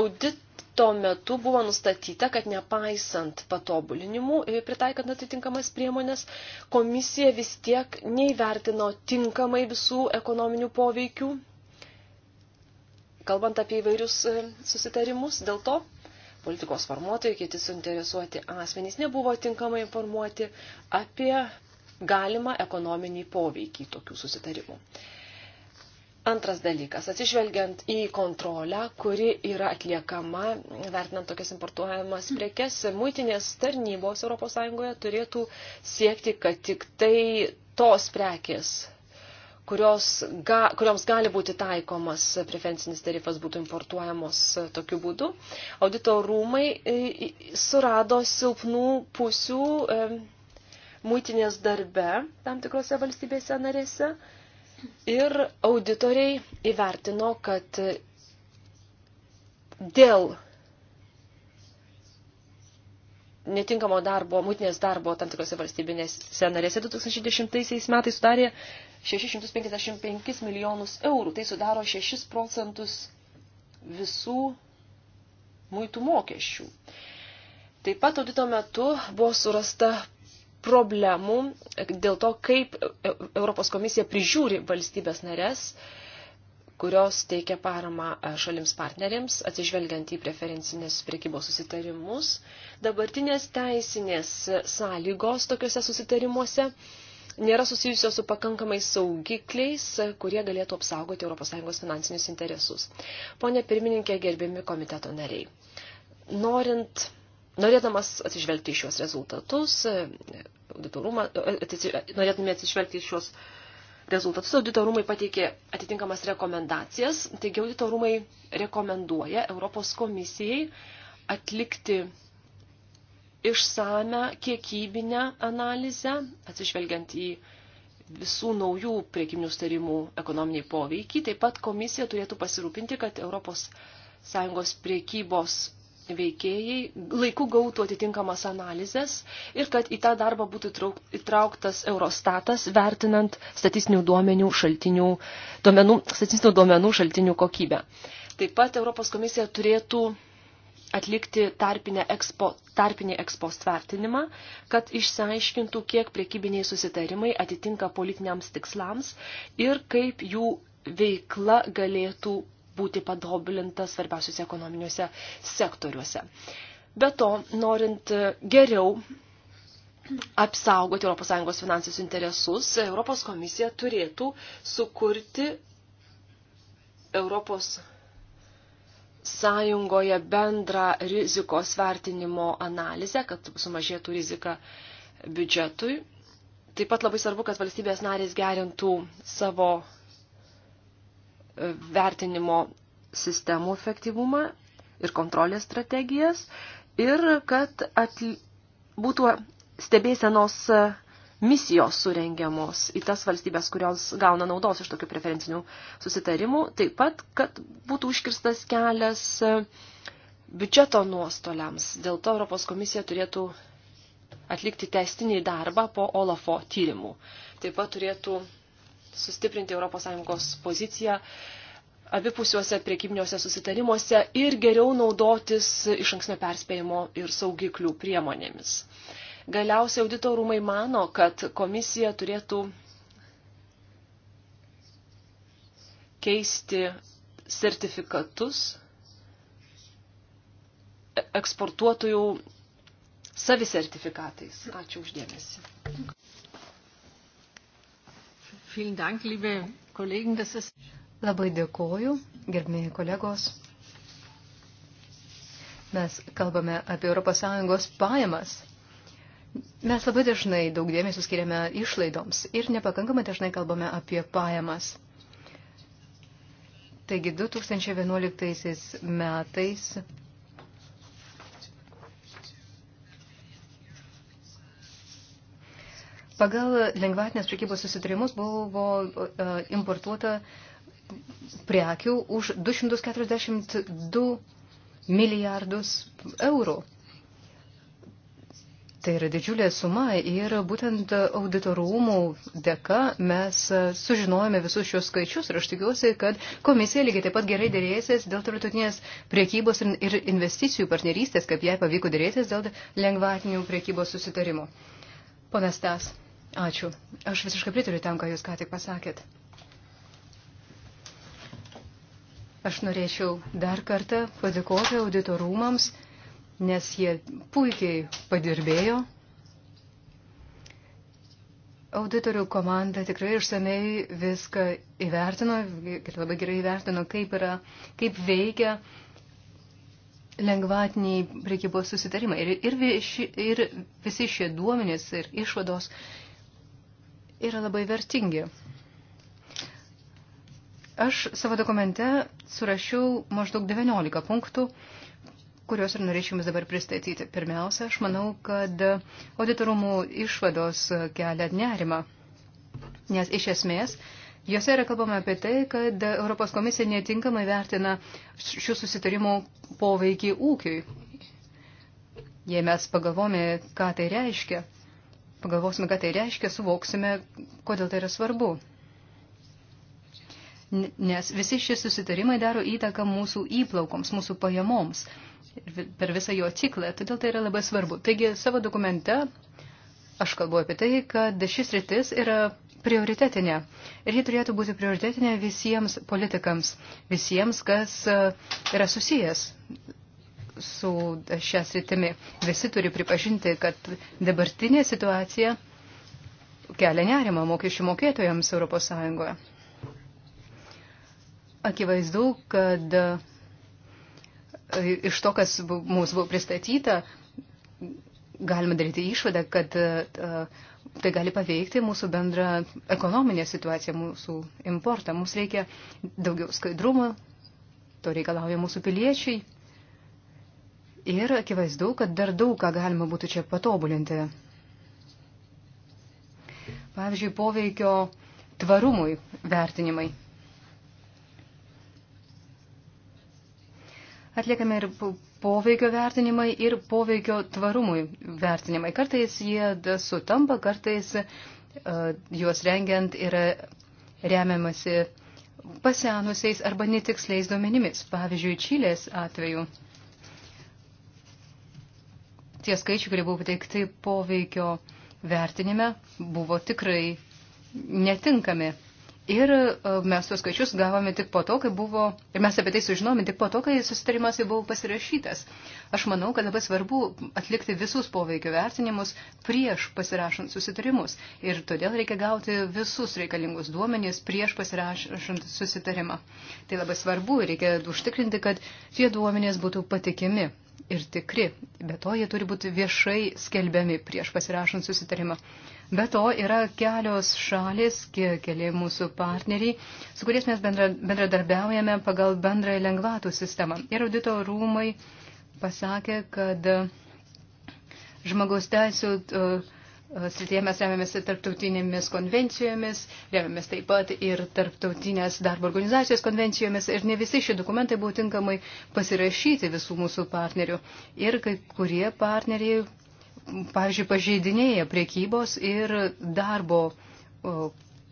audit tuo metu buvo nustatyta, kad nepaisant patobulinimų, pritaikant atitinkamas priemonės, komisija vis tiek neįvertino tinkamai visų ekonominių poveikių, kalbant apie įvairius e, susitarimus. Dėl to politikos formuotojai, kiti suinteresuoti asmenys nebuvo tinkamai informuoti apie galimą ekonominį poveikį tokių susitarimų. Antras dalykas, atsižvelgiant į kontrolę, kuri yra atliekama, vertinant tokias importuojamas prekes, muitinės tarnybos ES turėtų siekti, kad tik tai tos prekės, kurios, ga, kurioms gali būti taikomas preferencinis tarifas, būtų importuojamos tokiu būdu. Audito rūmai e, surado silpnų pusių e, muitinės darbe tam tikrose valstybėse narėse Ir auditoriai įvertino, kad dėl netinkamo darbo, mutinės darbo tam tikrose valstybinėse narėse 2010 metais sudarė 655 milijonus eurų. Tai sudaro 6 procentus visų muitų mokesčių. Taip pat audito metu buvo surasta problemų dėl to, kaip Europos komisija prižiūri valstybės narės, kurios teikia paramą šalims partneriams, atsižvelgiant į preferencinės priekybos susitarimus. Dabartinės teisinės sąlygos tokiuose susitarimuose nėra susijusios su pakankamai saugikliais, kurie galėtų apsaugoti ES finansinius interesus. Pone pirmininkė, gerbiami komiteto nariai, norint Norėdamas atsižvelgti į šios rezultatus, e, e, norėdami atsižvelgti į šios rezultatus, auditorumai pateikė atitinkamas rekomendacijas. Taigi auditorumai rekomenduoja Europos komisijai atlikti išsame kiekybinę analizę, atsižvelgiant į visų naujų priekybinių starimų ekonominį poveikį. Taip pat komisija turėtų pasirūpinti, kad ES priekybos veikėjai laiku gautų atitinkamas analizės ir kad į tą darbą būtų įtrauktas Eurostatas, vertinant statistinių duomenių šaltinių, duomenų, statistinių duomenų šaltinių kokybę. Taip pat Europos komisija turėtų atlikti tarpinę ekspo, tarpinį ekspost vertinimą, kad išsiaiškintų, kiek priekybiniai susitarimai atitinka politiniams tikslams ir kaip jų veikla galėtų būti patobulintas svarbiausiuose ekonominiuose sektoriuose. Be to, norint geriau apsaugoti ES finansinius interesus, Europos komisija turėtų sukurti Europos sąjungoje bendrą rizikos vertinimo analizę, kad sumažėtų rizika biudžetui. Taip pat labai svarbu, kad valstybės narės gerintų savo vertinimo sistemų efektyvumą ir kontrolės strategijas ir kad atli... būtų stebėsenos misijos surengiamos į tas valstybės, kurios gauna naudos iš tokių preferencinių susitarimų, taip pat, kad būtų užkirstas kelias e, biudžeto nuostoliams. Dėl to Europos komisija turėtų atlikti testinį darbą po Olafo tyrimų. Taip pat turėtų sustiprinti ES poziciją abipusiuose priekybiniuose susitarimuose ir geriau naudotis iš anksnio perspėjimo ir saugiklių priemonėmis. Galiausiai auditorumai mano, kad komisija turėtų keisti sertifikatus eksportuotojų savisertifikatais. Ačiū uždėmesi. Labai dėkoju, gerbėjai kolegos. Mes kalbame apie ES pajamas. Mes labai dažnai daug dėmesio skiriame išlaidoms ir nepakankamai dažnai kalbame apie pajamas. Taigi 2011 metais Pagal lengvatinės prekybos susitarimus buvo e, importuota prekių už 242 milijardus eurų. Tai yra didžiulė suma ir būtent auditorumų dėka mes sužinojame visus šios skaičius ir aš tikiuosi, kad komisija lygiai taip pat gerai dėrėsis dėl tarptautinės priekybos ir investicijų partnerystės, kaip jai pavyko dėrėsis dėl lengvatinių priekybos susitarimo. Ponas Tas. Ačiū. Aš visiškai pritariu tam, ką Jūs ką tik pasakėt. Aš norėčiau dar kartą padėkoti auditorumams, nes jie puikiai padirbėjo. Auditorių komanda tikrai išsamei viską įvertino ir labai gerai įvertino, kaip, yra, kaip veikia lengvatiniai prekybos susitarimai. Ir, ir, ši, ir visi šie duomenys ir išvados yra labai vertingi. Aš savo dokumente surašiau maždaug 19 punktų, kuriuos ir norėčiau jums dabar pristatyti. Pirmiausia, aš manau, kad auditorumų išvados kelia nerimą, nes iš esmės jose yra kalbama apie tai, kad Europos komisija netinkamai vertina šių susitarimų poveikį ūkiui. Jei mes pagalvome, ką tai reiškia, pagalvosime, ką tai reiškia, suvoksime, kodėl tai yra svarbu. Nes visi šie susitarimai daro įtaką mūsų įplaukoms, mūsų pajamoms per visą jo ciklą, todėl tai yra labai svarbu. Taigi savo dokumente aš kalbu apie tai, kad šis rytis yra prioritetinė ir ji turėtų būti prioritetinė visiems politikams, visiems, kas e, yra susijęs su šia sritimi. Visi turi pripažinti, kad dabartinė situacija kelia nerimą mokesčių mokėtojams Europos Sąjungoje. Akivaizdu, kad e, iš to, kas mums buvo pristatyta, galima daryti išvadą, kad e, tai gali paveikti mūsų bendrą ekonominę situaciją, mūsų importą. Mums reikia daugiau skaidrumo, to reikalauja mūsų piliečiai. Ir akivaizdu, kad dar daug ką galima būtų čia patobulinti. Pavyzdžiui, poveikio tvarumui vertinimai. Atliekame ir poveikio vertinimai ir poveikio tvarumui vertinimai. Kartais jie sutampa, kartais uh, juos rengiant yra remiamasi pasenusiais arba netiksliais duomenimis. Pavyzdžiui, Čilės atveju. Uh, tie skaičiai, kurie buvo pateikti poveikio vertinime, buvo tikrai netinkami. Ir e, mes tuos skaičius gavome tik po to, kai buvo, ir mes apie tai sužinome tik po to, kai susitarimas jau buvo pasirašytas. Aš manau, kad labai svarbu atlikti visus poveikio vertinimus prieš pasirašant susitarimus. Ir todėl reikia gauti visus reikalingus duomenys prieš pasirašant susitarimą. Tai labai svarbu ir reikia užtikrinti, kad tie duomenys būtų patikimi ir tikri. Be to, jie turi būti viešai skelbiami prieš pasirašant susitarimą. Be to, yra kelios šalis, keli mūsų partneriai, su kuriais mes bendra, bendradarbiaujame pagal bendrąją lengvatų sistemą. Ir audito rūmai pasakė, kad žmogaus teisų uh, srityje mes remiamės tarptautinėmis konvencijomis, remiamės taip pat ir tarptautinės darbo organizacijos konvencijomis ir ne visi šie dokumentai buvo tinkamai pasirašyti visų mūsų partnerių. Ir kai kurie partneriai, pavyzdžiui, pažeidinėja priekybos ir darbo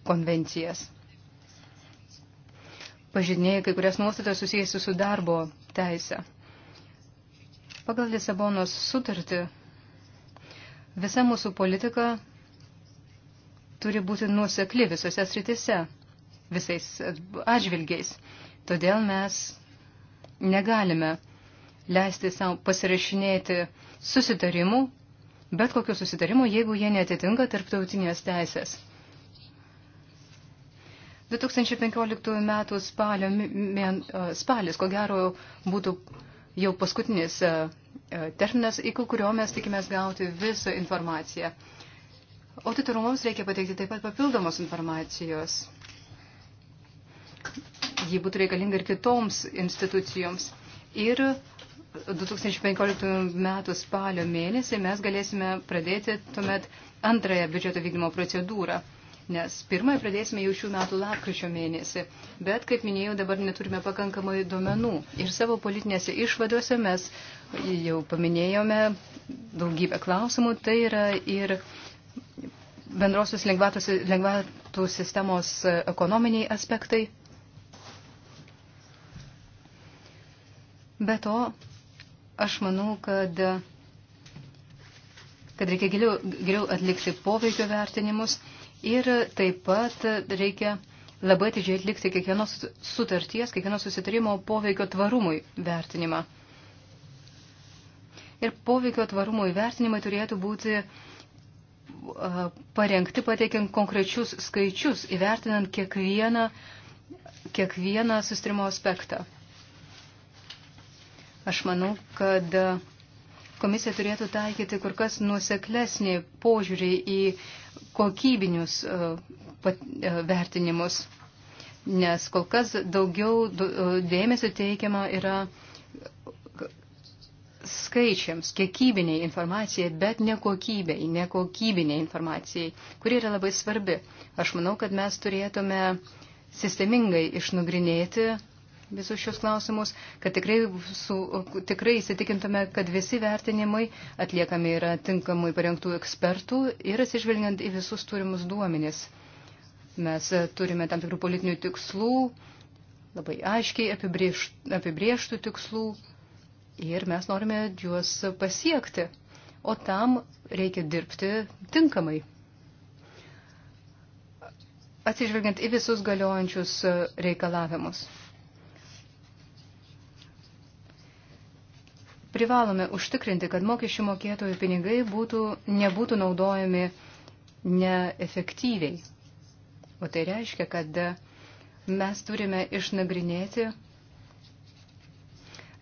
konvencijas. Pažeidinėja kai kurias nuostatas susijęs su darbo teise. Pagal Lisabonos sutartį Visa mūsų politika turi būti nusekli visose sritise, visais atžvilgiais. Todėl mes negalime leisti savo pasirašinėti susitarimų, bet kokiu susitarimu, jeigu jie netitinka tarptautinės teisės. 2015 m. Spalio, spalis, ko gero, būtų jau paskutinis e, e, terminas, iki kurio mes tikimės gauti visą informaciją. Auditorumams reikia pateikti taip pat papildomos informacijos. Ji būtų reikalinga ir kitoms institucijoms. Ir 2015 metų spalio mėnesį mes galėsime pradėti tuomet antrąją biudžeto vykdymo procedūrą nes pirmąją pradėsime jau šių metų lapkričio mėnesį. Bet, kaip minėjau, dabar neturime pakankamai duomenų. Ir savo politinėse išvadose mes jau paminėjome daugybę klausimų. Tai yra ir bendrosios lengvatų sistemos ekonominiai aspektai. Be to, aš manau, kad kad reikia geriau, geriau atlikti poveikio vertinimus Ir taip pat reikia labai atidžiai atlikti kiekvienos sutarties, kiekvienos susitarimo poveikio tvarumui vertinimą. Ir poveikio tvarumo įvertinimai turėtų būti parengti pateikiant konkrečius skaičius, įvertinant kiekvieną, kiekvieną sustrimo aspektą. Aš manau, kad komisija turėtų taikyti kur kas nuseklesnį požiūrį į kokybinius e, e, vertinimus, nes kol kas daugiau e, dėmesio teikiama yra skaičiams, kiekybiniai informacijai, bet ne kokybei, ne kokybiniai informacijai, kuri yra labai svarbi. Aš manau, kad mes turėtume sistemingai išnagrinėti visus šios klausimus, kad tikrai, su, tikrai įsitikintume, kad visi vertinimai atliekami yra tinkamai parengtų ekspertų ir atsižvelgiant į visus turimus duomenis. Mes turime tam tikrų politinių tikslų, labai aiškiai apibrieš, apibrieštų tikslų ir mes norime juos pasiekti, o tam reikia dirbti tinkamai. Atsižvelgiant į visus galiojančius reikalavimus. privalome užtikrinti, kad mokesčių mokėtojų pinigai būtų, nebūtų naudojami neefektyviai. O tai reiškia, kad mes turime išnagrinėti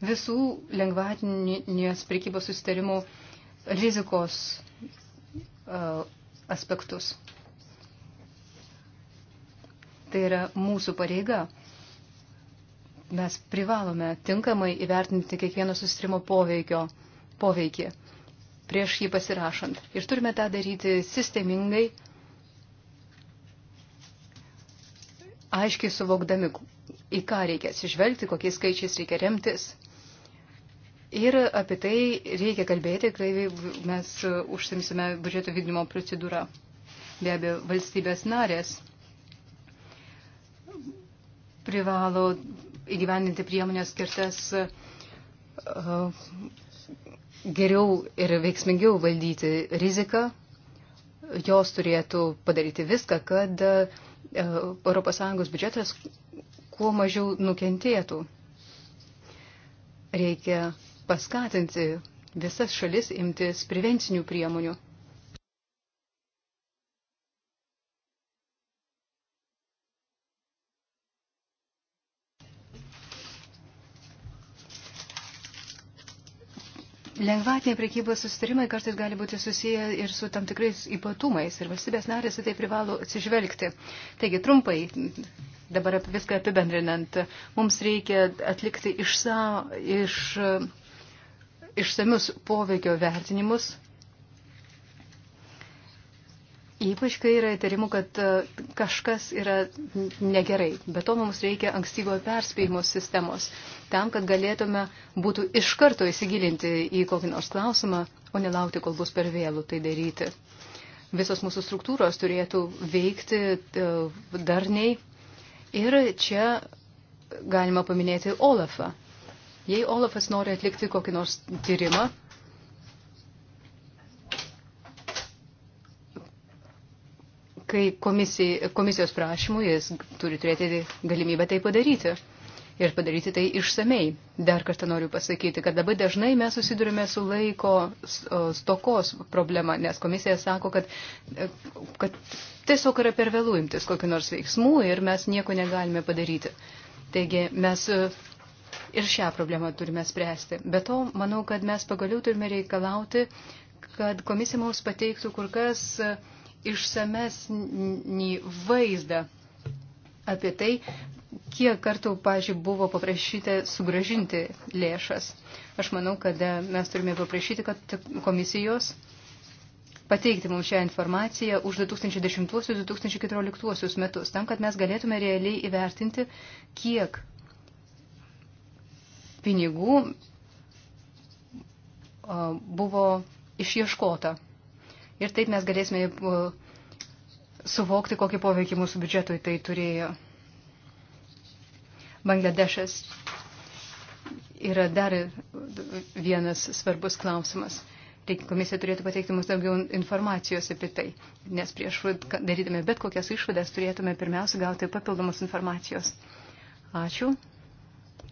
visų lengvatinės prekybos susitarimų rizikos aspektus. Tai yra mūsų pareiga. Mes privalome tinkamai įvertinti kiekvieno sustrimo poveikio, poveikį prieš jį pasirašant. Ir turime tą daryti sistemingai, aiškiai suvokdami, į ką reikia atsižvelgti, kokiais skaičiais reikia remtis. Ir apie tai reikia kalbėti, kai mes užsimsime biudžeto vykdymo procedūrą. Be abejo, valstybės narės privalo įgyvendinti priemonės skirtas e, geriau ir veiksmingiau valdyti riziką. Jos turėtų padaryti viską, kad e, ES biudžetas kuo mažiau nukentėtų. Reikia paskatinti visas šalis imtis prevencinių priemonių. Lengvatiniai priekybos sustarimai kartais gali būti susiję ir su tam tikrais ypatumais ir valstybės narės į tai privalo atsižvelgti. Taigi trumpai, dabar apie viską apibendrinant, mums reikia atlikti išsa, iš, išsamius poveikio vertinimus Ypač, kai yra įtarimų, kad e, kažkas yra negerai. Be to mums reikia ankstyvojo perspėjimo sistemos, tam, kad galėtume būtų iš karto įsigilinti į kokį nors klausimą, o nelaukti, kol bus per vėlų tai daryti. Visos mūsų struktūros turėtų veikti e, darniai. Ir čia galima paminėti Olafą. Jei Olafas nori atlikti kokį nors tyrimą, kai komisij, komisijos prašymų jis turi turėti galimybę tai padaryti. Ir padaryti tai išsamei. Dar kartą noriu pasakyti, kad labai dažnai mes susidurime su laiko stokos problema, nes komisija sako, kad, kad tiesiog yra per vėlų imtis kokiu nors veiksmų ir mes nieko negalime padaryti. Taigi mes e, ir šią problemą turime spręsti. Be to, manau, kad mes pagaliau turime reikalauti, kad komisija mums pateiktų kur kas uh, išsamesnį vaizdą apie tai, kiek kartų, pažiūrėjau, buvo paprašyta sugražinti lėšas. Aš manau, kad e, mes turime paprašyti, kad komisijos pateikti mums šią informaciją už 2010-2014 metus, tam, kad mes galėtume realiai įvertinti, kiek pinigų e, buvo išieškota Ir taip mes galėsime e, suvokti, kokį poveikį mūsų biudžetui tai turėjo. Bangladešas yra dar vienas svarbus klausimas. Taigi komisija turėtų pateikti mums daugiau informacijos apie tai, nes prieš darydami bet kokias išvadas turėtume pirmiausia gauti papildomos informacijos. Ačiū.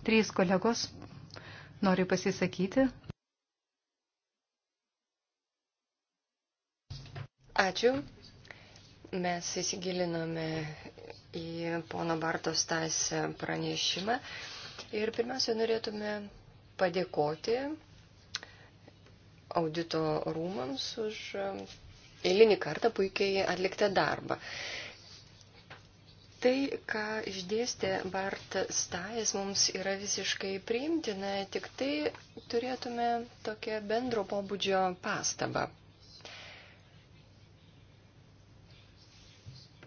Trys kolegos nori pasisakyti. Ačiū. Mes įsigilinome į pono Bartos tas pranešimą ir pirmiausia norėtume padėkoti audito rūmams už eilinį kartą puikiai atliktą darbą. Tai, ką išdėstė Bart Stajas, mums yra visiškai priimtina, tik tai turėtume tokią bendro pobūdžio pastabą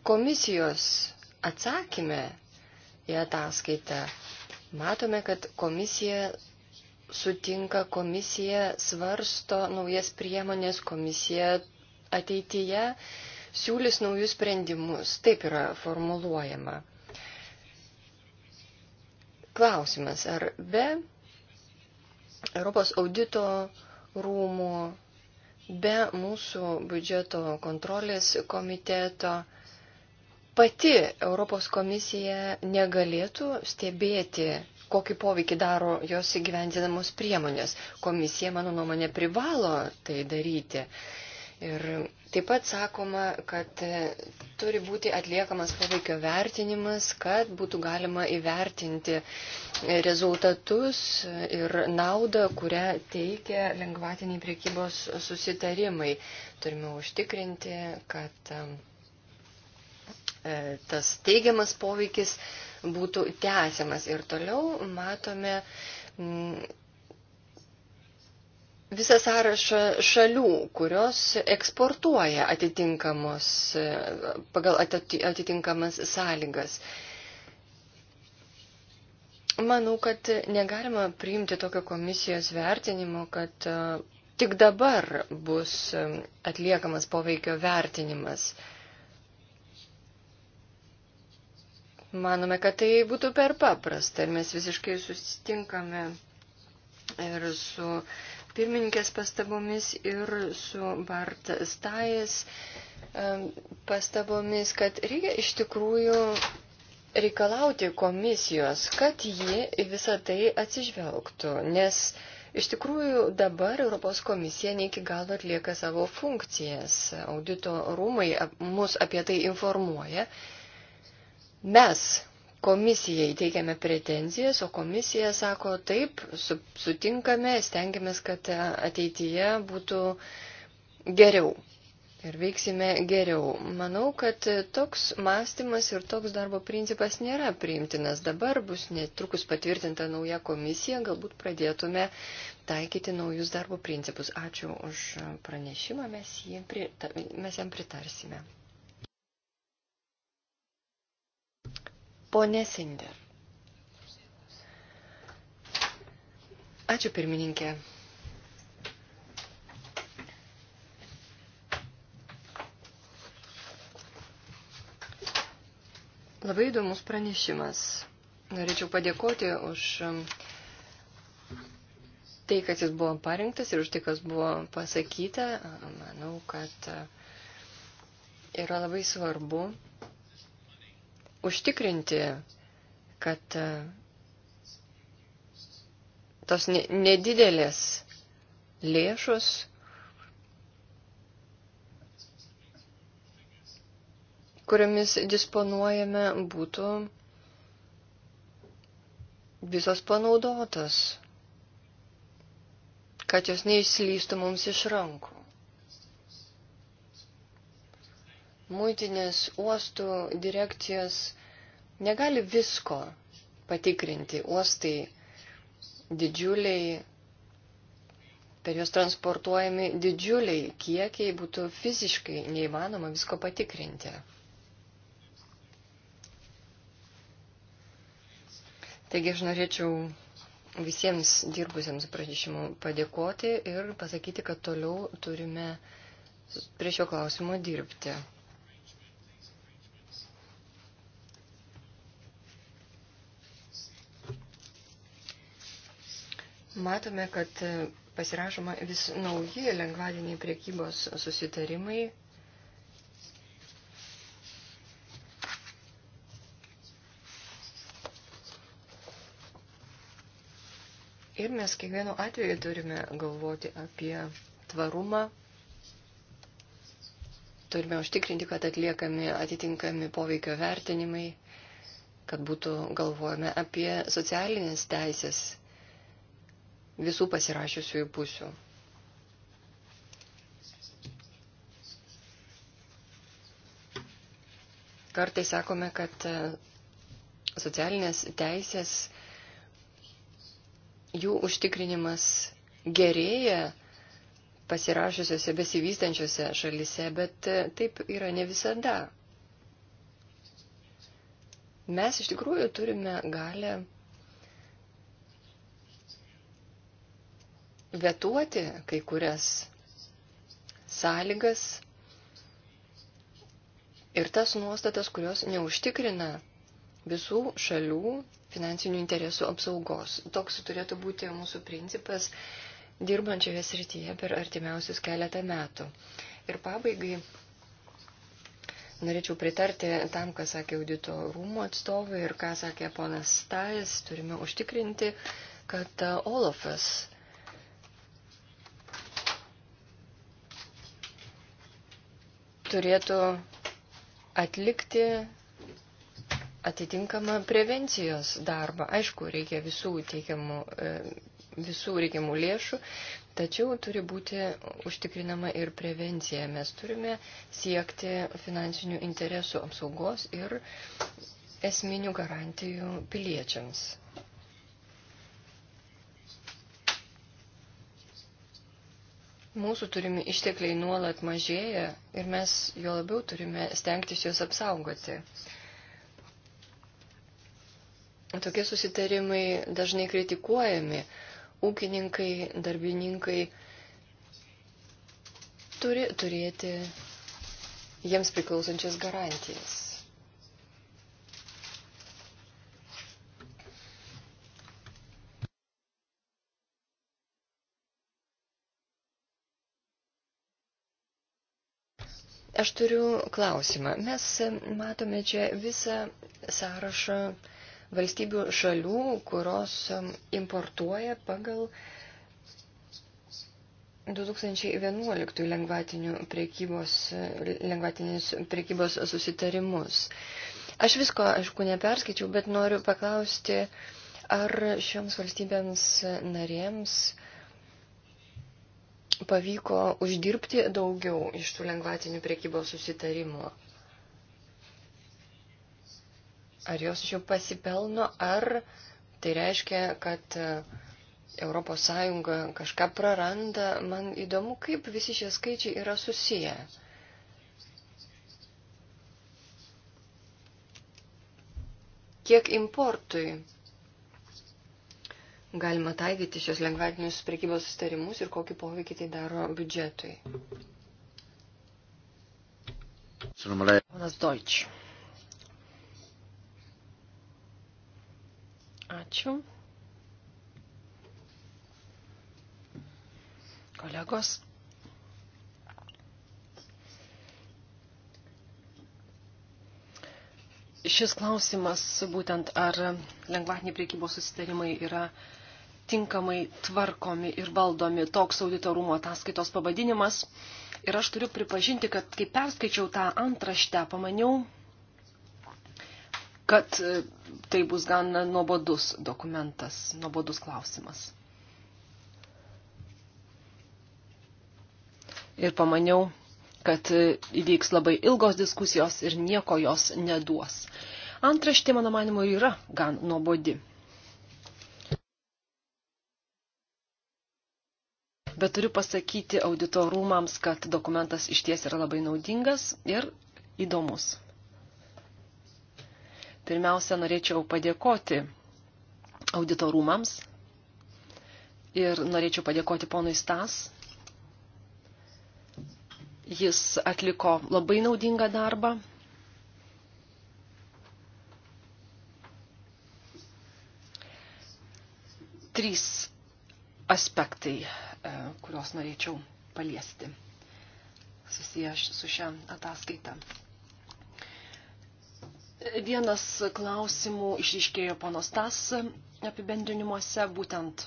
Komisijos atsakymė į ataskaitą matome, kad komisija sutinka, komisija svarsto naujas priemonės, komisija ateityje siūlys naujus sprendimus. Taip yra formuluojama. Klausimas, ar be Europos audito rūmų, be mūsų biudžeto kontrolės komiteto, pati Europos komisija negalėtų stebėti, kokį poveikį daro jos įgyvendinamos priemonės. Komisija, mano nuomonė, privalo tai daryti. Ir taip pat sakoma, kad turi būti atliekamas poveikio vertinimas, kad būtų galima įvertinti rezultatus ir naudą, kurią teikia lengvatiniai priekybos susitarimai. Turime užtikrinti, kad E, tas teigiamas poveikis būtų tęsiamas. Ir toliau matome mm, visą sąrašą šalių, kurios eksportuoja atitinkamos, e, pagal atitinkamas sąlygas. Manau, kad negalima priimti tokio komisijos vertinimo, kad e, tik dabar bus atliekamas poveikio vertinimas. Manome, kad tai būtų per paprasta ir mes visiškai susitinkame ir su pirmininkės pastabomis ir su Bart Stajas pastabomis, kad reikia iš tikrųjų reikalauti komisijos, kad ji visą tai atsižvelgtų, nes iš tikrųjų dabar Europos komisija ne iki galo atlieka savo funkcijas. Audito rūmai mus apie tai informuoja Mes komisijai teikiame pretenzijas, o komisija sako taip, sutinkame, stengiamės, kad e, ateityje būtų geriau ir veiksime geriau. Manau, kad e, toks mąstymas ir toks darbo principas nėra priimtinas. Dabar bus netrukus patvirtinta nauja komisija, galbūt pradėtume taikyti naujus darbo principus. Ačiū už pranešimą, mes, jį, mes jam pritarsime. Pone Sinder. Ačiū pirmininkė. Labai įdomus pranešimas. Norėčiau padėkoti už um, tai, kad jis buvo parinktas ir už tai, kas buvo pasakyta. Manau, kad uh, yra labai svarbu užtikrinti, kad e, tos nedidelės lėšos kuriomis disponuojame, būtų visos panaudotos, kad jos neišslystų mums iš rankų. muitinės uostų direkcijos negali visko patikrinti. Uostai didžiuliai, per juos transportuojami didžiuliai kiekiai, būtų fiziškai neįmanoma visko patikrinti. Taigi aš norėčiau visiems dirbusiems pranešimų padėkoti ir pasakyti, kad toliau turime prie šio klausimo dirbti. matome, kad e, pasirašoma vis nauji lengvadieniai priekybos susitarimai. Ir mes kiekvienu atveju turime galvoti apie tvarumą, turime užtikrinti, kad atliekami atitinkami poveikio vertinimai, kad būtų galvojame apie socialinės teisės visų pasirašiusiųjų pusių. Kartai sakome, kad e, socialinės teisės jų užtikrinimas gerėja pasirašiusiose, besivystančiose šalise, bet e, taip yra ne visada. Mes iš tikrųjų turime galę vetuoti kai kurias sąlygas ir tas nuostatas, kurios neužtikrina visų šalių finansinių interesų apsaugos. Toks turėtų būti mūsų principas dirbančioje srityje per artimiausius keletą metų. Ir pabaigai norėčiau pritarti tam, ką sakė audito rūmų atstovai ir ką sakė ponas Stais. Turime užtikrinti, kad Olafas turėtų atlikti atitinkamą prevencijos darbą. Aišku, reikia visų, teikiamų, e, visų reikiamų lėšų, tačiau turi būti užtikrinama ir prevencija. Mes turime siekti finansinių interesų apsaugos ir esminių garantijų piliečiams. Mūsų turimi ištekliai nuolat mažėja ir mes jo labiau turime stengtis juos apsaugoti. Tokie susitarimai dažnai kritikuojami. Ūkininkai, darbininkai turi turėti jiems priklausančias garantijas. Aš turiu klausimą. Mes matome čia visą sąrašą valstybių šalių, kurios um, importuoja pagal 2011 prekybos, lengvatinės prekybos susitarimus. Aš visko, aišku, neperskaičiau, bet noriu paklausti, ar šioms valstybėms narėms pavyko uždirbti daugiau iš tų lengvatinių priekybos susitarimų. Ar jos jau pasipelno, ar tai reiškia, kad ES kažką praranda, man įdomu, kaip visi šie skaičiai yra susiję. Kiek importui galima taikyti šios lengvatinius prekybos sustarimus ir kokį poveikį tai daro biudžetui. Ponas Deutsch. Ačiū. Kolegos. Šis klausimas būtent ar lengvatiniai priekybos susitarimai yra uh, tinkamai tvarkomi ir valdomi toks auditorumo ataskaitos pavadinimas. Ir aš turiu pripažinti, kad kai perskaičiau tą antraštę, pamaniau, kad e, tai bus gan nuobodus dokumentas, nuobodus klausimas. Ir pamaniau, kad e, įvyks labai ilgos diskusijos ir nieko jos neduos. Antraštė, mano manimo, yra gan nuobodi. Bet turiu pasakyti auditorumams, kad dokumentas išties yra labai naudingas ir įdomus. Pirmiausia, norėčiau padėkoti auditorumams ir norėčiau padėkoti ponui Stas. Jis atliko labai naudingą darbą. Trys aspektai, e, kuriuos norėčiau paliesti susiję su šią ataskaitą. Vienas klausimų išiškėjo ponos Tas apibendrinimuose, būtent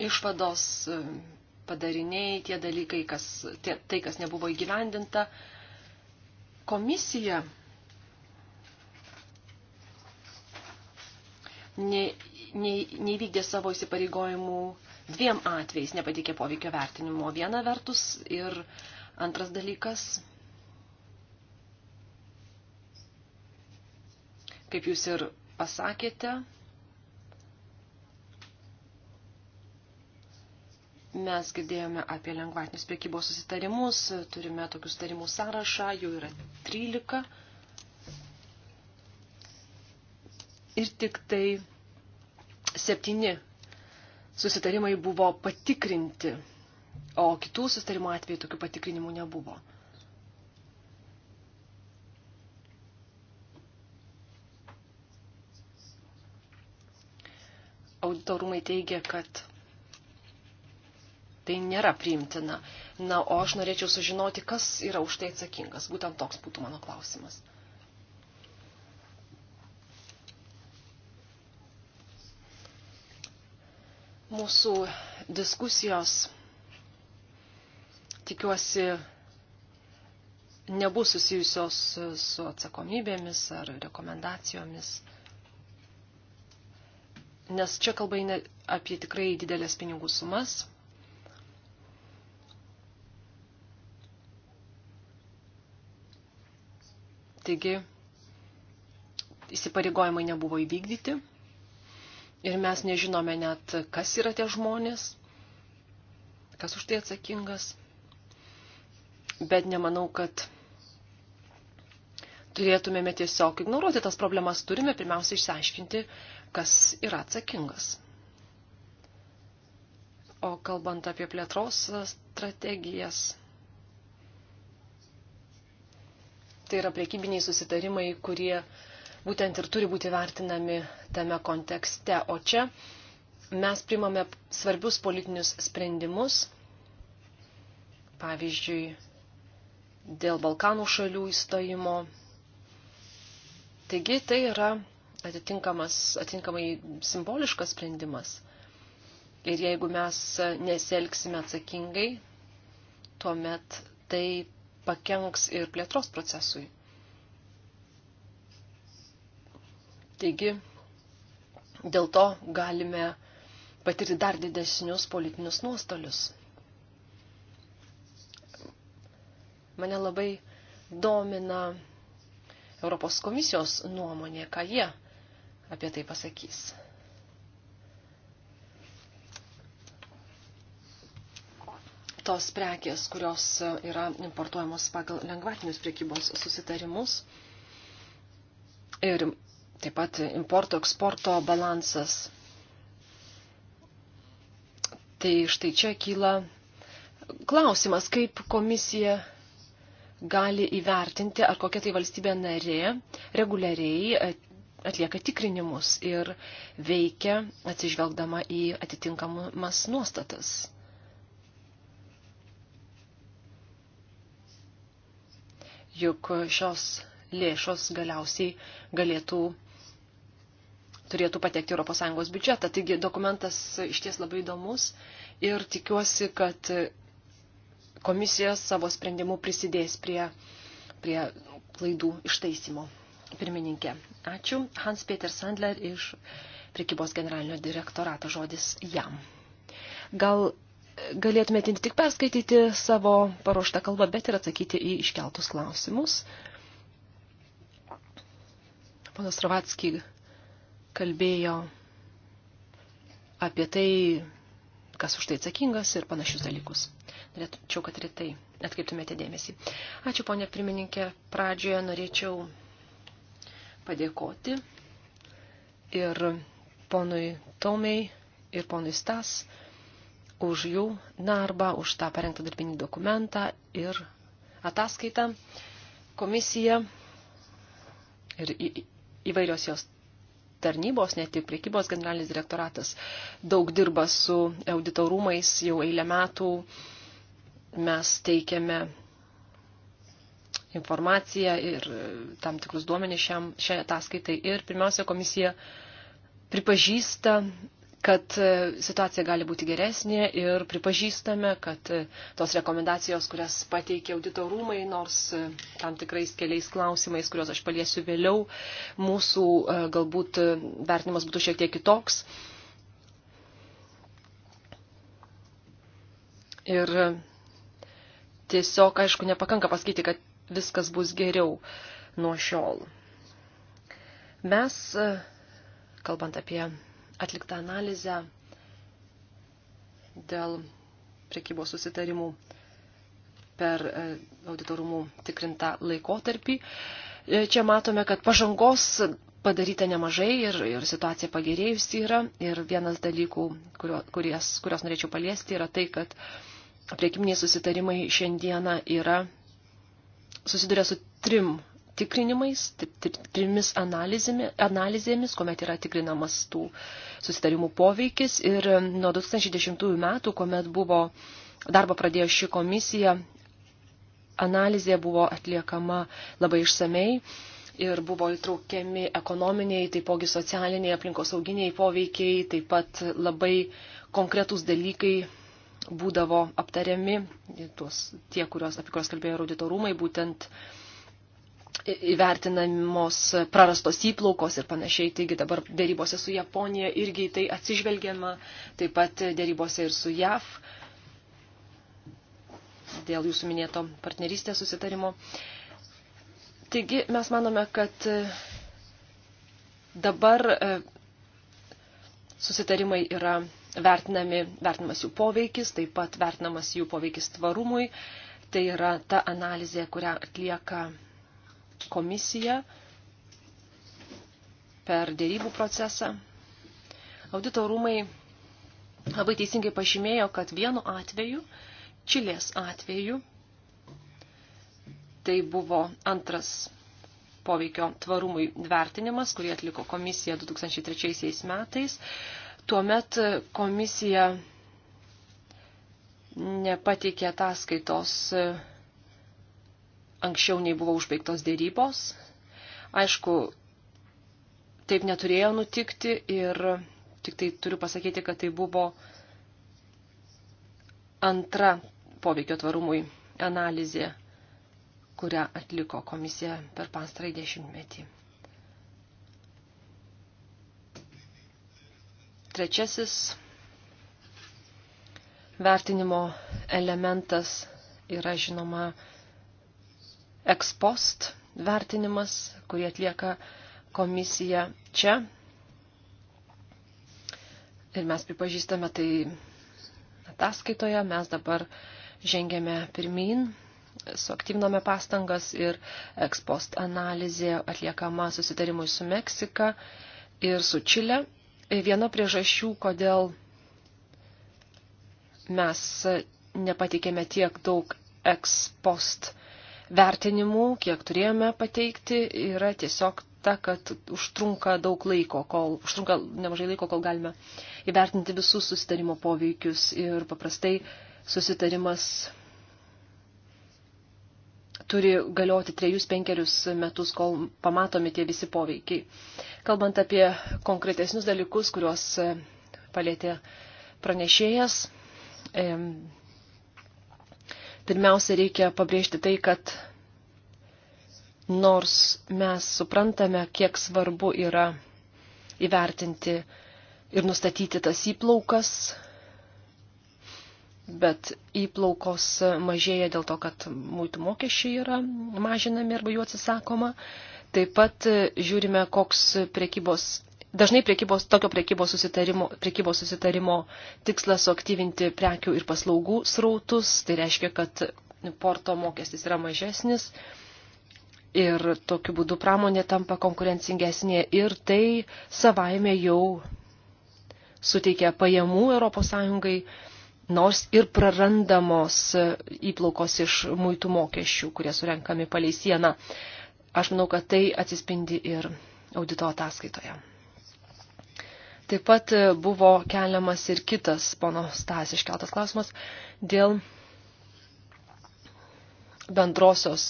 išvados e, padariniai, tie dalykai, kas, tie, tai, kas nebuvo įgyvendinta. Komisija neįvykdė savo įsipareigojimų dviem atvejais, nepatikė poveikio vertinimo viena vertus ir antras dalykas, kaip jūs ir pasakėte, Mes girdėjome apie lengvatinius priekybos susitarimus, turime tokius sutarimų sąrašą, jų yra 13 ir tik tai septyni susitarimai buvo patikrinti, o kitų susitarimų atveju tokių patikrinimų nebuvo. Auditorumai teigia, kad tai nėra priimtina. Na, o aš norėčiau sužinoti, kas yra už tai atsakingas. Būtent toks būtų mano klausimas. Mūsų diskusijos, tikiuosi, nebus susijusios su atsakomybėmis ar rekomendacijomis, nes čia kalba eina apie tikrai didelės pinigų sumas. Taigi, įsipareigojimai nebuvo įvykdyti ir mes nežinome net, kas yra tie žmonės, kas už tai atsakingas. Bet nemanau, kad turėtumėme tiesiog ignoruoti tas problemas, turime pirmiausia išsiaiškinti, kas yra atsakingas. O kalbant apie plėtros strategijas, tai yra priekybiniai susitarimai, kurie uh, būtent ir turi būti vertinami tame kontekste. O čia mes primame svarbius politinius sprendimus, pavyzdžiui, dėl Balkanų šalių įstojimo. Taigi tai yra atitinkamai simboliškas sprendimas. Ir jeigu mes nesielgsime atsakingai, tuomet tai pakenks ir plėtros procesui. Taigi, dėl to galime patirti dar didesnius politinius nuostolius. Mane labai domina Europos komisijos nuomonė, ką jie apie tai pasakys. Tos prekės, kurios yra importuojamos pagal lengvatinius priekybos susitarimus ir Taip pat importo-eksporto balansas. Tai štai čia kyla klausimas, kaip komisija gali įvertinti, ar kokia tai valstybė narė reguliariai atlieka tikrinimus ir veikia atsižvelgdama į atitinkamas nuostatas. Juk šios lėšos galiausiai galėtų turėtų patekti ES biudžetą. Taigi dokumentas išties labai įdomus ir tikiuosi, kad komisija savo sprendimu prisidės prie, prie klaidų ištaisimo. Pirmininkė, ačiū. Hans Peter Sandler iš prekybos generalinio direktorato žodis jam. Gal galėtumėte ne tik perskaityti savo paruoštą kalbą, bet ir atsakyti į iškeltus klausimus. Ponas Ravatski kalbėjo apie tai, kas už tai atsakingas ir panašius dalykus. Norėčiau, kad ir tai atkreiptumėte dėmesį. Ačiū, ponė pirmininkė. Pradžioje norėčiau padėkoti ir ponui Tomiai ir ponui Stas už jų darbą, už tą parengtą darbinį dokumentą ir ataskaitą. Komisija ir įvairios jos tarnybos, ne tik priekybos generalinis direktoratas, daug dirba su auditorumais jau eilę metų. Mes teikiame informaciją ir e, tam tikrus duomenys šiam, šiai ataskaitai. Ir pirmiausia, komisija pripažįsta kad e, situacija gali būti geresnė ir pripažįstame, kad e, tos rekomendacijos, kurias pateikė audito rūmai, nors e, tam tikrais keliais klausimais, kuriuos aš paliesiu vėliau, mūsų galbūt vertinimas būtų šiek tiek kitoks. Ir tiesiog, aišku, nepakanka pasakyti, kad viskas bus geriau nuo šiol. Mes, kalbant apie atliktą analizę dėl prekybos susitarimų per e, auditorumų tikrintą laikotarpį. E, čia matome, kad pažangos padaryta nemažai ir, ir situacija pagerėjusi yra. Ir vienas dalykų, kurio, kurios, kurios norėčiau paliesti, yra tai, kad priekiminiai susitarimai šiandieną yra susiduria su trim tikrinimais, trimis analizėmis, kuomet yra tikrinamas tų susitarimų poveikis. Ir um, nuo 2010 metų, kuomet buvo darbą pradėjo ši komisija, analizė buvo atliekama labai išsamei ir buvo įtraukiami ekonominiai, taipogi socialiniai, aplinkosauginiai poveikiai, taip pat labai konkretūs dalykai būdavo aptariami, tuos, tie, kurios, apie kuriuos kalbėjo auditorumai, būtent uh, įvertinamos prarastos įplaukos ir panašiai. Taigi dabar dėrybose su Japonija irgi tai atsižvelgiama, taip pat dėrybose ir su JAV dėl jūsų minėto partnerystės susitarimo. Taigi mes manome, kad e, dabar e, susitarimai yra vertinami, vertinamas jų poveikis, taip pat vertinamas jų poveikis tvarumui. Tai yra ta analizė, kurią atlieka komisiją per dėrybų procesą. Audito rūmai labai teisingai pažymėjo, kad vienu atveju, Čilės atveju, tai buvo antras poveikio tvarumui vertinimas, kurį atliko komisija 2003 metais. Tuomet komisija nepateikė ataskaitos anksčiau nei buvo užbaigtos dėrybos. Aišku, taip neturėjo nutikti ir tik tai turiu pasakyti, kad tai buvo antra poveikio tvarumui analizė, kurią atliko komisija per pastarąjį dešimtmetį. Trečiasis vertinimo elementas yra žinoma ekspost vertinimas, kurį atlieka komisija čia. Ir mes pripažįstame tai ataskaitoje, mes dabar žengėme pirmin, suaktyvinome pastangas ir ekspost analizė atliekama susitarimui su Meksika ir su Čile. Viena priežasčių, kodėl mes nepatikėme tiek daug ekspost vertinimų, kiek turėjome pateikti, yra tiesiog ta, kad užtrunka daug laiko, kol, užtrunka nemažai laiko, kol galime įvertinti visus susitarimo poveikius ir paprastai susitarimas turi galioti trejus penkerius metus, kol pamatomi tie visi poveikiai. Kalbant apie konkretesnius dalykus, kuriuos palėtė pranešėjas, Pirmiausia, reikia pabrėžti tai, kad nors mes suprantame, kiek svarbu yra įvertinti ir nustatyti tas įplaukas, bet įplaukos mažėja dėl to, kad mūtų mokesčiai yra mažinami arba jų atsisakoma. Taip pat žiūrime, koks prekybos Dažnai priekybos, tokio priekybos susitarimo, priekybos susitarimo tikslas suaktyvinti prekių ir paslaugų srautus, tai reiškia, kad porto mokestis yra mažesnis ir tokiu būdu pramonė tampa konkurencingesnė ir tai savaime jau suteikia pajamų ES, nors ir prarandamos įplaukos iš muitų mokesčių, kurie surenkami palei sieną. Aš manau, kad tai atsispindi ir audito ataskaitoje. Taip pat e, buvo keliamas ir kitas pono Stas iškeltas klausimas dėl bendrosios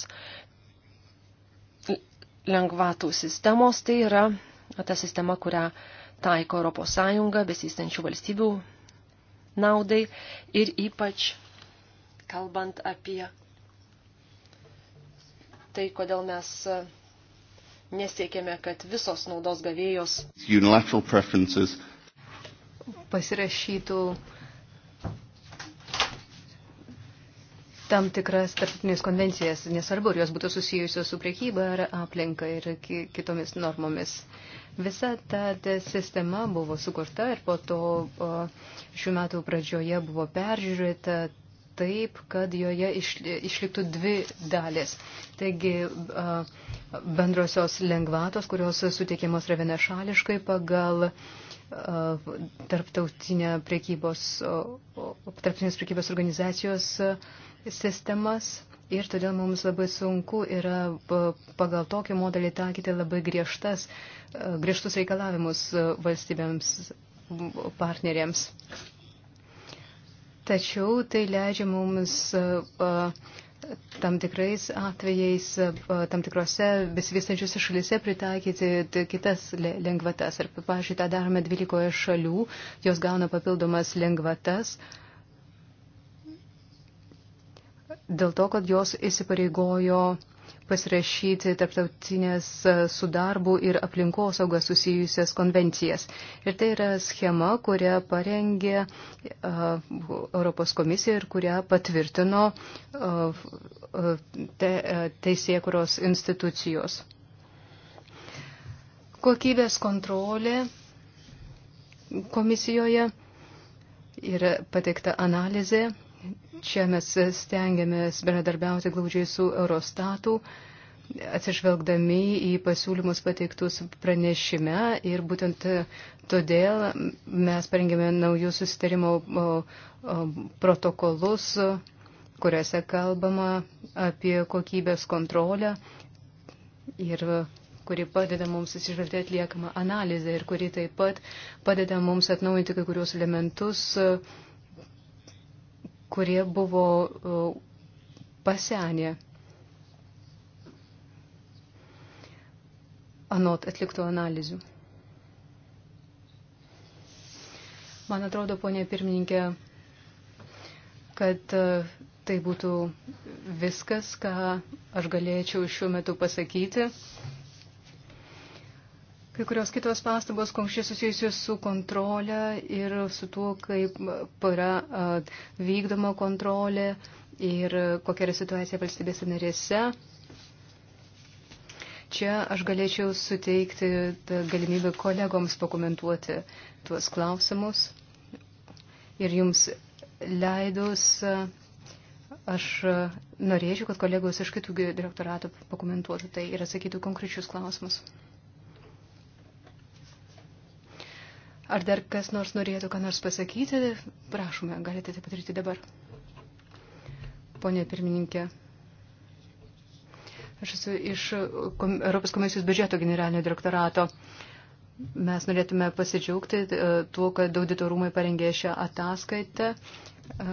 lengvatų sistemos. Tai yra ta sistema, kurią taiko Europos Sąjunga besistenčių valstybių naudai ir ypač kalbant apie tai, kodėl mes nesiekėme, kad visos naudos gavėjos pasirašytų tam tikras tarptautinės konvencijas, nesvarbu, ar jos būtų susijusios su priekyba ar aplinka ir kitomis normomis. Visa ta sistema buvo sukurta ir po to šių metų pradžioje buvo peržiūrėta taip, kad joje išliktų dvi dalis. Taigi bendrosios lengvatos, kurios suteikiamos yra vienašališkai pagal tarptautinę prekybos, tarptautinės prekybos organizacijos sistemas. Ir todėl mums labai sunku yra pagal tokį modelį taikyti labai griežtas, griežtus reikalavimus valstybėms partneriams tačiau tai leidžia mums e, e, tam tikrais atvejais, e, tam tikrose besivystančiose šalise pritaikyti kitas lengvatas. Ir, pavyzdžiui, tą darome 12 šalių, jos gauna papildomas lengvatas dėl to, kad jos įsipareigojo pasirašyti tarptautinės e, su darbu ir aplinkosauga susijusias konvencijas. Ir tai yra schema, kurią parengė e, Europos komisija ir kurią patvirtino e, teisėkuros institucijos. Kokybės kontrolė komisijoje yra pateikta analizė Čia mes stengiamės bendradarbiauti glaudžiai su Eurostatu, atsižvelgdami į pasiūlymus pateiktus pranešime ir būtent todėl mes parengėme naujus susitarimo protokolus, kuriuose kalbama apie kokybės kontrolę ir kuri padeda mums atsižvelgti atliekamą analizę ir kuri taip pat padeda mums atnaujinti kai kurios elementus uh, kurie buvo e, pasenę. Anot atliktų analizų. Man atrodo, ponė pirmininkė, kad e, tai būtų viskas, ką aš galėčiau šiuo metu pasakyti. Kai kurios kitos pastabos, konkrečiai susijusios su kontrolė ir su tuo, kaip yra vykdoma kontrolė ir kokia yra situacija valstybėse narėse. Čia aš galėčiau suteikti galimybę kolegoms pakomentuoti tuos klausimus. Ir jums leidus, aš norėčiau, kad kolegos iš kitų direktoratų pakomentuotų tai ir atsakytų konkrečius klausimus. Ar dar kas nors norėtų ką nors pasakyti? Prašome, galite tai padaryti dabar. Pone pirmininkė, aš esu iš kom Europos komisijos biudžeto generalinio direktorato. Mes norėtume pasidžiaugti e, tuo, kad auditorumai parengė šią ataskaitą. Uh,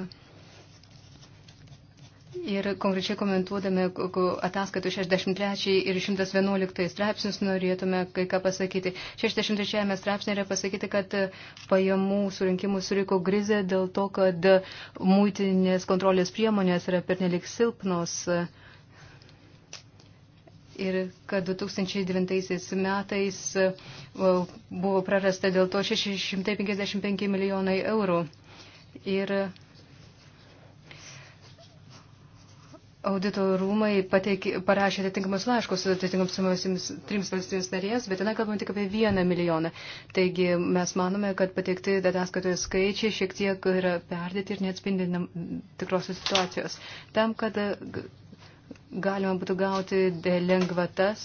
Ir konkrečiai komentuodami ataskaitų 63 ir 111 straipsnius norėtume kai ką pasakyti. 63 straipsnė yra pasakyti, kad pajamų surinkimų suriko grizė dėl to, kad mūtinės kontrolės priemonės yra pernelik silpnos. Ir kad 2009 metais e, buvo prarasta dėl to 655 milijonai eurų. Ir Audito rūmai pateikė, parašė atitinkamus laiškus atitinkamus trims valstybės narės, bet ten kalbant tik apie vieną milijoną. Taigi mes manome, kad pateikti ataskaitoje skaičiai šiek tiek yra perdėti ir neatspindi tikrosios situacijos. Tam, kad galima būtų gauti lengvatas,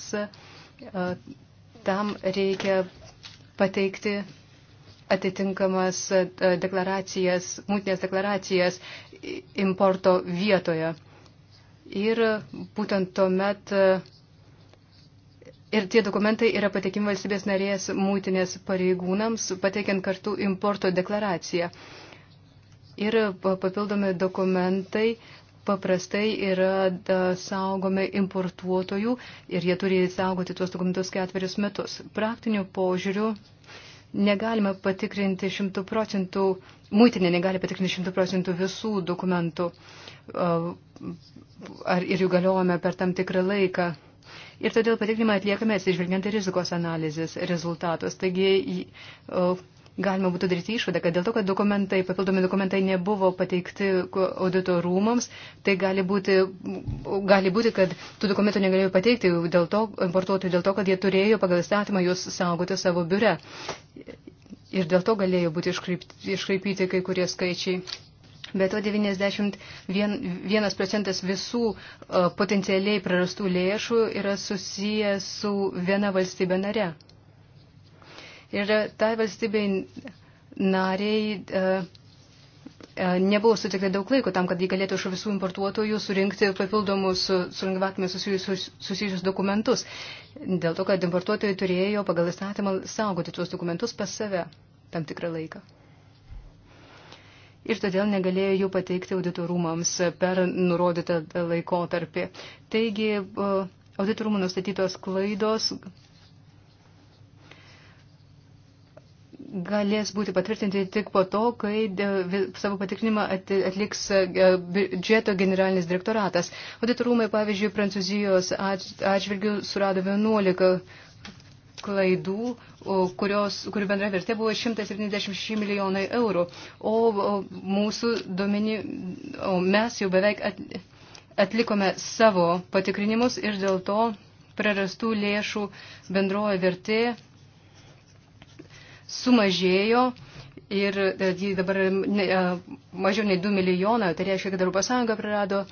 tam reikia pateikti atitinkamas deklaracijas, mūtinės deklaracijas importo vietoje. Ir būtent tuomet ir tie dokumentai yra pateikimi valstybės narės mūtinės pareigūnams, pateikiant kartu importo deklaraciją. Ir papildomi dokumentai paprastai yra saugomi importuotojų ir jie turi saugoti tuos dokumentus ketverius metus. Praktiniu požiūriu negalime patikrinti šimtų procentų, muitinė negali patikrinti šimtų procentų visų dokumentų ar, ir jų galiojame per tam tikrą laiką. Ir todėl patikrinimą atliekame atsižvelgiant į rizikos analizės rezultatus. Taigi galima būtų daryti išvadą, kad dėl to, kad dokumentai, papildomi dokumentai nebuvo pateikti audito rūmams, tai gali būti, gali būti, kad tų dokumentų negalėjo pateikti dėl to, importuotojų dėl to, kad jie turėjo pagal įstatymą juos saugoti savo biure. Ir dėl to galėjo būti iškraipyti kai kurie skaičiai. Be to 91 procentas visų potencialiai prarastų lėšų yra susijęs su viena valstybė nare. Ir e, tai valstybei nariai e, e, nebuvo sutikta daug laiko tam, kad jį galėtų iš visų importuotojų surinkti papildomus su lengvatami susijusius, susijusius dokumentus. Dėl to, kad importuotojai turėjo pagal įstatymą saugoti tuos dokumentus pas save tam tikrą laiką. Ir todėl negalėjo jų pateikti auditorumams per nurodytą laikotarpį. Taigi, auditorumų nustatytos klaidos galės būti patvirtinti tik po to, kai savo patikrinimą atliks e, biudžeto generalinis direktoratas. Auditorumai, pavyzdžiui, Prancūzijos atžvilgių surado 11 klaidų, kurios, kurių bendra vertė buvo 176 milijonai eurų. O mūsų domeni, o mes jau beveik atlikome savo patikrinimus ir dėl to prarastų lėšų bendroji vertė sumažėjo ir e, ji dabar ne, e, mažiau nei 2 milijoną, tai reiškia, kad Europos Sąjunga prarado, e,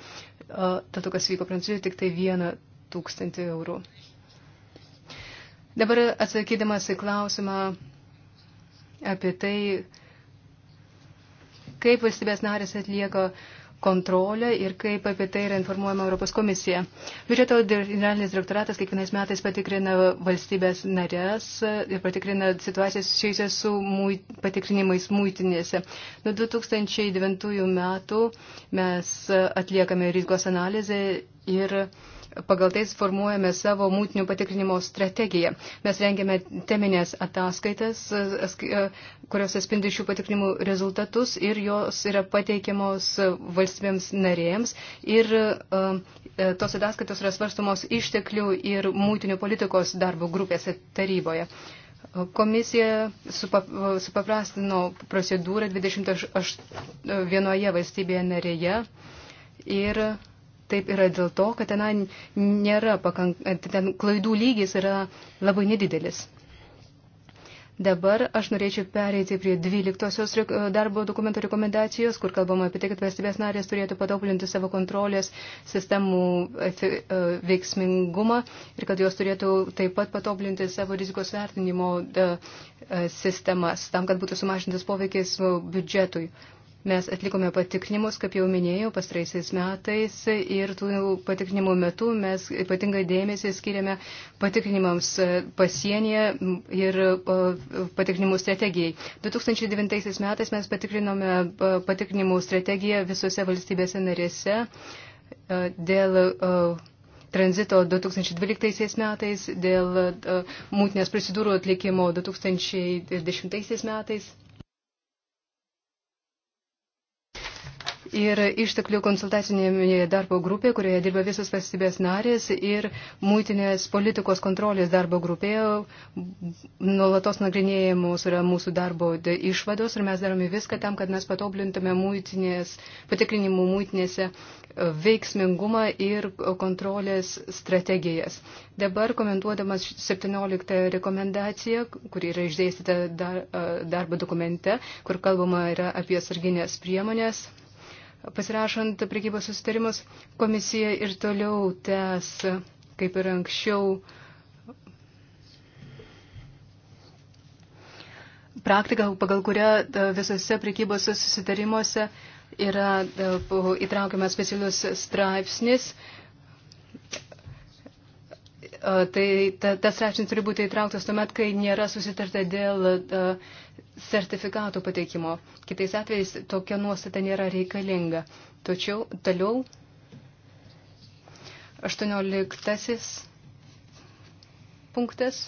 tad kas vyko Prancūzijoje, tik tai 1 tūkstantį eurų. Dabar atsakydamas į klausimą apie tai, kaip valstybės narės atlieka uh, kontrolę ir kaip apie tai yra informuojama Europos komisija. Biudžeto generalinis direktoratas kiekvienais metais patikrina valstybės narės ir patikrina situacijas susijusias su muit, patikrinimais muitinėse. Nuo 2009 metų mes atliekame rizikos analizę ir pagal tai formuojame savo mūtinių patikrinimo strategiją. Mes rengiame teminės ataskaitas, e, kurios atspindi šių patikrinimų rezultatus ir jos yra pateikiamos valstybėms narėjams. Ir e, e, tos ataskaitos yra svarstumos išteklių ir mūtinių politikos darbo grupėse taryboje. Komisija supaprastino procedūrą 21 valstybėje narėje ir Taip yra dėl to, kad ten nėra pakank... ten klaidų lygis yra labai nedidelis. Dabar aš norėčiau pereiti prie 12 darbo dokumento rekomendacijos, kur kalbama apie tai, kad valstybės narės turėtų patobulinti savo kontrolės sistemų e, veiksmingumą ir kad jos turėtų taip pat patobulinti savo rizikos vertinimo e, e, sistemas, tam, kad būtų sumažintas poveikis biudžetui. Mes atlikome patikrinimus, kaip jau minėjau, pastraisiais metais ir tų patikrinimų metu mes ypatingai dėmesį skiriame patikrinimams pasienyje ir patikrinimų strategijai. 2009 metais mes patikrinome patikrinimų strategiją visose valstybėse narėse dėl tranzito 2012 metais, dėl mūtinės prisidūrų atlikimo 2010 metais. ir išteklių konsultacinėje darbo grupė, kurioje dirba visos valstybės narės ir mūtinės politikos kontrolės darbo grupėje nuolatos nagrinėjamos yra mūsų darbo išvados ir mes darome viską tam, kad mes patoblintume mūtinės, patikrinimų mūtinėse e, veiksmingumą ir kontrolės strategijas. Dabar komentuodamas 17 rekomendaciją, kuri yra išdėstyta dar, e, darbo dokumente, kur kalbama yra apie sarginės priemonės, pasirašant priekybos sustarimus, komisija ir toliau tęs, kaip ir anksčiau, praktiką, pagal kurią e, visose priekybos susitarimuose yra e, įtraukiamas specialius straipsnis. E, tai ta, tas straipsnis turi būti įtrauktas tuomet, kai nėra susitarta dėl sertifikatų pateikimo. Kitais atvejais tokia nuostata nėra reikalinga. Tačiau toliau 18 punktas,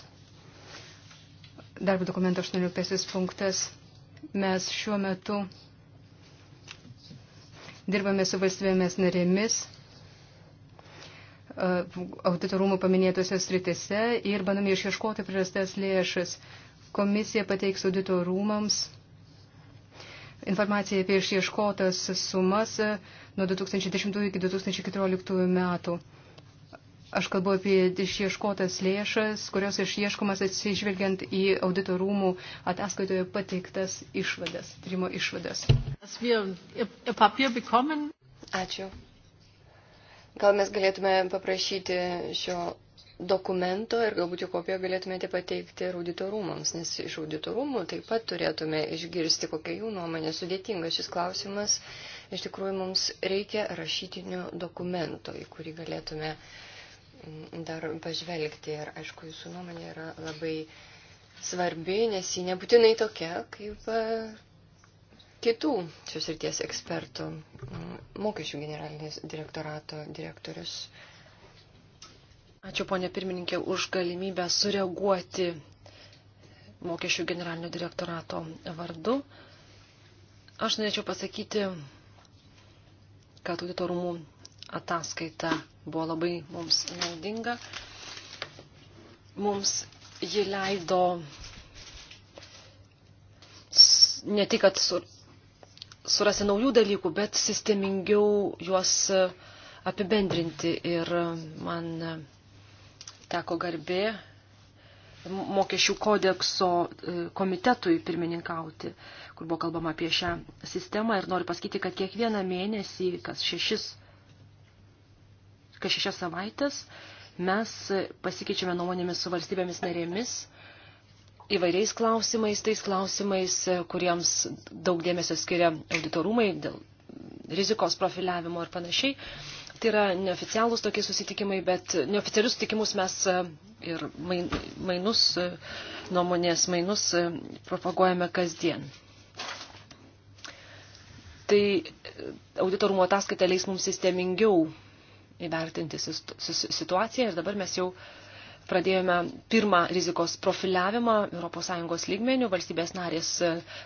darbo dokumento 18 punktas, mes šiuo metu dirbame su valstybėmis narėmis auditorumų paminėtose sritise ir bandome išieškoti prarastas lėšas. Komisija pateiks audito rūmams informaciją apie išieškotas sumas nuo 2010 iki 2014 metų. Aš kalbu apie išieškotas lėšas, kurios išieškomas atsižvelgiant į audito rūmų ataskaitoje pateiktas išvadas, trimo išvadas. Ačiū. Gal mes galėtume paprašyti šio dokumento ir galbūt jų kopiją galėtumėte pateikti ir auditorumams, nes iš auditorumų taip pat turėtume išgirsti, kokia jų nuomonė sudėtinga šis klausimas. Iš tikrųjų, mums reikia rašytinio dokumento, į kurį galėtume mm, dar pažvelgti. Ir aišku, jūsų nuomonė yra labai svarbi, nes ji nebūtinai tokia, kaip e, kitų šios ryties ekspertų, mm, mokesčių generalinės direktorato direktorius. Ačiū, ponė pirmininkė, už galimybę sureaguoti mokesčių generalinio direktorato vardu. Aš norėčiau pasakyti, kad auditorumų ataskaita buvo labai mums naudinga. Mums ji leido ne tik, kad sur, surasi naujų dalykų, bet sistemingiau juos apibendrinti. Ir man teko garbė mokesčių kodekso e, komitetui pirmininkauti, kur buvo kalbama apie šią sistemą ir noriu pasakyti, kad kiekvieną mėnesį, kas šešis, kas šešias savaitės, mes pasikeičiame nuomonėmis su valstybėmis narėmis įvairiais klausimais, tais klausimais, kuriems daug dėmesio skiria auditorumai dėl rizikos profiliavimo ir panašiai. Tai yra neoficialūs tokie susitikimai, bet neoficialius susitikimus mes e, ir mainus, e, nuomonės mainus e, propaguojame kasdien. Tai auditorumo ataskaita leis mums sistemingiau įvertinti situaciją ir dabar mes jau pradėjome pirmą rizikos profiliavimą ES lygmenių. Valstybės narės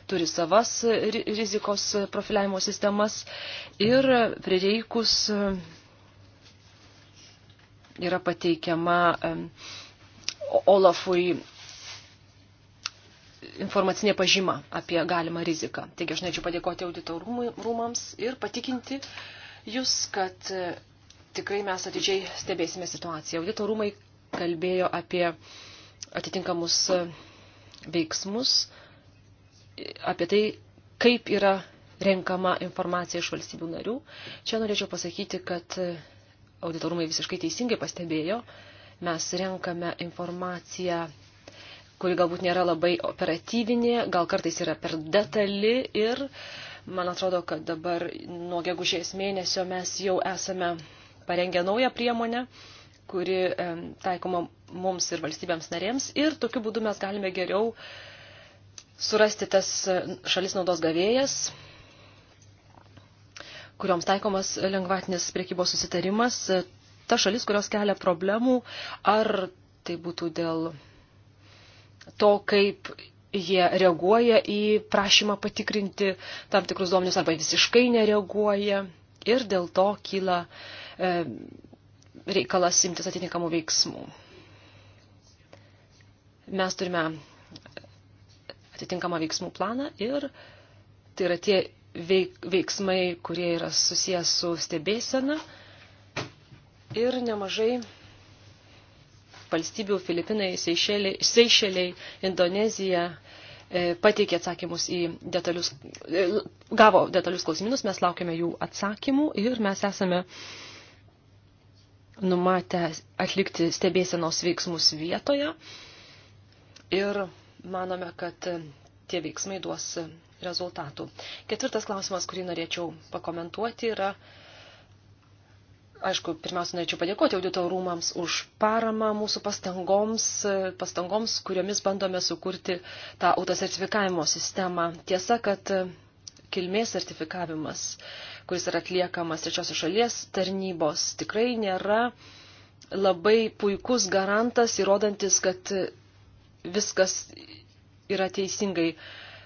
turi savas rizikos profiliavimo sistemas ir prireikus yra pateikiama Olafui informacinė pažyma apie galimą riziką. Taigi aš norėčiau padėkoti audito rūmams ir patikinti jūs, kad e, tikrai mes atidžiai stebėsime situaciją. Audito rūmai kalbėjo apie atitinkamus e, veiksmus, apie tai, kaip yra renkama informacija iš valstybių narių. Čia norėčiau pasakyti, kad e, auditorumai visiškai teisingai pastebėjo, mes renkame informaciją, kuri galbūt nėra labai operatyvinė, gal kartais yra per detali ir man atrodo, kad dabar nuo gegužės mėnesio mes jau esame parengę naują priemonę, kuri taikoma mums ir valstybėms narėms ir tokiu būdu mes galime geriau surasti tas šalis naudos gavėjas, kurioms taikomas lengvatinis priekybos susitarimas, ta šalis, kurios kelia problemų, ar tai būtų dėl to, kaip jie reaguoja į prašymą patikrinti tam tikrus duomenius arba visiškai nereaguoja ir dėl to kyla e, reikalas imtis atitinkamų veiksmų. Mes turime atitinkamą veiksmų planą ir tai yra tie veik, veiksmai, kurie yra susijęs su stebėsena ir nemažai valstybių Filipinai, Seišeliai, Seišeliai Indonezija e, pateikė atsakymus į detalius, e, gavo detalius klausimynus, mes laukiame jų atsakymų ir mes esame numatę atlikti stebėsenos veiksmus vietoje ir manome, kad tie veiksmai duos rezultatų. Ketvirtas klausimas, kurį norėčiau pakomentuoti, yra, aišku, pirmiausia, norėčiau padėkoti audito rūmams už paramą mūsų pastangoms, pastangoms, kuriomis bandome sukurti tą autosertifikavimo sistemą. Tiesa, kad kilmės sertifikavimas, kuris yra atliekamas trečiosios šalies tarnybos, tikrai nėra labai puikus garantas, įrodantis, kad viskas yra teisingai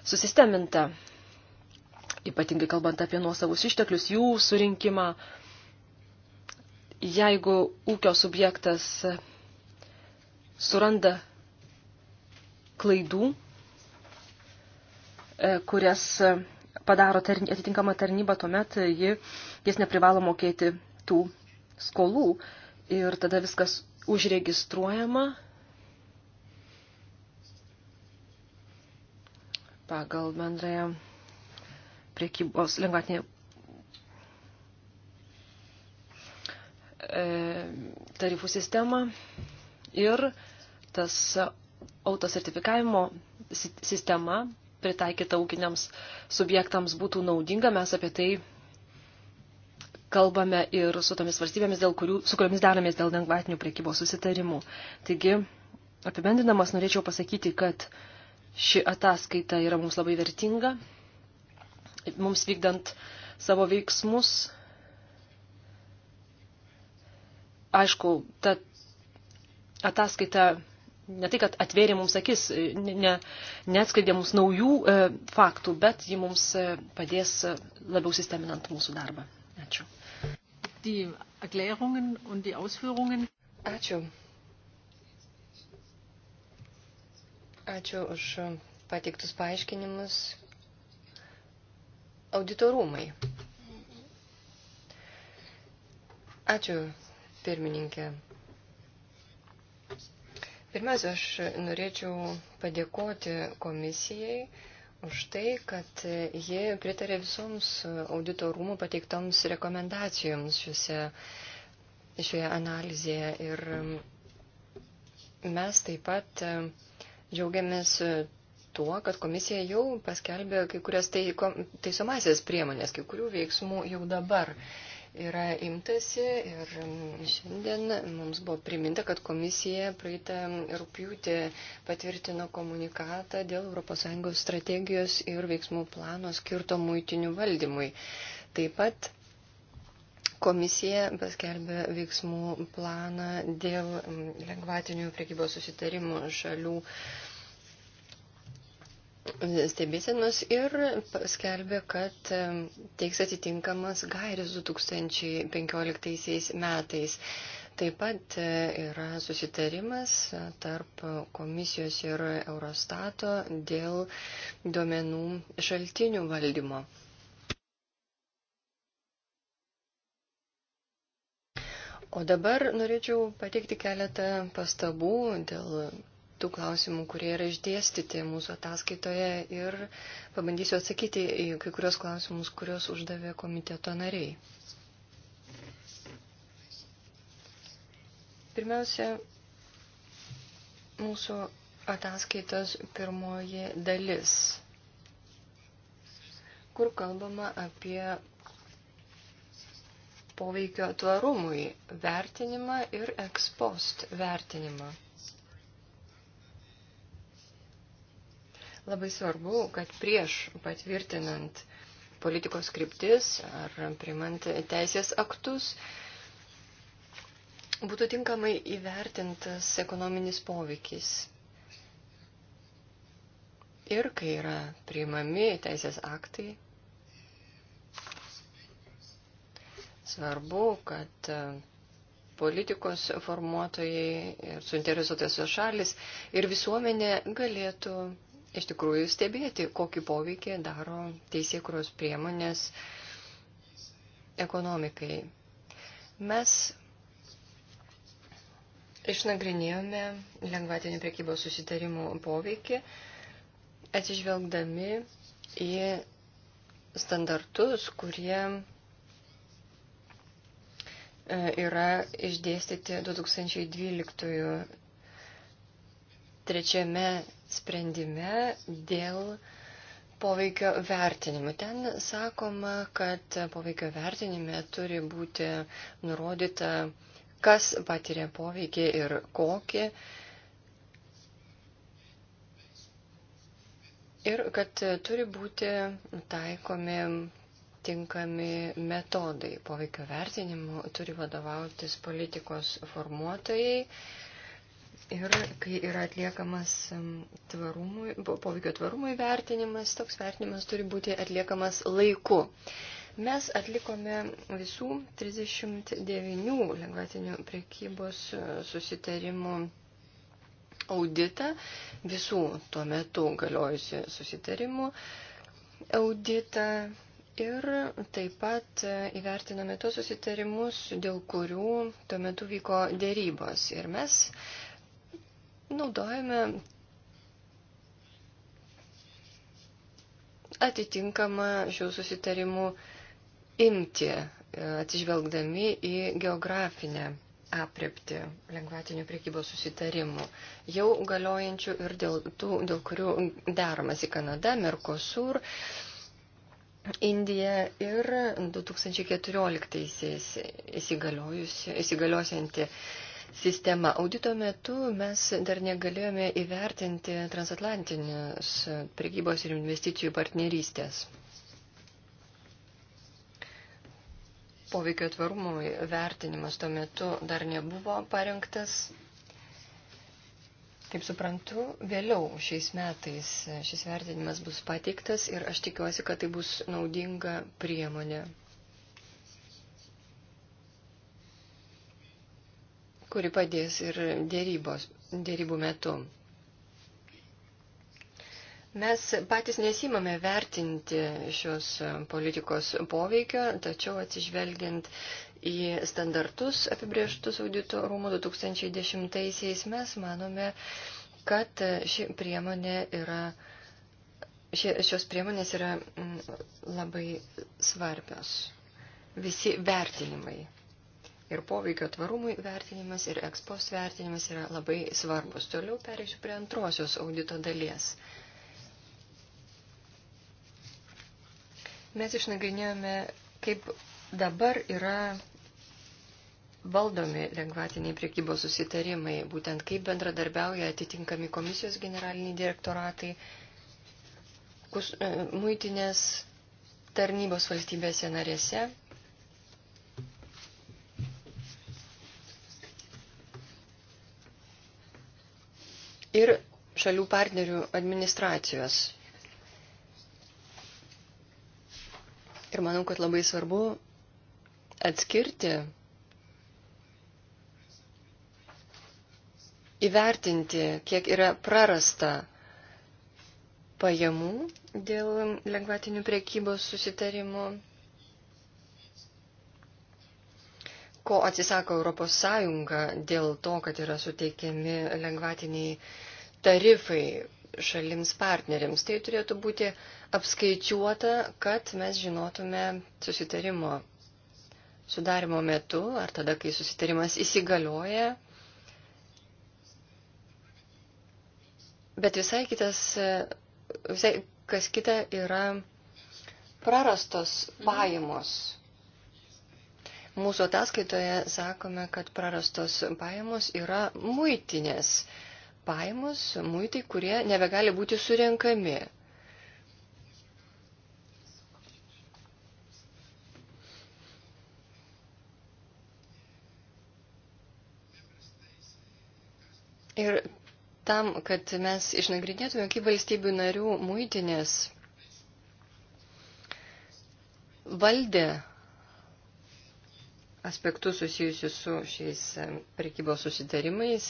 susisteminta, ypatingai kalbant apie nuosavus išteklius, jų surinkimą. Jeigu ūkio subjektas suranda klaidų, e, kurias padaro tarny, atitinkama tarnyba, tuomet ji, jis neprivalo mokėti tų skolų ir tada viskas užregistruojama pagal bendrąją priekybos lengvatinį e, tarifų sistemą ir tas autosertifikavimo sistema pritaikyta ūkiniams subjektams būtų naudinga. Mes apie tai kalbame ir su tomis valstybėmis, dėl kurių, su kuriomis deramės dėl lengvatinių priekybos susitarimų. Taigi, apibendinamas norėčiau pasakyti, kad uh, Ši ataskaita yra mums labai vertinga. Mums vykdant savo veiksmus, aišku, ta ataskaita ne tai, kad atvėrė mums akis, ne, neatskleidė mums naujų e, faktų, bet ji mums e, padės labiau sisteminant mūsų darbą. Ačiū. Ačiū. Ačiū už pateiktus paaiškinimus. Auditorumai. Ačiū, pirmininkė. Pirmiausia, aš norėčiau padėkoti komisijai už tai, kad ji pritarė visoms auditorumų pateiktoms rekomendacijoms šiuose, šioje analizėje. Ir mes taip pat Džiaugiamės e, tuo, kad komisija jau paskelbė kai kurias tai, taisomasias priemonės, kai kurių veiksmų jau dabar yra imtasi ir šiandien mums buvo priminta, kad komisija praeitą rūpjūtį patvirtino komunikatą dėl ES strategijos ir veiksmų plano skirto muitinių valdymui. Taip pat Komisija paskelbė veiksmų planą dėl mm, lengvatinių prekybos susitarimų šalių stebėsenos ir paskelbė, kad mm, teiks atitinkamas gairis 2015 metais. Taip pat e, yra susitarimas e, tarp komisijos ir Eurostato dėl duomenų šaltinių valdymo. O dabar norėčiau pateikti keletą pastabų dėl tų klausimų, kurie yra išdėstyti mūsų ataskaitoje ir pabandysiu atsakyti į kai kurios klausimus, kuriuos uždavė komiteto nariai. Pirmiausia, mūsų ataskaitos pirmoji dalis, kur kalbama apie poveikio tvarumui vertinimą ir ekspost vertinimą. Labai svarbu, kad prieš patvirtinant politikos kryptis ar primant teisės aktus būtų tinkamai įvertintas ekonominis poveikis. Ir kai yra priimami teisės aktai, Svarbu, kad e, politikos formuotojai ir suinteresuotasios šalis ir visuomenė galėtų iš tikrųjų stebėti, kokį poveikį daro teisėkuros priemonės ekonomikai. Mes išnagrinėjome lengvatinių priekybos susitarimų poveikį, atsižvelgdami į standartus, kurie E, yra išdėstyti 2012 trečiame sprendime dėl poveikio vertinimų. Ten sakoma, kad poveikio vertinime turi būti nurodyta, kas patiria poveikį ir kokį. Ir kad turi būti taikomi tinkami metodai. Poveikio vertinimu turi vadovautis politikos formuotojai. Ir kai yra atliekamas tvarumui, poveikio tvarumui vertinimas, toks vertinimas turi būti atliekamas laiku. Mes atlikome visų 39 lengvatinių prekybos e, susitarimų auditą, visų tuo metu galiojusių susitarimų auditą Ir taip pat įvertinome tuos susitarimus, dėl kurių tuo metu vyko dėrybos. Ir mes naudojame atitinkamą šių susitarimų imti, atsižvelgdami į geografinę aprepti lengvatinių priekybos susitarimų, jau galiojančių ir dėl tų, dėl kurių daromasi Kanada, Mercosur, Indija ir 2014-aisiais įsigaliosianti sistema. Audito metu mes dar negalėjome įvertinti transatlantinės prekybos ir investicijų partnerystės. Poveikio tvarumui vertinimas tuo metu dar nebuvo parengtas Kaip suprantu, vėliau šiais metais šis vertinimas bus pateiktas ir aš tikiuosi, kad tai bus naudinga priemonė, kuri padės ir dėrybos, dėrybų metu. Mes patys nesimame vertinti šios politikos poveikio, tačiau atsižvelgiant į standartus apibrieštus audito rūmų 2010-aisiais mes manome, kad ši priemonė yra, ši, šios priemonės yra mm, labai svarbios. Visi vertinimai ir poveikio tvarumui vertinimas ir ekspos vertinimas yra labai svarbus. Toliau perėsiu prie antrosios audito dalies. Mes išnagrinėjome, kaip dabar yra valdomi lengvatiniai priekybos susitarimai, būtent kaip bendradarbiauja atitinkami komisijos generaliniai direktoratai, kus, e, muitinės tarnybos valstybėse narėse. Ir šalių partnerių administracijos Ir manau, kad labai svarbu atskirti, įvertinti, kiek yra prarasta pajamų dėl lengvatinių priekybos susitarimų, ko atsisako Europos Sąjunga dėl to, kad yra suteikiami lengvatiniai tarifai šalims partneriams. Tai turėtų būti apskaičiuota, kad mes žinotume susitarimo sudarimo metu ar tada, kai susitarimas įsigalioja. Bet visai kitas, visai kas kita yra prarastos pajamos. Mūsų ataskaitoje sakome, kad prarastos pajamos yra muitinės. Mhm pajamos, muitai, kurie nebegali būti surenkami. Ir tam, kad mes išnagrinėtume, kaip valstybių narių muitinės valdė aspektus susijusius su šiais prekybos susitarimais,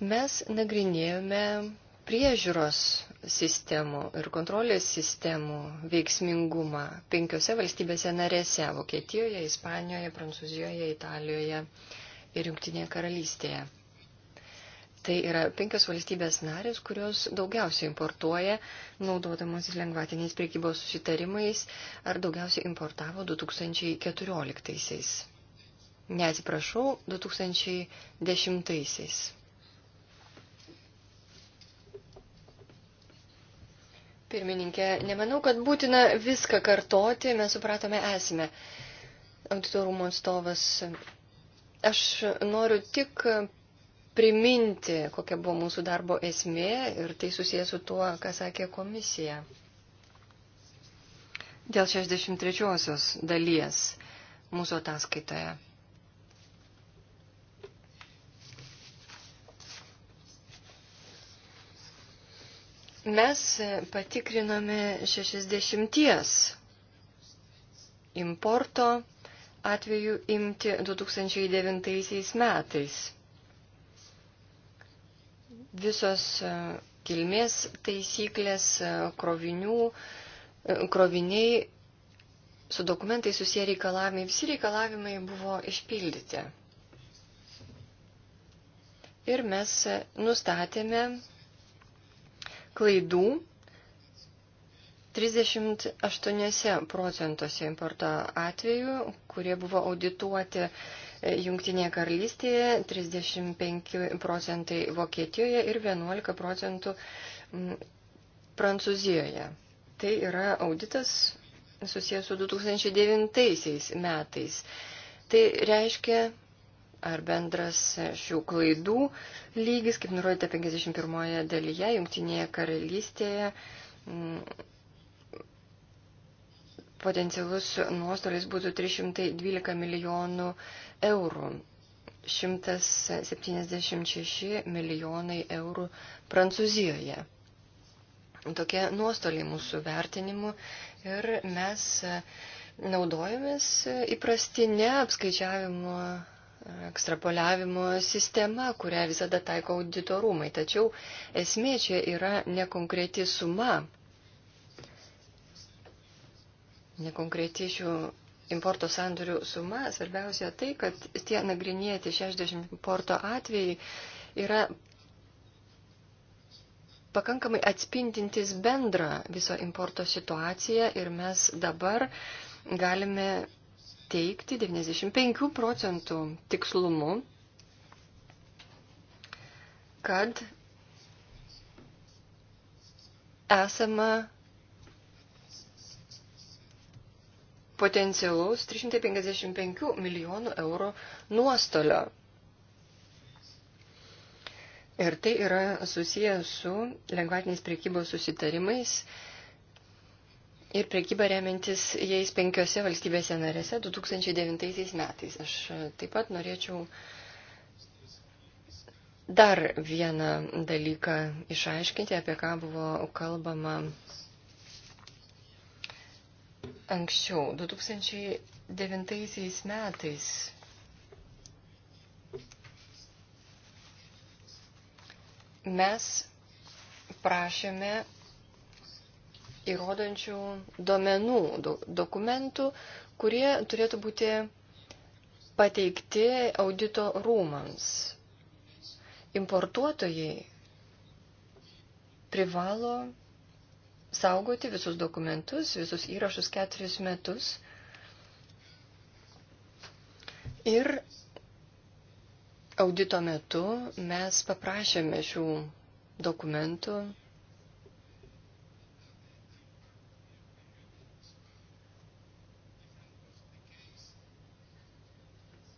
Mes nagrinėjome priežiūros sistemų ir kontrolės sistemų veiksmingumą penkiose valstybėse narėse - Vokietijoje, Ispanijoje, Prancūzijoje, Italijoje ir Junktinėje karalystėje. Tai yra penkios valstybės narės, kurios daugiausiai importuoja, naudodamos lengvatiniais priekybos susitarimais, ar daugiausiai importavo 2014. Neatsiprašau, 2010. -aisiais. Pirmininkė, nemanau, kad būtina viską kartoti, mes supratome esmę. Auditorumo atstovas, aš noriu tik priminti, kokia buvo mūsų darbo esmė ir tai susijęs su tuo, ką sakė komisija. Dėl 63 dalies mūsų ataskaitoje. Mes patikrinome 60 importo atvejų imti 2009 metais. Visos e, kilmės taisyklės e, krovinių, e, kroviniai su dokumentai susiję reikalavimai, visi reikalavimai buvo išpildyti. Ir mes nustatėme klaidų 38 procentuose importo atvejų, kurie buvo audituoti e, Junktinėje karalystėje, 35 procentai Vokietijoje ir 11 procentų Prancūzijoje. Tai yra auditas susijęs su 2009 metais. Tai reiškia, ar bendras šių klaidų lygis, kaip nurodyta 51 dalyje, jungtinėje karalystėje mm, potencialus nuostolis būtų 312 milijonų eurų. 176 milijonai eurų Prancūzijoje. Tokie nuostoliai mūsų vertinimu ir mes naudojomės įprastinę apskaičiavimo ekstrapoliavimo sistema, kurią visada taiko auditorumai. Tačiau esmė čia yra nekonkreti suma, nekonkreti šių importo sandorių suma. Svarbiausia tai, kad tie nagrinėti 60 importo atvejai yra pakankamai atspindintis bendrą viso importo situaciją ir mes dabar galime teikti 95 procentų tikslumu, kad esama potencialaus 355 milijonų eurų nuostolio. Ir tai yra susijęs su lengvatiniais priekybos susitarimais ir prekyba remiantis jais penkiose valstybėse narėse 2009 metais. Aš e, taip pat norėčiau dar vieną dalyką išaiškinti, apie ką buvo kalbama anksčiau. 2009 metais mes prašėme įrodančių duomenų, dokumentų, kurie turėtų būti pateikti audito rūmams. Importuotojai privalo saugoti visus dokumentus, visus įrašus keturis metus. Ir audito metu mes paprašėme šių dokumentų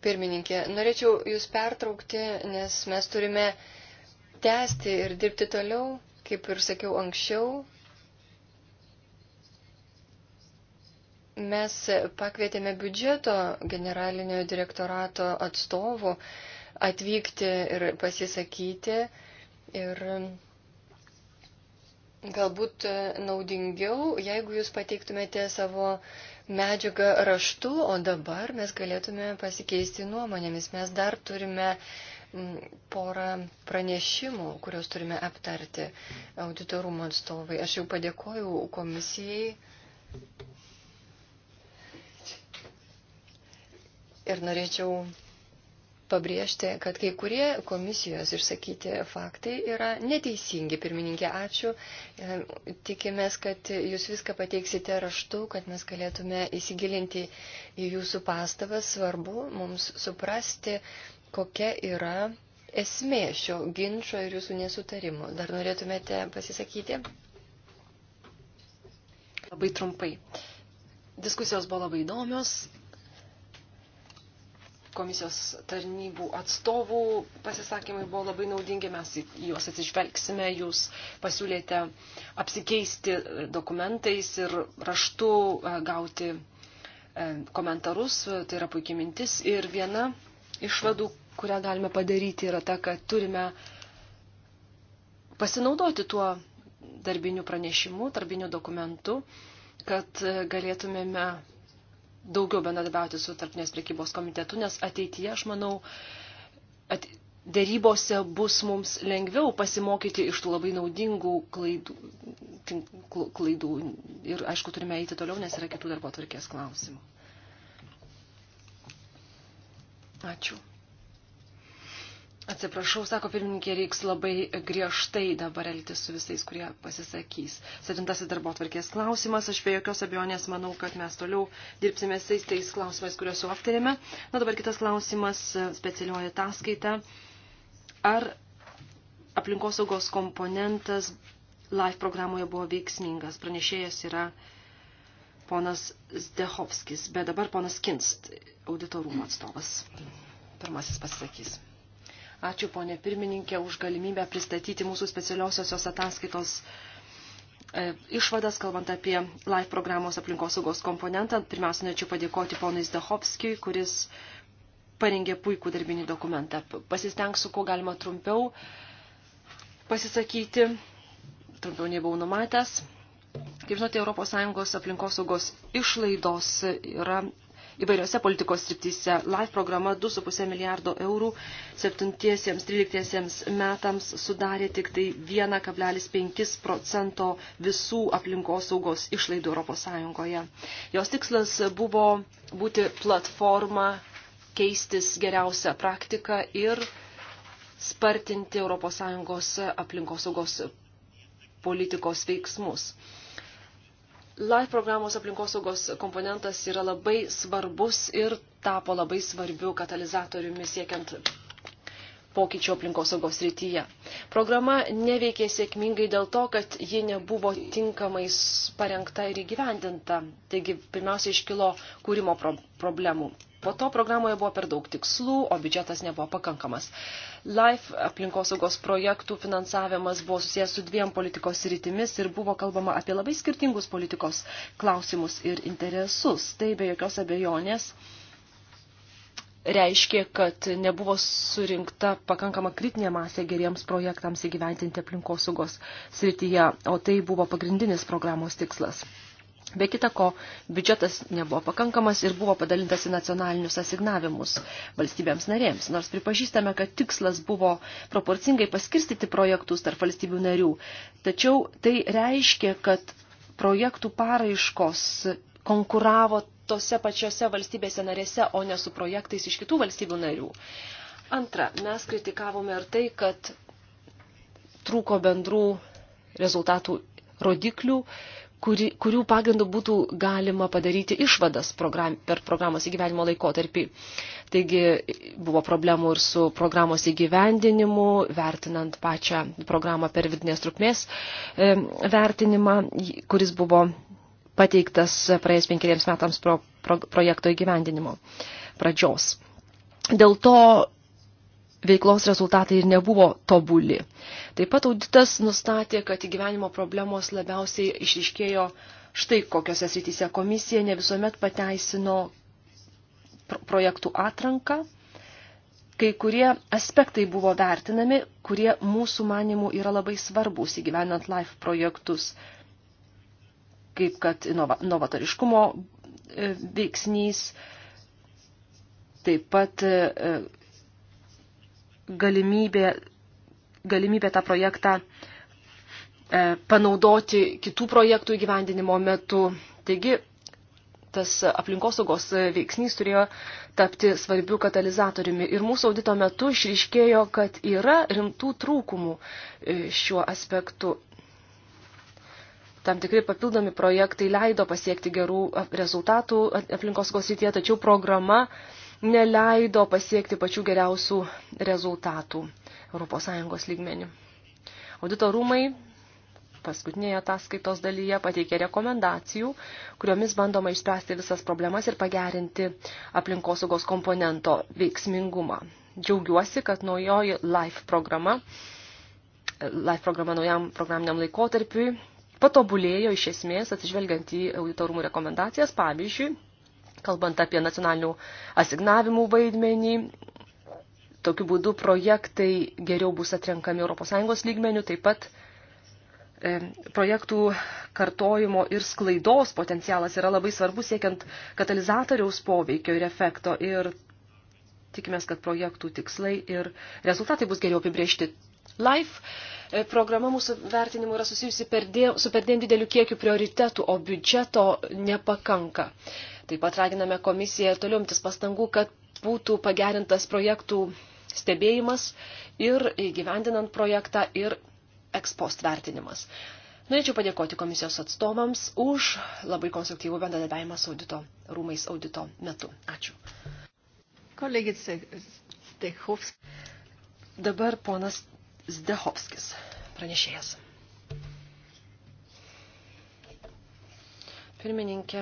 Pirmininkė, norėčiau Jūs pertraukti, nes mes turime tęsti ir dirbti toliau, kaip ir sakiau anksčiau. Mes pakvietėme biudžeto generalinio direktorato atstovų atvykti ir pasisakyti. Ir galbūt naudingiau, jeigu jūs pateiktumėte savo medžiagą raštu, o dabar mes galėtume pasikeisti nuomonėmis. Mes dar turime mm, porą pranešimų, kuriuos turime aptarti auditorumo atstovai. Aš jau padėkojau komisijai. Ir norėčiau pabrėžti, kad kai kurie komisijos išsakyti faktai yra neteisingi. Pirmininkė, ačiū. Tikimės, kad jūs viską pateiksite raštu, kad mes galėtume įsigilinti į jūsų pastabas. Svarbu mums suprasti, kokia yra esmė šio ginčio ir jūsų nesutarimo. Dar norėtumėte pasisakyti? Labai trumpai. Diskusijos buvo labai įdomios, komisijos tarnybų atstovų pasisakymai buvo labai naudingi, mes į juos atsižvelgsime, jūs pasiūlėte apsikeisti dokumentais ir raštu e, gauti e, komentarus, tai yra puikiai mintis. Ir viena išvadų, kurią galime padaryti, yra ta, kad turime pasinaudoti tuo darbiniu pranešimu, darbiniu dokumentu, kad e, galėtumėme daugiau bendradarbiauti su tarpinės prekybos komitetu, nes ateityje, aš manau, at, dėrybose bus mums lengviau pasimokyti iš tų labai naudingų klaidų, tink, klaidų. Ir, aišku, turime eiti toliau, nes yra kitų darbo tvarkės klausimų. Ačiū. Atsiprašau, sako pirmininkė, reiks labai griežtai dabar elgtis su visais, kurie pasisakys. Septintasis darbo tvarkės klausimas. Aš be jokios abejonės manau, kad mes toliau dirbsime tais tais klausimais, kuriuos jau aptarėme. Na dabar kitas klausimas, specialioji ataskaita. Ar aplinkosaugos komponentas LIFE programoje buvo veiksmingas? Pranešėjas yra ponas Zdehovskis, bet dabar ponas Kinst, auditorumo atstovas. Pirmasis pasisakys. Ačiū, ponė pirmininkė, už galimybę pristatyti mūsų specialiosios ataskaitos e, išvadas, kalbant apie LIFE programos aplinkosaugos komponentą. Pirmiausia, norėčiau padėkoti ponui Zdehovskijui, kuris parengė puikų darbinį dokumentą. Pasistengsiu, kuo galima trumpiau pasisakyti, trumpiau nei buvau numatęs. Kaip žinote, ES aplinkosaugos išlaidos yra įvairiose politikos srityse. LIFE programa 2,5 milijardo eurų 7-13 metams sudarė tik tai 1,5 procento visų aplinkos saugos išlaidų ES. Jos tikslas buvo būti platforma, keistis geriausią praktiką ir spartinti ES aplinkos saugos politikos veiksmus. LIFE programos aplinkosaugos komponentas yra labai svarbus ir tapo labai svarbiu katalizatoriumi siekiant pokyčių aplinkosaugos rytyje. Programa neveikė sėkmingai dėl to, kad ji nebuvo tinkamai parengta ir įgyvendinta. Taigi, pirmiausia, iškilo kūrimo pro problemų. Po to programoje buvo per daug tikslų, o biudžetas nebuvo pakankamas. LIFE aplinkosaugos projektų finansavimas buvo susijęs su dviem politikos rytimis ir buvo kalbama apie labai skirtingus politikos klausimus ir interesus. Tai be jokios abejonės reiškia, kad nebuvo surinkta pakankama kritinė masė geriems projektams įgyventinti aplinkosaugos srityje, o tai buvo pagrindinis programos tikslas. Be kita ko, biudžetas nebuvo pakankamas ir buvo padalintas į nacionalinius asignavimus valstybėms narėms, nors pripažįstame, kad tikslas buvo proporcingai paskirstyti projektus tarp valstybių narių. Tačiau tai reiškia, kad projektų paraiškos konkuravo tose pačiose valstybėse narėse, o ne su projektais iš kitų valstybių narių. Antra, mes kritikavome ir tai, kad trūko bendrų rezultatų rodiklių, kuri, kurių pagrindų būtų galima padaryti išvadas program, per programos įgyvenimo laikotarpį. Taigi buvo problemų ir su programos įgyvendinimu, vertinant pačią programą per vidinės trukmės e, vertinimą, kuris buvo pateiktas praėjus penkeriems metams pro, pro, projekto įgyvendinimo pradžios. Dėl to veiklos rezultatai ir nebuvo tobuli. Taip pat auditas nustatė, kad įgyvenimo problemos labiausiai išriškėjo štai kokiose srityse komisija ne visuomet pateisino projektų atranką. Kai kurie aspektai buvo vertinami, kurie mūsų manimų yra labai svarbus įgyvenant LIFE projektus, kaip kad novatoriškumo e, veiksnys, taip pat e, galimybė, galimybė tą projektą e, panaudoti kitų projektų įgyvendinimo metu. Taigi, tas aplinkosaugos veiksnys turėjo tapti svarbiu katalizatoriumi. Ir mūsų audito metu išryškėjo, kad yra rimtų trūkumų e, šiuo aspektu. Tam tikrai papildomi projektai leido pasiekti gerų rezultatų aplinkosaugos rytyje, tačiau programa uh, neleido pasiekti pačių geriausių rezultatų ES lygmenių. Audito rūmai paskutinėje ataskaitos dalyje pateikė rekomendacijų, kuriomis bandoma išspręsti visas problemas ir pagerinti aplinkosaugos komponento veiksmingumą. Džiaugiuosi, kad naujoji LIFE programa, LIFE programa naujam programiniam laikotarpiui patobulėjo iš esmės atsižvelgiant į auditorumų rekomendacijas, pavyzdžiui, kalbant apie nacionalinių asignavimų vaidmenį. Tokiu būdu projektai geriau bus atrenkami ES lygmenių, taip pat e, projektų kartojimo ir sklaidos potencialas yra labai svarbus siekiant katalizatoriaus poveikio ir efekto ir tikimės, kad projektų tikslai ir rezultatai bus geriau apibriežti. Life e, programa mūsų vertinimu yra susijusi per dė, su perdėm dideliu kiekiu prioritetų, o biudžeto nepakanka. Taip pat raginame komisiją toliau imtis pastangų, kad būtų pagerintas projektų stebėjimas ir įgyvendinant projektą ir ekspost vertinimas. Norėčiau padėkoti komisijos atstovams už labai konstruktyvų bendradarbiavimą su audito rūmais audito metu. Ačiū. Kolegit Stechovskis. Dabar ponas Zdehovskis, pranešėjas. Pirmininkė.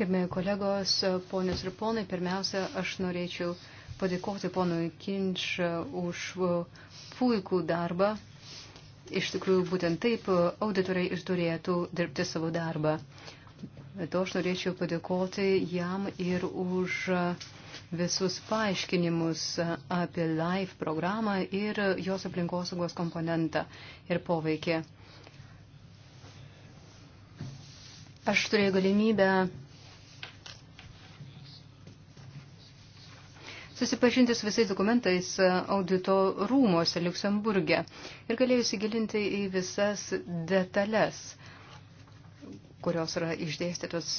Gerbėjai kolegos, ponios ir ponai, pirmiausia, aš norėčiau padėkoti ponui Kinč už puikų darbą. Iš tikrųjų, būtent taip auditoriai ir turėtų dirbti savo darbą. Bet to aš norėčiau padėkoti jam ir už uh, visus paaiškinimus apie LIFE programą ir jos aplinkosaugos komponentą ir poveikį. Aš turėjau galimybę susipažinti su visais dokumentais audito rūmose Luksemburgė ir galėjau įsigilinti į visas detalės, kurios yra išdėstytos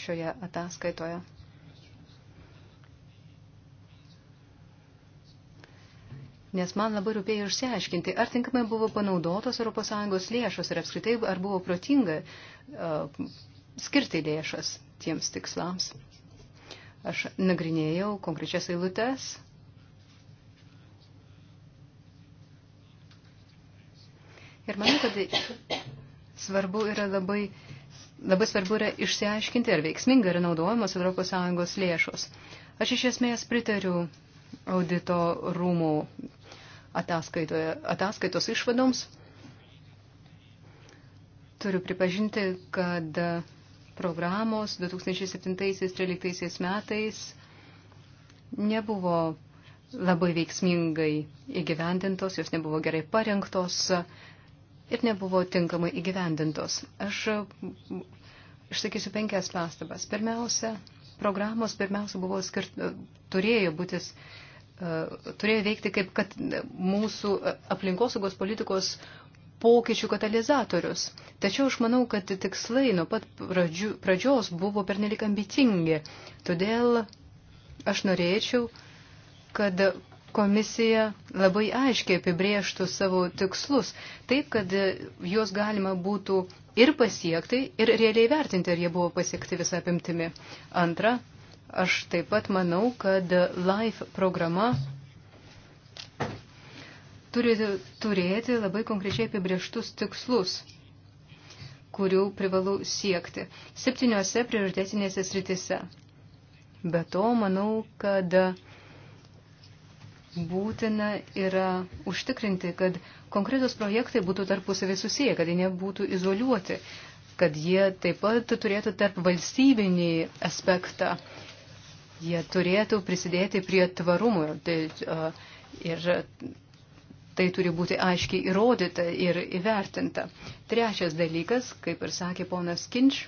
šioje ataskaitoje. nes man labai rūpėjo išsiaiškinti, ar tinkamai buvo panaudotos ES lėšos ir apskritai ar buvo protinga uh, skirti lėšas tiems tikslams. Aš nagrinėjau konkrečias eilutes. Ir manau, kad svarbu yra labai, labai svarbu yra išsiaiškinti, ar veiksmingai yra naudojamos ES lėšos. Aš iš esmės pritariu audito rūmų ataskaitos išvadoms. Turiu pripažinti, kad programos 2007-2013 metais nebuvo labai veiksmingai įgyvendintos, jos nebuvo gerai parengtos ir nebuvo tinkamai įgyvendintos. Aš išsakysiu penkias pastabas. Pirmiausia, programos pirmiausia buvo skirt, turėjo būtis E, turėjo veikti kaip kad mūsų aplinkosaugos politikos pokyčių katalizatorius. Tačiau aš manau, kad tikslai nuo pat pradžių, pradžios buvo pernelik ambicingi. Todėl aš norėčiau, kad komisija labai aiškiai apibrėžtų savo tikslus, taip, kad juos galima būtų ir pasiekti, ir realiai vertinti, ar jie buvo pasiekti visą apimtimi. Antra, Aš taip pat manau, kad LIFE programa turi turėti labai konkrečiai apibrieštus tikslus kurių privalu siekti septyniose prioritetinėse sritise. Be to, manau, kad būtina yra užtikrinti, kad konkretus projektai būtų tarpusavį susiję, kad jie nebūtų izoliuoti, kad jie taip pat turėtų tarp valstybinį aspektą Jie turėtų prisidėti prie tvarumo tai, ir tai turi būti aiškiai įrodyta ir įvertinta. Trečias dalykas, kaip ir sakė ponas Kinč,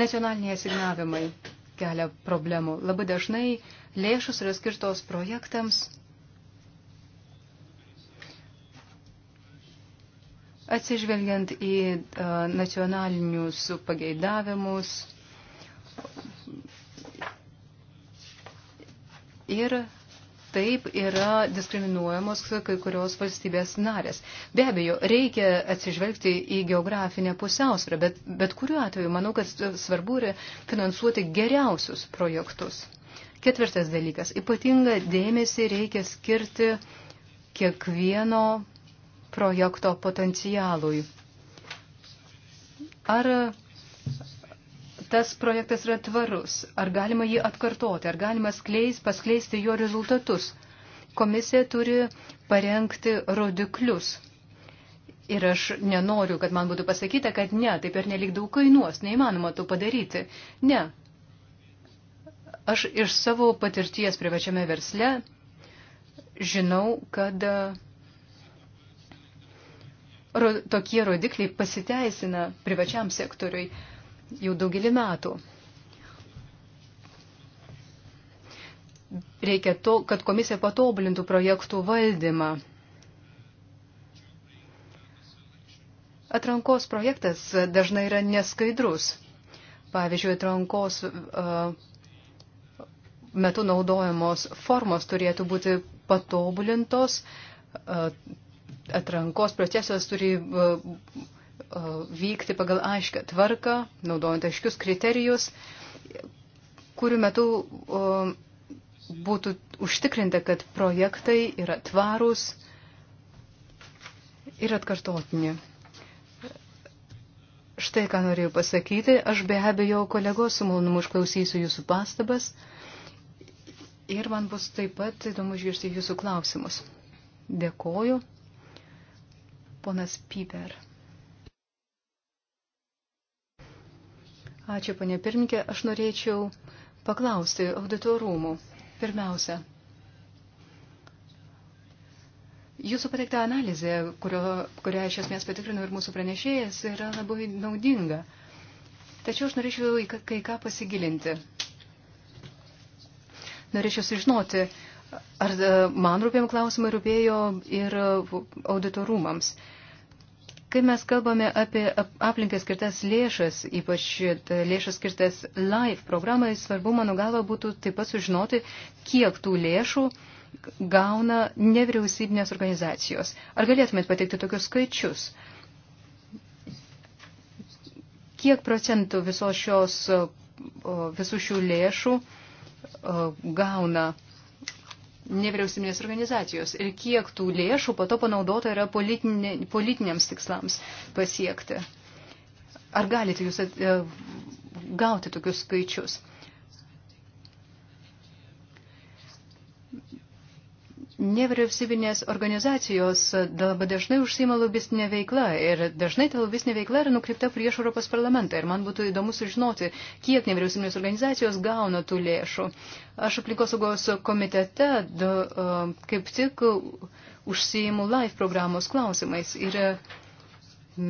nacionaliniai asignavimai kelia problemų. Labai dažnai lėšus yra skirtos projektams, atsižvelgiant į nacionalinius pageidavimus, ir taip yra diskriminuojamos kai kurios valstybės narės. Be abejo, reikia atsižvelgti į geografinę pusiausvyrą, bet, bet kuriuo atveju manau, kad svarbu yra finansuoti geriausius projektus. Ketvirtas dalykas. Ypatinga dėmesį reikia skirti kiekvieno projekto potencialui. Ar tas projektas yra tvarus, ar galima jį atkartoti, ar galima skleis, paskleisti jo rezultatus. Komisija turi parengti rodiklius. Ir aš nenoriu, kad man būtų pasakyta, kad ne, taip ir nelik daug kainuos, neįmanoma to padaryti. Ne. Aš iš savo patirties privačiame versle žinau, kad tokie rodikliai pasiteisina privačiam sektoriui jau daugelį metų. Reikia to, kad komisija patobulintų projektų valdymą. Atrankos projektas dažnai yra neskaidrus. Pavyzdžiui, atrankos metu naudojamos formos turėtų būti patobulintos, atrankos procesas turi vykti pagal aiškę tvarką, naudojant aiškius kriterijus, kurių metu būtų užtikrinta, kad projektai yra tvarūs ir atkartotini. Štai ką norėjau pasakyti. Aš be abejo kolegos su malonumu išklausysiu jūsų pastabas ir man bus taip pat įdomu išgirsti jūsų klausimus. Dėkoju. Ponas Piper. Ačiū, panė pirmininkė. Aš norėčiau paklausti auditorumų. Pirmiausia, jūsų pateikta analizė, kurio, kurią iš esmės patikrinau ir mūsų pranešėjas, yra labai naudinga. Tačiau aš norėčiau į kai ką pasigilinti. Norėčiau sužinoti, ar e, man rūpėjom klausimai rūpėjo ir auditorumams. rumams. Kai mes kalbame apie aplinkai skirtas lėšas, ypač lėšas skirtas LIFE programai, svarbu, mano galva, būtų taip pat sužinoti, kiek tų lėšų gauna nevyriausybinės organizacijos. Ar galėtumėt pateikti tokius skaičius? Kiek procentų visos šios, visų šių lėšų gauna nevyriausybinės organizacijos ir kiek tų lėšų po to panaudota yra politinė, politiniams tikslams pasiekti. Ar galite jūs at, e, gauti tokius skaičius? Nevyriausybinės organizacijos labai dažnai užsima lobistinė veikla ir dažnai ta lobistinė veikla yra nukreipta prieš Europos parlamentą. Ir man būtų įdomu sužinoti, kiek nevyriausybinės organizacijos gauna tų lėšų. Aš aplinkosaugos komitete da, kaip tik užsijimu live programos klausimais. Ir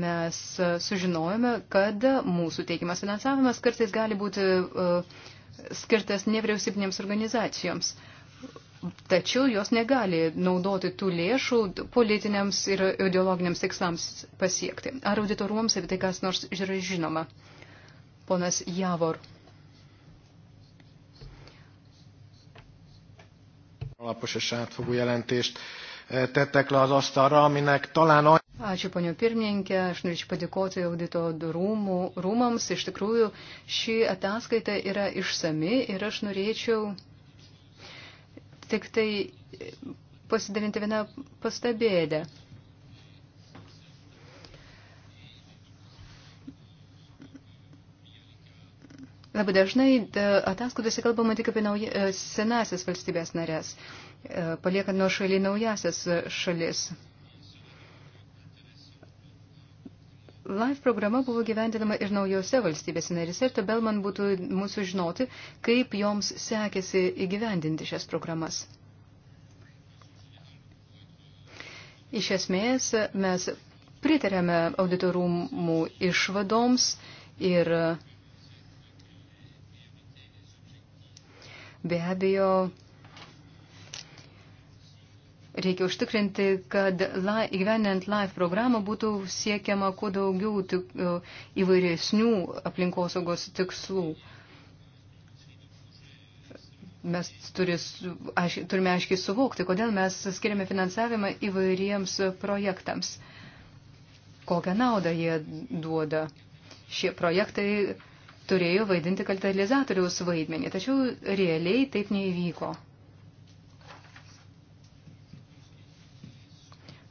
mes sužinojome, kad mūsų teikiamas finansavimas kartais gali būti skirtas nevyriausybinėms organizacijoms. Uh, tačiau jos negali naudoti tų lėšų politiniams ir ideologiniams tikslams pasiekti. Ar auditorumams apie tai kas nors yra žinoma? Ponas Javor. alapos és átfogó jelentést eh, tettek le az asztalra, aminek talán... Ačiū, panio pirmininkė, aš norėčiau padėkoti audito rūmų, rūmams. Iš tikrųjų, ši ataskaita yra išsami ir aš norėčiau tik tai e, pasidalinti vieną pastabėlę. Labai dažnai e, ataskaitose kalbama tik apie nauja, e, senasias valstybės narės, paliekant nuo šalį naujasias šalis. LIFE programa buvo gyvendinama ir naujose valstybėse narise ir todėl man būtų mūsų žinoti, kaip joms sekėsi įgyvendinti šias programas. Iš esmės, mes pritarėme auditorumų išvadoms ir be abejo, Reikia užtikrinti, kad įgyvenant LIFE programą būtų siekiama kuo daugiau tik, e, įvairesnių aplinkosaugos tikslų. Mes turis, aš, turime aiškiai suvokti, kodėl mes skiriame finansavimą įvairiems projektams. Kokią naudą jie duoda. Šie projektai turėjo vaidinti katalizatoriaus vaidmenį, tačiau realiai taip neįvyko.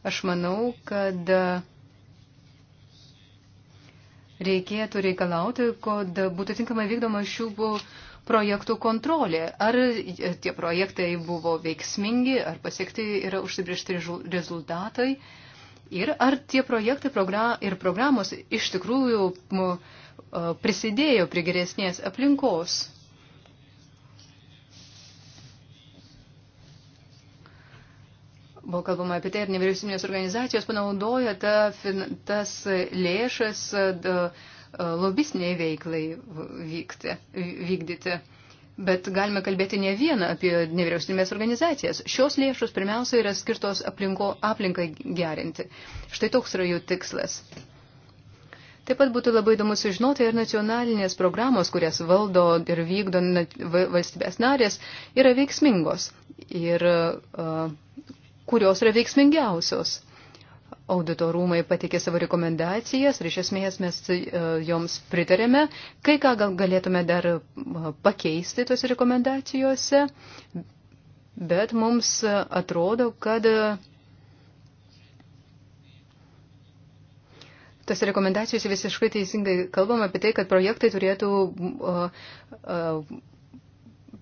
Aš manau, kad reikėtų reikalauti, kad būtų tinkamai vykdoma šių projektų kontrolė. Ar tie projektai buvo veiksmingi, ar pasiekti yra užsibriežti rezultatai. Ir ar tie projektai ir programos iš tikrųjų prisidėjo prie geresnės aplinkos. Buvo kalbama apie tai, ar nevyriausybinės organizacijos panaudoja ta, fin, tas lėšas e, lobisniai veiklai vykti, vykdyti. Bet galime kalbėti ne vieną apie nevyriausybinės organizacijas. Šios lėšos pirmiausia yra skirtos aplinko, aplinkai gerinti. Štai toks yra jų tikslas. Taip pat būtų labai įdomu sužinoti ir nacionalinės programos, kurias valdo ir vykdo valstybės narės, yra veiksmingos. Ir uh, kurios yra veiksmingiausios. Audito rūmai patikė savo rekomendacijas ir iš esmės mes e, joms pritarėme. Kai ką gal galėtume dar e, pakeisti tose rekomendacijose, bet mums e, atrodo, kad Tas rekomendacijose visiškai teisingai kalbam apie tai, kad projektai turėtų,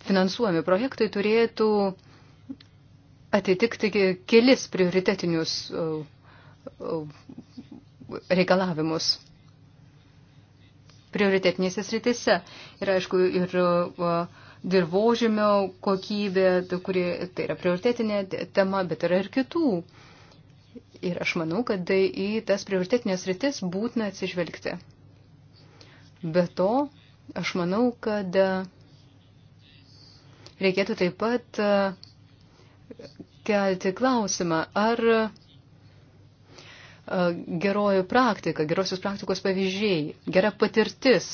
finansuojami projektai turėtų atitikti kelis prioritetinius e, e, reikalavimus prioritetinėse sritise. Ir aišku, ir e, dirbožėmio kokybė, tai kuri tai yra prioritetinė tema, bet yra ir kitų. Ir aš manau, kad tai į tas prioritetinės sritis būtina atsižvelgti. Be to, aš manau, kad reikėtų taip pat kelti klausimą, ar e, geroji praktika, gerosios praktikos pavyzdžiai, gera patirtis,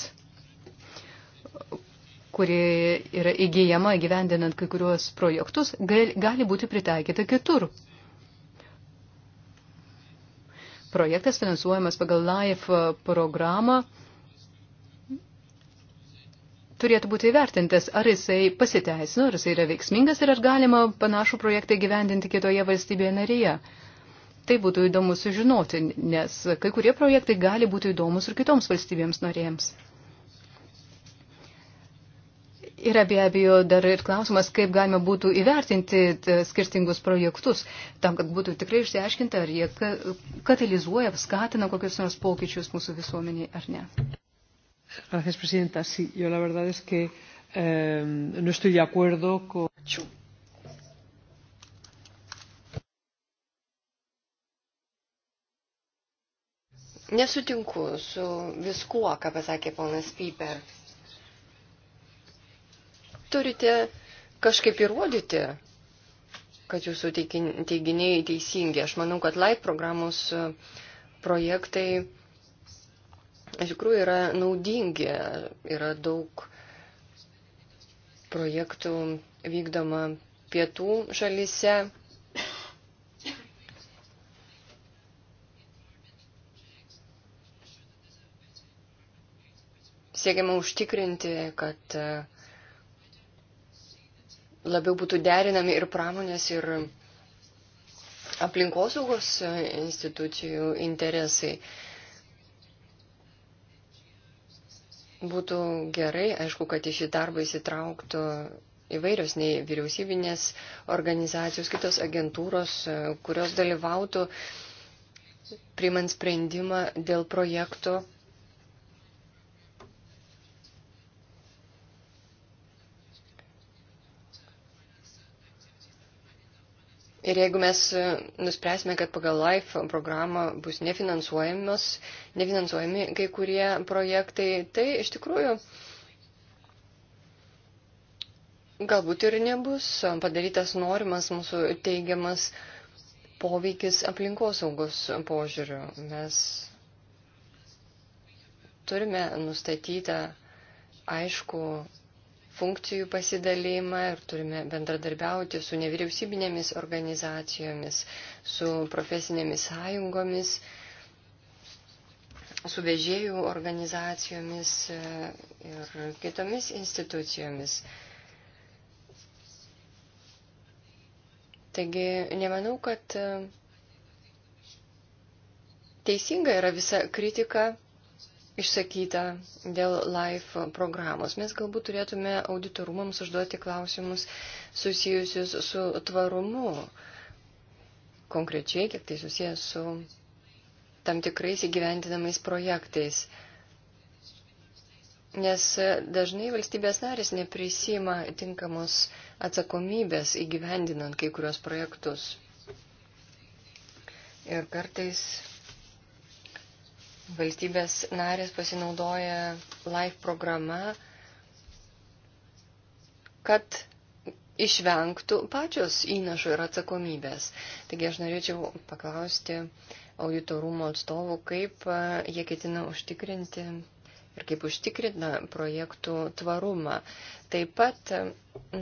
kuri yra įgyjama gyvendinant kai kuriuos projektus, gali būti pritaikyta kitur. Projektas finansuojamas pagal LIFE programą turėtų būti įvertintas, ar jisai pasiteisino, ar jisai yra veiksmingas ir ar galima panašų projektą gyvendinti kitoje valstybėje narėje. Tai būtų įdomu sužinoti, nes kai kurie projektai gali būti įdomus ir kitoms valstybėms norėjams. Yra be abejo dar ir klausimas, kaip galima būtų įvertinti e, skirtingus projektus, tam, kad būtų tikrai išsiaiškinta, ar jie katalizuoja, skatina kokius nors pokyčius mūsų visuomenėje ar ne. Gracias, presidenta. Sí, yo la verdad es que eh, no estoy de acuerdo con. Ačiū. Nesutinku su viskuo, ką pasakė ponas Piper. Turite kažkaip įrodyti, kad jūsų teiginiai teisingi. Aš manau, kad LIFE programos projektai iš tikrųjų yra naudingi. Yra daug projektų vykdoma pietų šalyse. Siekiama užtikrinti, kad e, labiau būtų derinami ir pramonės, ir aplinkosaugos e, institucijų interesai. Būtų gerai, aišku, kad į šį darbą įsitrauktų įvairios nei vyriausybinės organizacijos, kitos agentūros, e, kurios dalyvautų priimant sprendimą dėl projektų Ir jeigu mes e, nuspręsime, kad pagal LIFE programą bus nefinansuojami kai kurie projektai, tai iš tikrųjų galbūt ir nebus padarytas norimas mūsų teigiamas poveikis aplinkosaugos požiūriu. Mes turime nustatytą aišku funkcijų pasidalymą ir turime bendradarbiauti su nevyriausybinėmis organizacijomis, su profesinėmis sąjungomis, su vežėjų organizacijomis e, ir kitomis institucijomis. Taigi nemanau, kad e, teisinga yra visa kritika išsakyta dėl LIFE programos. Mes galbūt turėtume auditorumams užduoti klausimus susijusius su tvarumu. Konkrečiai, kiek tai susijęs su tam tikrais įgyventinamais projektais. Nes dažnai valstybės narės neprisima tinkamos atsakomybės įgyvendinant kai kurios projektus. Ir kartais Valstybės narės pasinaudoja live programą, kad išvengtų pačios įnašo ir atsakomybės. Taigi aš norėčiau paklausti auditorumo atstovų, kaip jie ketina užtikrinti ir kaip užtikrina projektų tvarumą. Taip pat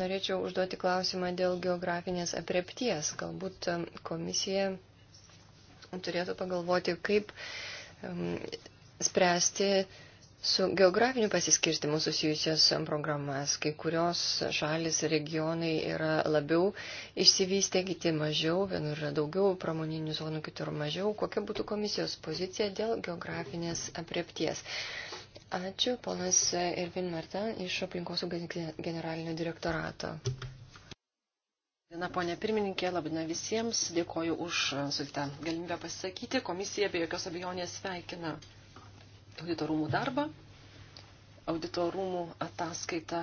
norėčiau užduoti klausimą dėl geografinės apriepties. Galbūt komisija turėtų pagalvoti, kaip spręsti su geografiniu pasiskirstimu susijusias programas. Kai kurios šalis regionai yra labiau išsivystę, kiti mažiau, vienur yra daugiau pramoninių zonų, kitur mažiau. Kokia būtų komisijos pozicija dėl geografinės apriepties? Ačiū, ponas Irvin Marta iš aplinkosaugos generalinio direktorato. Diena, ponė pirmininkė, labina visiems. Dėkoju už e, sultę galimybę pasisakyti. Komisija be jokios abejonės sveikina auditorumų darbą. Auditorumų ataskaita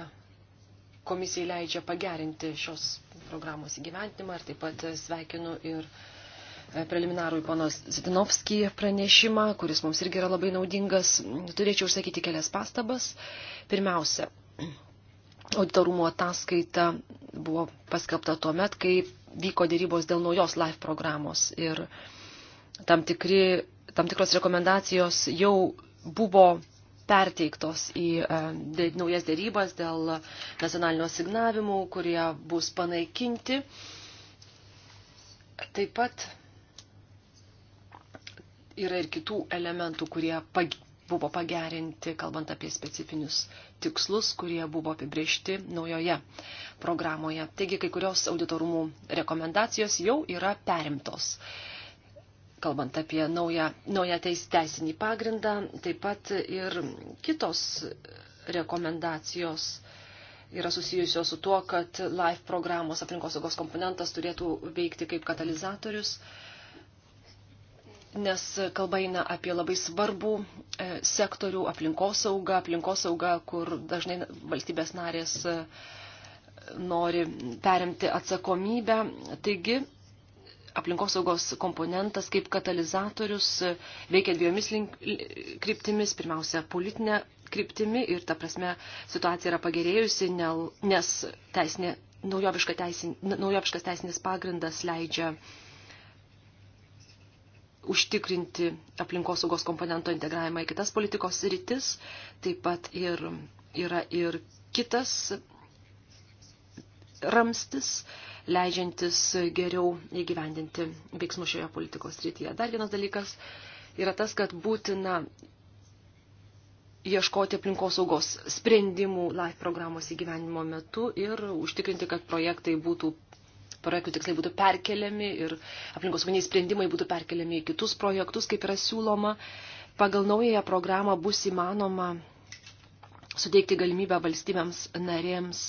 komisijai leidžia pagerinti šios programos įgyventimą ir taip pat sveikinu ir e, preliminarų į ponos Zidinovskį pranešimą, kuris mums irgi yra labai naudingas. Turėčiau užsakyti kelias pastabas. Pirmiausia, auditorumo ataskaita buvo paskelbta tuo met, kai vyko dėrybos dėl naujos LIFE programos ir tam, tikri, tam tikros rekomendacijos jau buvo perteiktos į e, dė, naujas dėrybas dėl nacionalinio signavimų, kurie bus panaikinti. Taip pat yra ir kitų elementų, kurie buvo pagerinti, kalbant apie specifinius tikslus, kurie buvo apibriežti naujoje programoje. Taigi kai kurios auditorumų rekomendacijos jau yra perimtos. Kalbant apie naują, naują teis, teisinį pagrindą, taip pat ir kitos rekomendacijos yra susijusios su tuo, kad LIFE programos aplinkosaugos komponentas turėtų veikti kaip katalizatorius. Uh, nes kalba eina apie labai svarbų e, sektorių aplinkosaugą, aplinkosaugą, kur dažnai valstybės narės e, nori perimti atsakomybę. Taigi, aplinkosaugos komponentas kaip katalizatorius e, veikia dviejomis link, kryptimis. Pirmiausia, politinė kryptimi ir ta prasme situacija yra pagerėjusi, nes teisinė, naujoviška teisin, naujoviškas teisinis pagrindas leidžia uh, užtikrinti aplinkosaugos komponento integravimą į kitas politikos rytis, taip pat ir, yra ir kitas ramstis, leidžiantis geriau įgyvendinti veiksmus šioje politikos rytyje. Dar vienas dalykas yra tas, kad būtina ieškoti aplinkosaugos sprendimų LIFE programos įgyvenimo metu ir užtikrinti, kad projektai būtų projektų tikslai būtų perkeliami ir aplinkosauginiai sprendimai būtų perkeliami į kitus projektus, kaip yra siūloma. Pagal naująją programą bus įmanoma suteikti galimybę valstybėms narėms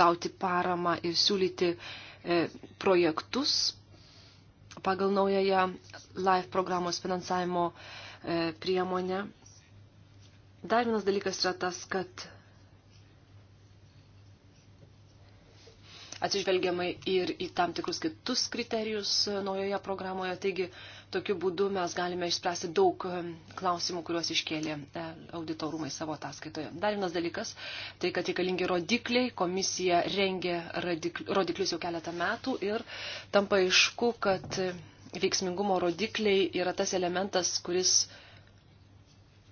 gauti paramą ir siūlyti e, projektus pagal naująją LIFE programos finansavimo e, priemonę. Dar vienas dalykas yra tas, kad atsižvelgiamai ir į tam tikrus kitus kriterijus e, naujoje programoje. Taigi, tokiu būdu mes galime išspręsti daug e, klausimų, kuriuos iškėlė e, auditorumai savo ataskaitoje. Dar vienas dalykas, tai kad reikalingi rodikliai, komisija rengė rodiklius jau keletą metų ir tampa aišku, kad veiksmingumo rodikliai yra tas elementas, kuris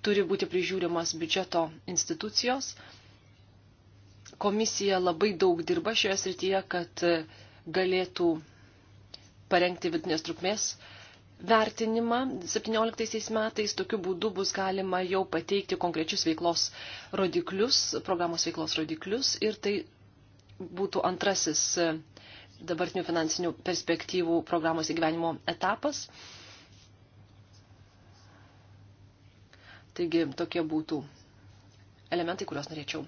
turi būti prižiūrimas biudžeto institucijos Komisija labai daug dirba šioje srityje, kad galėtų parengti vidinės trukmės vertinimą 17 metais. Tokiu būdu bus galima jau pateikti konkrečius veiklos rodiklius, programos veiklos rodiklius ir tai būtų antrasis dabartinių finansinių perspektyvų programos įgyvenimo etapas. Taigi tokie būtų elementai, kuriuos norėčiau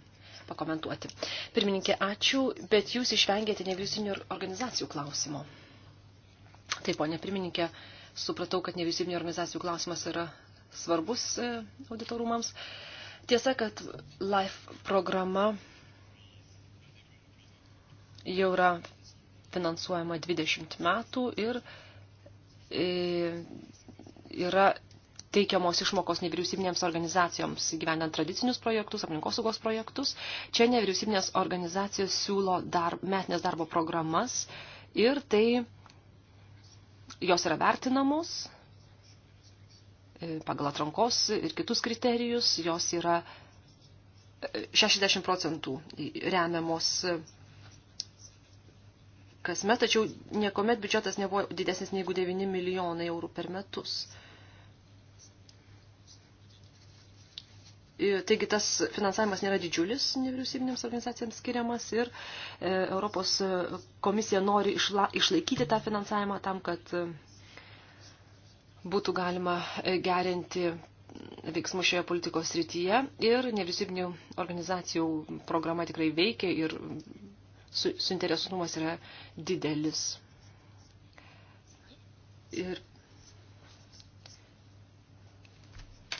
pakomentuoti. Pirmininkė, ačiū, bet jūs išvengėte nevyriausybinių organizacijų klausimo. Taip, ponė pirmininkė, supratau, kad nevyriausybinių organizacijų klausimas yra svarbus e, auditorumams. Tiesa, kad LIFE programa jau yra finansuojama 20 metų ir e, yra teikiamos išmokos nevyriausybinėms organizacijoms gyvenant tradicinius projektus, aplinkosaugos projektus. Čia nevyriausybinės organizacijos siūlo dar, metinės darbo programas ir tai jos yra vertinamos e, pagal atrankos ir kitus kriterijus, jos yra 60 e, procentų remiamos e, kasmet, tačiau niekuomet biudžetas nebuvo didesnis negu 9 milijonai eurų per metus. Taigi tas finansavimas nėra didžiulis nevyriausybinėms organizacijams skiriamas ir e, Europos e, komisija nori išla, išlaikyti tą finansavimą tam, kad e, būtų galima gerinti veiksmų šioje politikos srityje. Ir nevyriausybinių organizacijų programa tikrai veikia ir su, suinteresuotumas yra didelis. Ir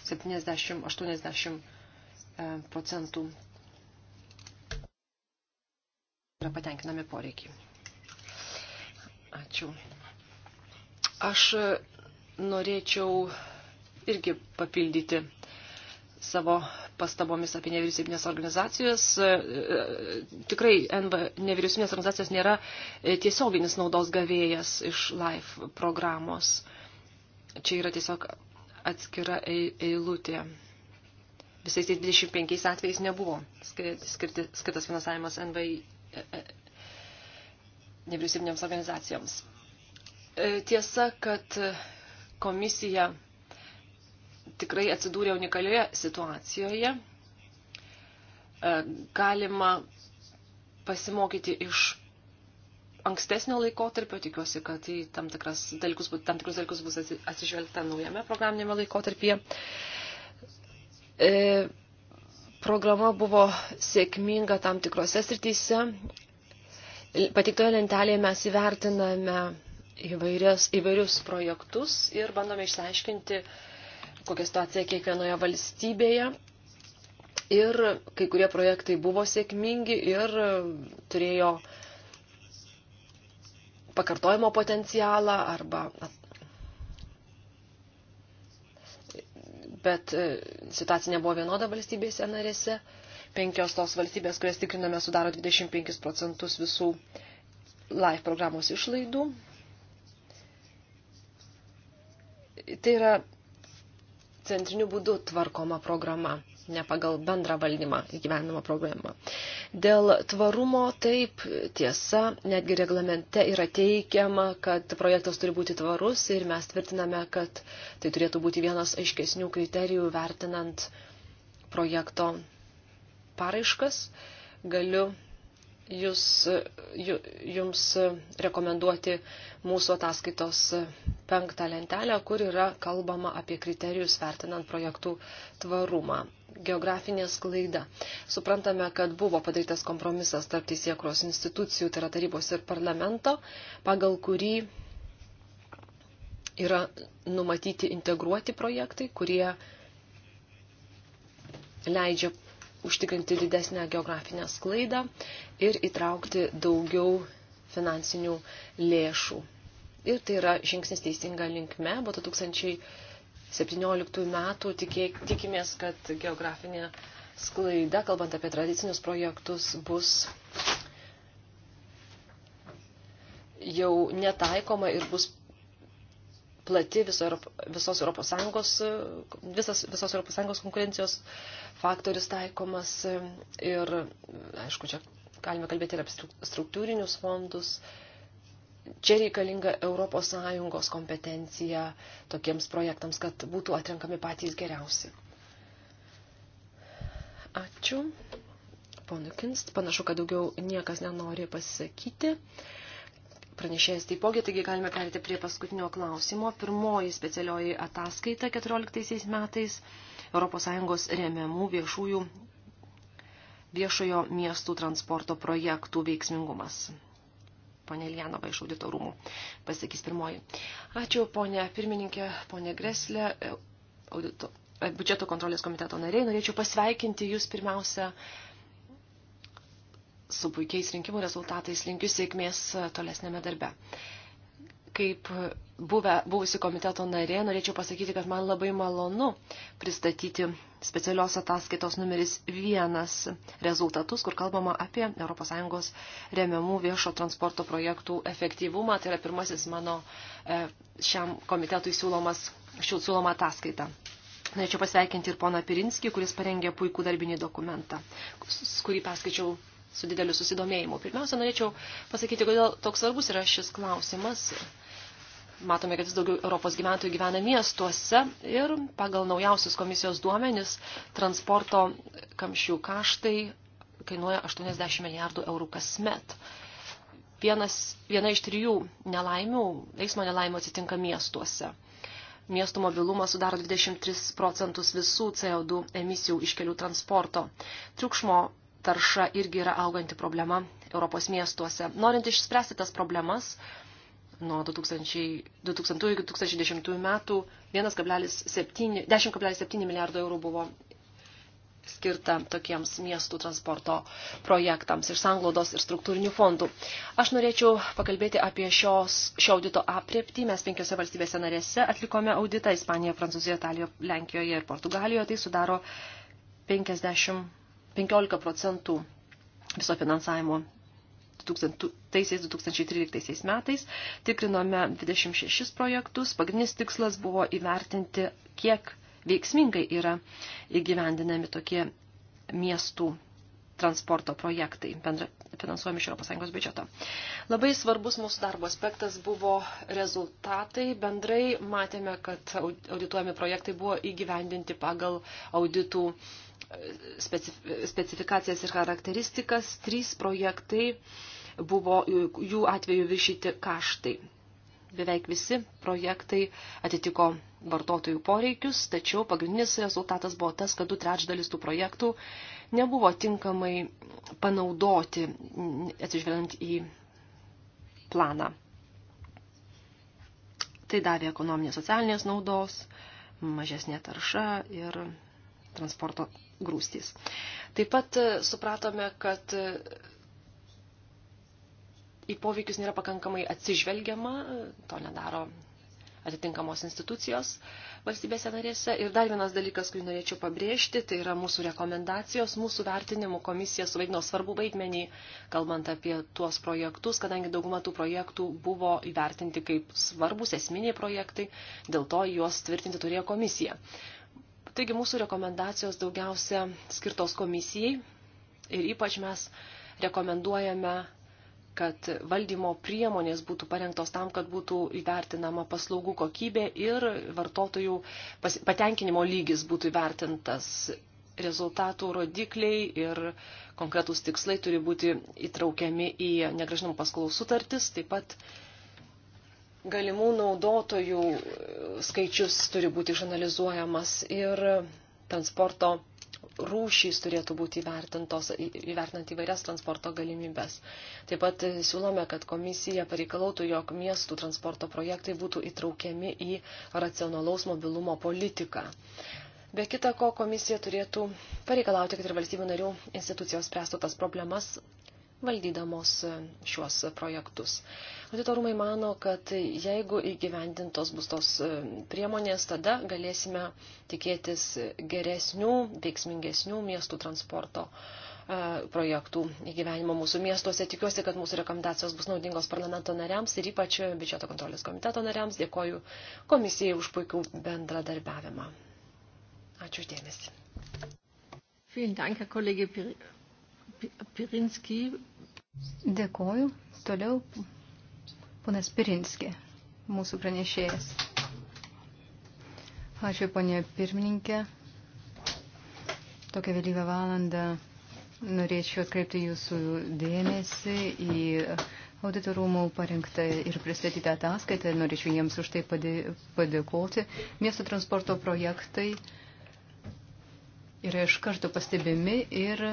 70-80 e, procentų yra patenkinami poreikiai. Ačiū. Aš norėčiau irgi papildyti savo pastabomis apie nevyriausybinės organizacijas. E, e, tikrai NV, nevyriausybinės organizacijos nėra tiesioginis naudos gavėjas iš LIFE programos. Čia yra tiesiog atskira eilutė. Visais tais 25 atvejais nebuvo skirti, skirtas finansavimas NVI e, e, nevyriausybinėms organizacijoms. E, tiesa, kad komisija tikrai atsidūrė unikalioje situacijoje. Galima pasimokyti iš ankstesnio laikotarpio, tikiuosi, kad į tam, tikras dalykus, tam tikrus dalykus bus atsižvelgta naujame programinėme laikotarpyje. E, programa buvo sėkminga tam tikrose srityse. Patiktoje lentelėje mes įvertiname įvairias, įvairius projektus ir bandome išsiaiškinti, kokia situacija kiekvienoje valstybėje. Ir kai kurie projektai buvo sėkmingi ir turėjo uh, pakartojimo potencialą arba. Bet e, situacija nebuvo vienoda valstybėse narėse. Penkios tos valstybės, kurias tikriname, sudaro 25 procentus visų live programos išlaidų. Tai yra centriniu būdu tvarkoma programa ne pagal bendrą valdymą įgyvenimą programą. Dėl tvarumo taip tiesa, netgi reglamente yra teikiama, kad projektas turi būti tvarus ir mes tvirtiname, kad tai turėtų būti vienas aiškesnių kriterijų vertinant projekto paraiškas. Galiu jūs, jums rekomenduoti mūsų ataskaitos penktą lentelę, kur yra kalbama apie kriterijus vertinant projektų tvarumą geografinė sklaida. Suprantame, kad buvo padarytas kompromisas tarp teisėkros institucijų, tai yra tarybos ir parlamento, pagal kurį yra numatyti integruoti projektai, kurie leidžia užtikrinti didesnę geografinę sklaidą ir įtraukti daugiau finansinių lėšų. Ir tai yra žingsnis teisinga linkme, buvo 2000 17 metų tikėk, tikimės, kad geografinė sklaida, kalbant apie tradicinius projektus, bus jau netaikoma ir bus plati viso, visos Europos Sąjungos, visas, visos Europos Sąjungos konkurencijos faktorius taikomas ir, aišku, čia galime kalbėti ir apie struktūrinius fondus, uh, čia reikalinga ES kompetencija tokiems projektams, kad būtų atrenkami patys geriausi. Ačiū. Ponu Kinst, panašu, kad daugiau niekas nenori pasisakyti. Pranešėjas taipogi, taigi galime perėti prie paskutinio klausimo. Pirmoji specialioji ataskaita 14 metais ES remiamų viešųjų viešojo miestų transporto projektų veiksmingumas ponė Lianova iš audito rūmų pasakys pirmoji. Ačiū, ponė pirmininkė, ponė Greslė, e, audito, e, biudžeto kontrolės komiteto nariai. Norėčiau pasveikinti jūs pirmiausia su puikiais rinkimų rezultatais. Linkiu sėkmės tolesnėme darbe. Kaip buvę, buvusi komiteto narė, norėčiau pasakyti, kad man labai malonu pristatyti specialios ataskaitos numeris vienas rezultatus, kur kalbama apie ES remiamų viešo transporto projektų efektyvumą. Tai yra pirmasis mano e, šiam komitetui siūlomas, šių siūloma ataskaita. Norėčiau pasveikinti ir poną Pirinskį, kuris parengė puikų darbinį dokumentą, kurį perskaičiau su dideliu susidomėjimu. Pirmiausia, norėčiau pasakyti, kodėl toks svarbus yra šis klausimas Matome, kad vis daugiau Europos gyventojų gyvena miestuose ir pagal naujausius komisijos duomenis transporto kamščių kaštai kainuoja 80 milijardų eurų kasmet. Vienas, viena iš trijų nelaimių, eismo nelaimų atsitinka miestuose. Miestų mobilumas sudaro 23 procentus visų CO2 emisijų iš kelių transporto. Triukšmo tarša irgi yra auganti problema Europos miestuose. Norint išspręsti tas problemas, nuo 2000, 2000 iki 2010 metų 10,7 milijardo eurų buvo skirta tokiems miestų transporto projektams iš sanglaudos ir struktūrinių fondų. Aš norėčiau pakalbėti apie šios, šio audito aprieptį. Mes penkiose valstybėse narėse atlikome auditą Ispanijoje, Prancūzijoje, Italijoje, Lenkijoje ir Portugalijoje. Tai sudaro 50, 15 procentų viso finansavimo 2000-2013 metais tikrinome 26 projektus. Pagrindinis tikslas buvo įvertinti, kiek veiksmingai yra įgyvendinami tokie miestų transporto projektai bendra, finansuojami iš ES biudžeto. Labai svarbus mūsų darbo aspektas buvo rezultatai. Bendrai matėme, kad audituojami projektai buvo įgyvendinti pagal auditų uh, specifikacijas ir charakteristikas, trys projektai buvo jų atveju viršyti kaštai. Beveik visi projektai atitiko vartotojų poreikius, tačiau pagrindinis rezultatas buvo tas, kad du trečdalis tų projektų nebuvo tinkamai panaudoti, atsižvelgiant į planą. Tai davė ekonominės socialinės naudos, mažesnė tarša ir transporto grūstys. Taip pat e, supratome, kad e, į poveikius nėra pakankamai atsižvelgiama, e, to nedaro atitinkamos institucijos valstybėse narėse. Ir dar vienas dalykas, kurį norėčiau pabrėžti, tai yra mūsų rekomendacijos, mūsų vertinimų komisija suvaidino svarbu vaidmenį, kalbant apie tuos projektus, kadangi dauguma tų projektų buvo įvertinti kaip svarbus esminiai projektai, dėl to juos tvirtinti turėjo komisija. Taigi mūsų rekomendacijos daugiausia skirtos komisijai ir ypač mes rekomenduojame, kad valdymo priemonės būtų parengtos tam, kad būtų įvertinama paslaugų kokybė ir vartotojų patenkinimo lygis būtų įvertintas rezultatų rodikliai ir konkretūs tikslai turi būti įtraukiami į negražinamų paskolų sutartis, taip pat galimų naudotojų e, skaičius turi būti išanalizuojamas ir transporto rūšys turėtų būti įvertintos, įvertinant įvairias transporto galimybės. Taip pat e, siūlome, kad komisija pareikalautų, jog miestų transporto projektai būtų įtraukiami į racionalaus mobilumo politiką. Be kita ko, komisija turėtų pareikalauti, kad ir valstybių narių institucijos spręstų tas problemas, valdydamos šiuos projektus. Auditorumai mano, kad jeigu įgyvendintos bus tos e, priemonės, tada galėsime tikėtis geresnių, veiksmingesnių miestų transporto e, projektų įgyvenimo mūsų miestuose. Tikiuosi, kad mūsų rekomendacijos bus naudingos parlamento nariams ir ypač biudžeto kontrolės komiteto nariams. Dėkoju komisijai už puikų bendradarbiavimą. Ačiū uždėmesi. Vielen Dank, Herr Kollege Pirinski. Pirinski. Dėkoju. Toliau ponas Pirinski, mūsų pranešėjas. Ačiū, ponė pirmininkė. Tokią vėlyvę valandą norėčiau atkreipti jūsų dėmesį į auditorumų parengtą ir pristatytą ataskaitą. Norėčiau jiems už tai padėkoti. Miesto transporto projektai yra iš karto pastebimi ir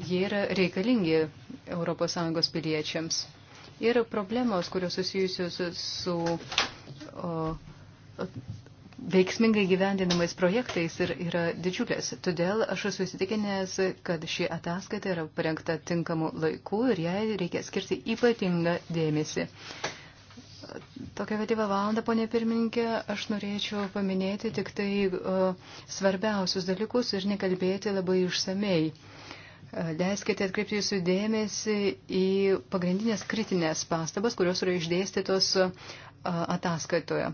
jie yra reikalingi ES piliečiams. Ir problemos, kurios susijusios su o, o, veiksmingai gyvendinamais projektais ir, yra didžiulės. Todėl aš esu įsitikinęs, kad ši ataskaita yra parengta tinkamu laiku ir jai reikia skirti ypatingą dėmesį. Tokią vėlyvą valandą, ponė pirmininkė, aš norėčiau paminėti tik tai uh, svarbiausius dalykus ir nekalbėti labai išsamei. Uh, Leiskite atkreipti jūsų dėmesį į pagrindinės kritinės pastabas, kurios yra išdėstytos ataskaitoje.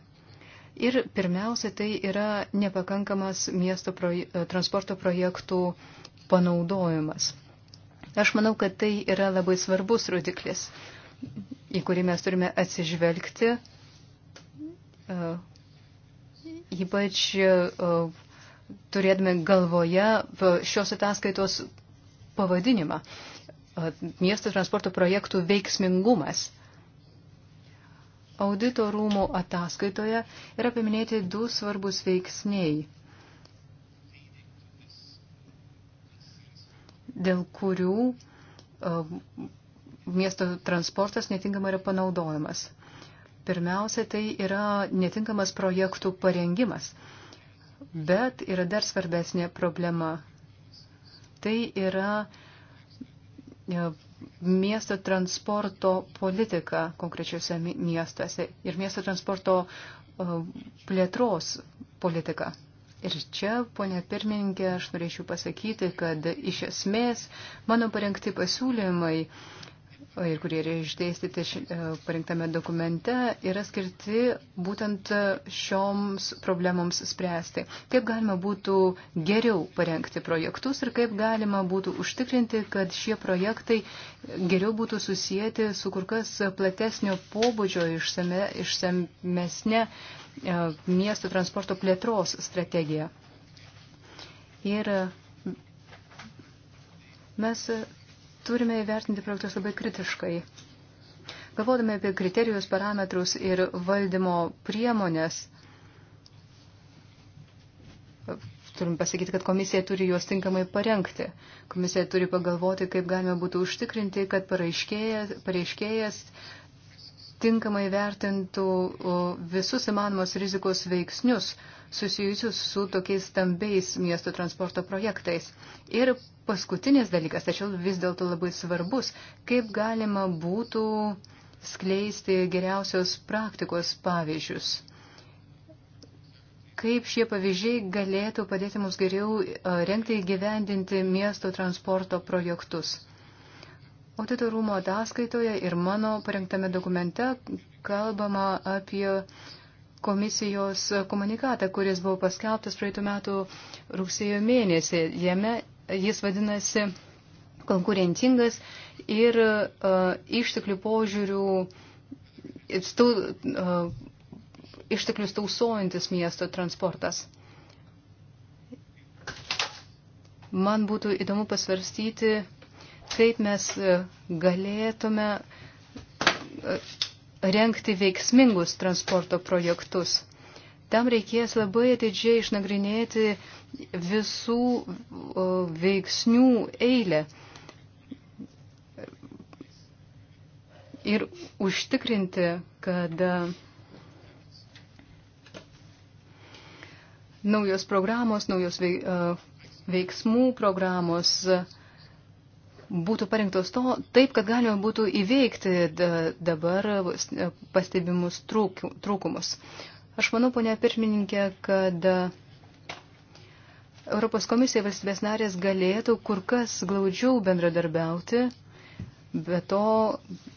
Ir pirmiausia, tai yra nepakankamas miesto proje, transporto projektų panaudojimas. Aš manau, kad tai yra labai svarbus rodiklis, į kurį mes turime atsižvelgti, ypač turėdami galvoje šios ataskaitos pavadinimą. Miesto transporto projektų veiksmingumas. Audito rūmų ataskaitoje yra paminėti du svarbus veiksniai, dėl kurių miesto transportas netinkamai yra panaudojamas. Pirmiausia, tai yra netinkamas projektų parengimas. Bet yra dar svarbesnė problema Tai yra e, miesto transporto politika konkrečiuose miestuose ir miesto transporto e, plėtros politika. Ir čia, ponia pirmininkė, aš norėčiau pasakyti, kad iš esmės mano parengti pasiūlymai ir kurie yra išdėstyti e, parinktame dokumente, yra skirti būtent šioms problemoms spręsti. Kaip galima būtų geriau parengti projektus ir kaip galima būtų užtikrinti, kad šie projektai geriau būtų susijęti su kur kas platesnio pobūdžio išsame, išsamesne e, miesto transporto plėtros strategija. Ir mes turime įvertinti projektus labai kritiškai. Galvodami apie kriterijus, parametrus ir valdymo priemonės, turim pasakyti, kad komisija turi juos tinkamai parengti. Komisija turi pagalvoti, kaip galima būtų užtikrinti, kad pareiškėjas, pareiškėjas tinkamai vertintų visus įmanomos rizikos veiksnius susijusius su tokiais stambiais miesto transporto projektais. Ir paskutinis dalykas, tačiau vis dėlto labai svarbus, kaip galima būtų skleisti geriausios praktikos pavyzdžius. Kaip šie pavyzdžiai galėtų padėti mums geriau rengti įgyvendinti miesto transporto projektus. Audito rūmo ataskaitoje ir mano parengtame dokumente kalbama apie komisijos komunikatą, kuris buvo paskelbtas praeitų metų rugsėjo mėnesį. Jame jis vadinasi konkurencingas ir uh, išteklių požiūrių stu, uh, e, išteklius tausojantis miesto transportas. Man būtų įdomu pasvarstyti kaip mes e, galėtume e, renkti veiksmingus transporto projektus. Tam reikės labai atidžiai išnagrinėti visų veiksnių eilę ir užtikrinti, kad e, naujos programos, naujos veiksmų programos uh, būtų parinktos to, taip, kad galima būtų įveikti dabar pastebimus trūk, trūkumus. Aš manau, ponia pirmininkė, kad Europos komisija valstybės narės galėtų kur kas glaudžiau bendradarbiauti, bet to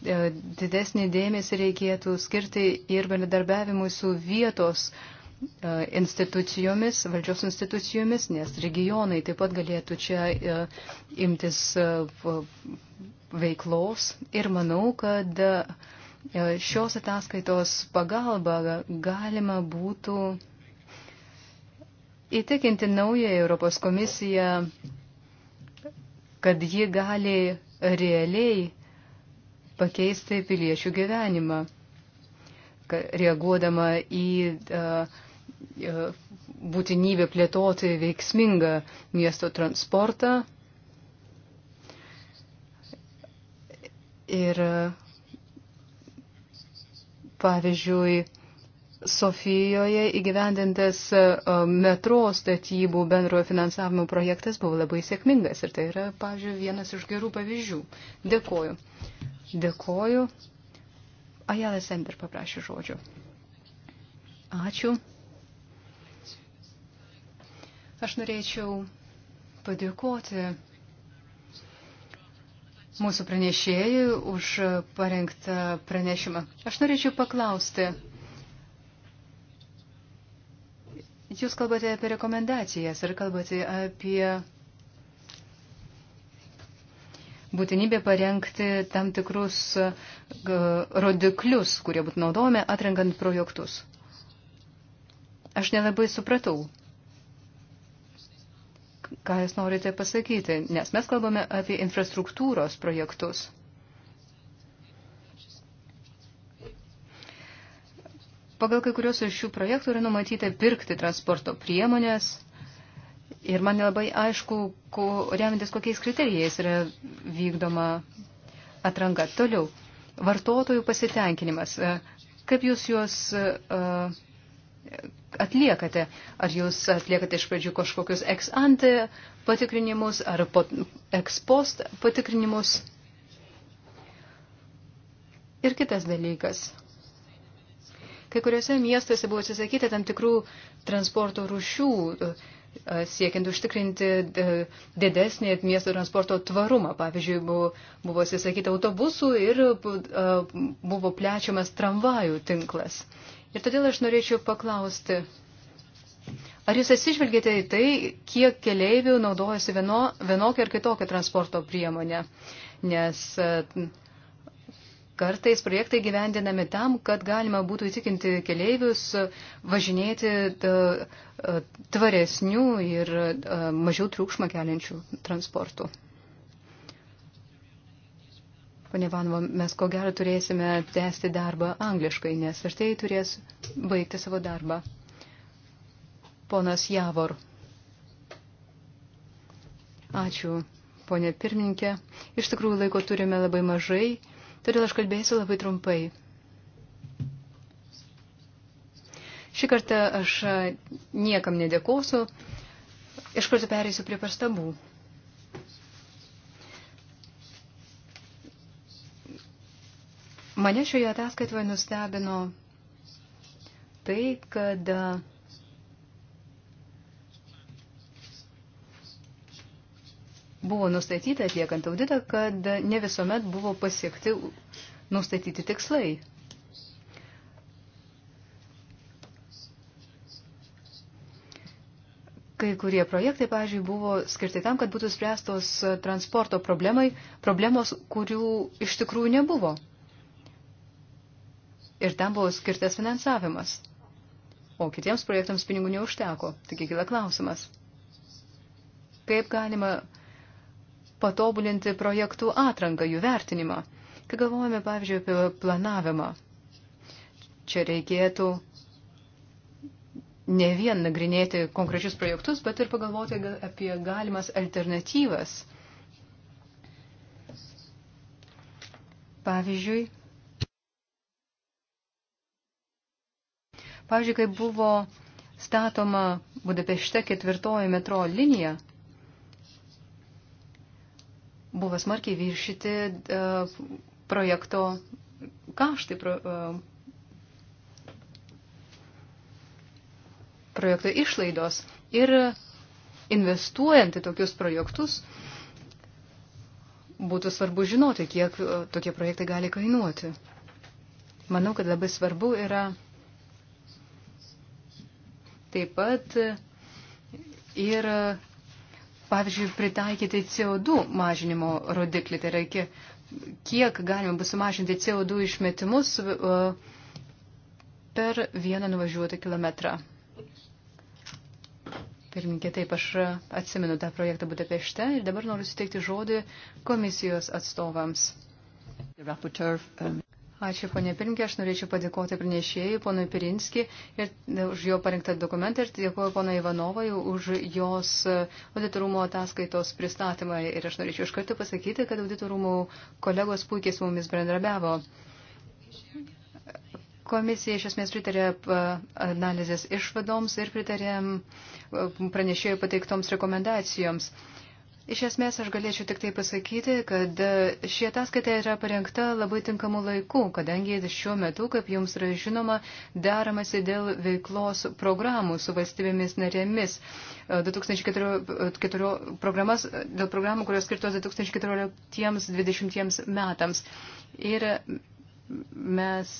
e, didesnį dėmesį reikėtų skirti ir bendradarbiavimui su vietos uh, E, institucijomis, valdžios institucijomis, nes regionai taip pat galėtų čia e, imtis e, veiklos. Ir manau, kad šios ataskaitos pagalba galima būtų įtikinti naują Europos komisiją, kad ji gali realiai pakeisti piliečių gyvenimą, reaguodama į uh, E, būtinybė plėtoti veiksmingą miesto transportą. Ir pavyzdžiui, Sofijoje įgyvendintas e, metro statybų bendrojo finansavimo projektas buvo labai sėkmingas ir tai yra, pavyzdžiui, vienas iš gerų pavyzdžių. Dėkoju. Dėkoju. Ajala Sender paprašė žodžio. Ačiū. Aš norėčiau padėkoti mūsų pranešėjai už parengtą pranešimą. Aš norėčiau paklausti, jūs kalbate apie rekomendacijas ir kalbate apie būtinybė parengti tam tikrus rodiklius, kurie būtų naudojami atrenkant projektus. Aš nelabai supratau, ką jūs norite pasakyti, nes mes kalbame apie infrastruktūros projektus. Pagal kai kurios iš šių projektų yra numatyta pirkti transporto priemonės ir man nelabai aišku, ko, remintis kokiais kriterijais yra vykdoma atranka. Toliau, vartotojų pasitenkinimas. Kaip jūs juos, atliekate? Ar jūs atliekate iš pradžių kažkokius ex ante patikrinimus ar po, ex post patikrinimus? Ir kitas dalykas. Kai kuriuose miestuose buvo atsisakyta tam tikrų transporto rušių, e, siekiant užtikrinti e, didesnį miesto transporto tvarumą. Pavyzdžiui, buvo, buvo atsisakyta autobusų ir e, buvo plečiamas tramvajų tinklas. Ir todėl aš norėčiau paklausti, ar jūs atsižvelgėte į tai, kiek keleivių naudojasi vieno, vienokią ar kitokią transporto priemonę? Nes e, Kartais projektai gyvendinami tam, kad galima būtų įtikinti keleivius važinėti e, e, tvaresnių ir mažiau triukšmą keliančių transportų. Pane Vanova, mes ko gero turėsime tęsti darbą angliškai, nes aš tai turės baigti savo darbą. Ponas Javor. Ačiū, ponė pirmininkė. Iš tikrųjų laiko turime labai mažai, todėl aš kalbėsiu labai trumpai. Šį kartą aš niekam nedėkosiu, iš karto perėsiu prie pastabų. Mane šioje ataskaitoje nustebino tai, kad e, buvo nustatyta atliekant auditą, kad ne visuomet buvo pasiekti nustatyti tikslai. Kai kurie projektai, pavyzdžiui, buvo skirti tam, kad būtų spręstos transporto problemai, problemos, kurių iš tikrųjų nebuvo ir tam buvo skirtas finansavimas. O kitiems projektams pinigų neužteko. Taigi kila klausimas. Kaip galima patobulinti projektų atranką, jų vertinimą? Kai galvojame, pavyzdžiui, apie planavimą, čia reikėtų ne vien nagrinėti konkrečius projektus, bet ir pagalvoti apie galimas alternatyvas. Pavyzdžiui, Pavyzdžiui, kai buvo statoma Budapešte ketvirtoji metro linija, buvo smarkiai viršyti uh, projekto kaštai, pro, uh, projekto išlaidos. Ir investuojant į tokius projektus, būtų svarbu žinoti, kiek uh, tokie projektai gali kainuoti. Manau, kad labai svarbu yra taip pat ir, pavyzdžiui, pritaikyti CO2 mažinimo rodiklį, tai yra kiek, kiek galima bus sumažinti CO2 išmetimus e, per vieną nuvažiuotą kilometrą. Pirminkė, taip, aš atsimenu tą projektą Budapešte ir dabar noriu suteikti žodį komisijos atstovams. Ačiū, ponė Pirinkė. Aš norėčiau padėkoti pranešėjai, ponui Pirinski, ir e, už jo parengtą dokumentą ir dėkoju ponai Ivanovai už jos e, auditorumo ataskaitos pristatymą. Ir aš norėčiau iš karto pasakyti, kad auditorumų kolegos puikiai su mumis bendrabiavo. Komisija iš esmės pritarė e, analizės išvadoms ir pritarė pranešėjų pateiktoms rekomendacijoms. Iš esmės aš galėčiau tik tai pasakyti, kad šie ataskaita yra parengta labai tinkamu laiku, kadangi šiuo metu, kaip jums yra žinoma, daramasi dėl veiklos programų su valstybėmis narėmis. 2014 programas, dėl programų, kurios skirtos 2014-2020 metams. Ir mes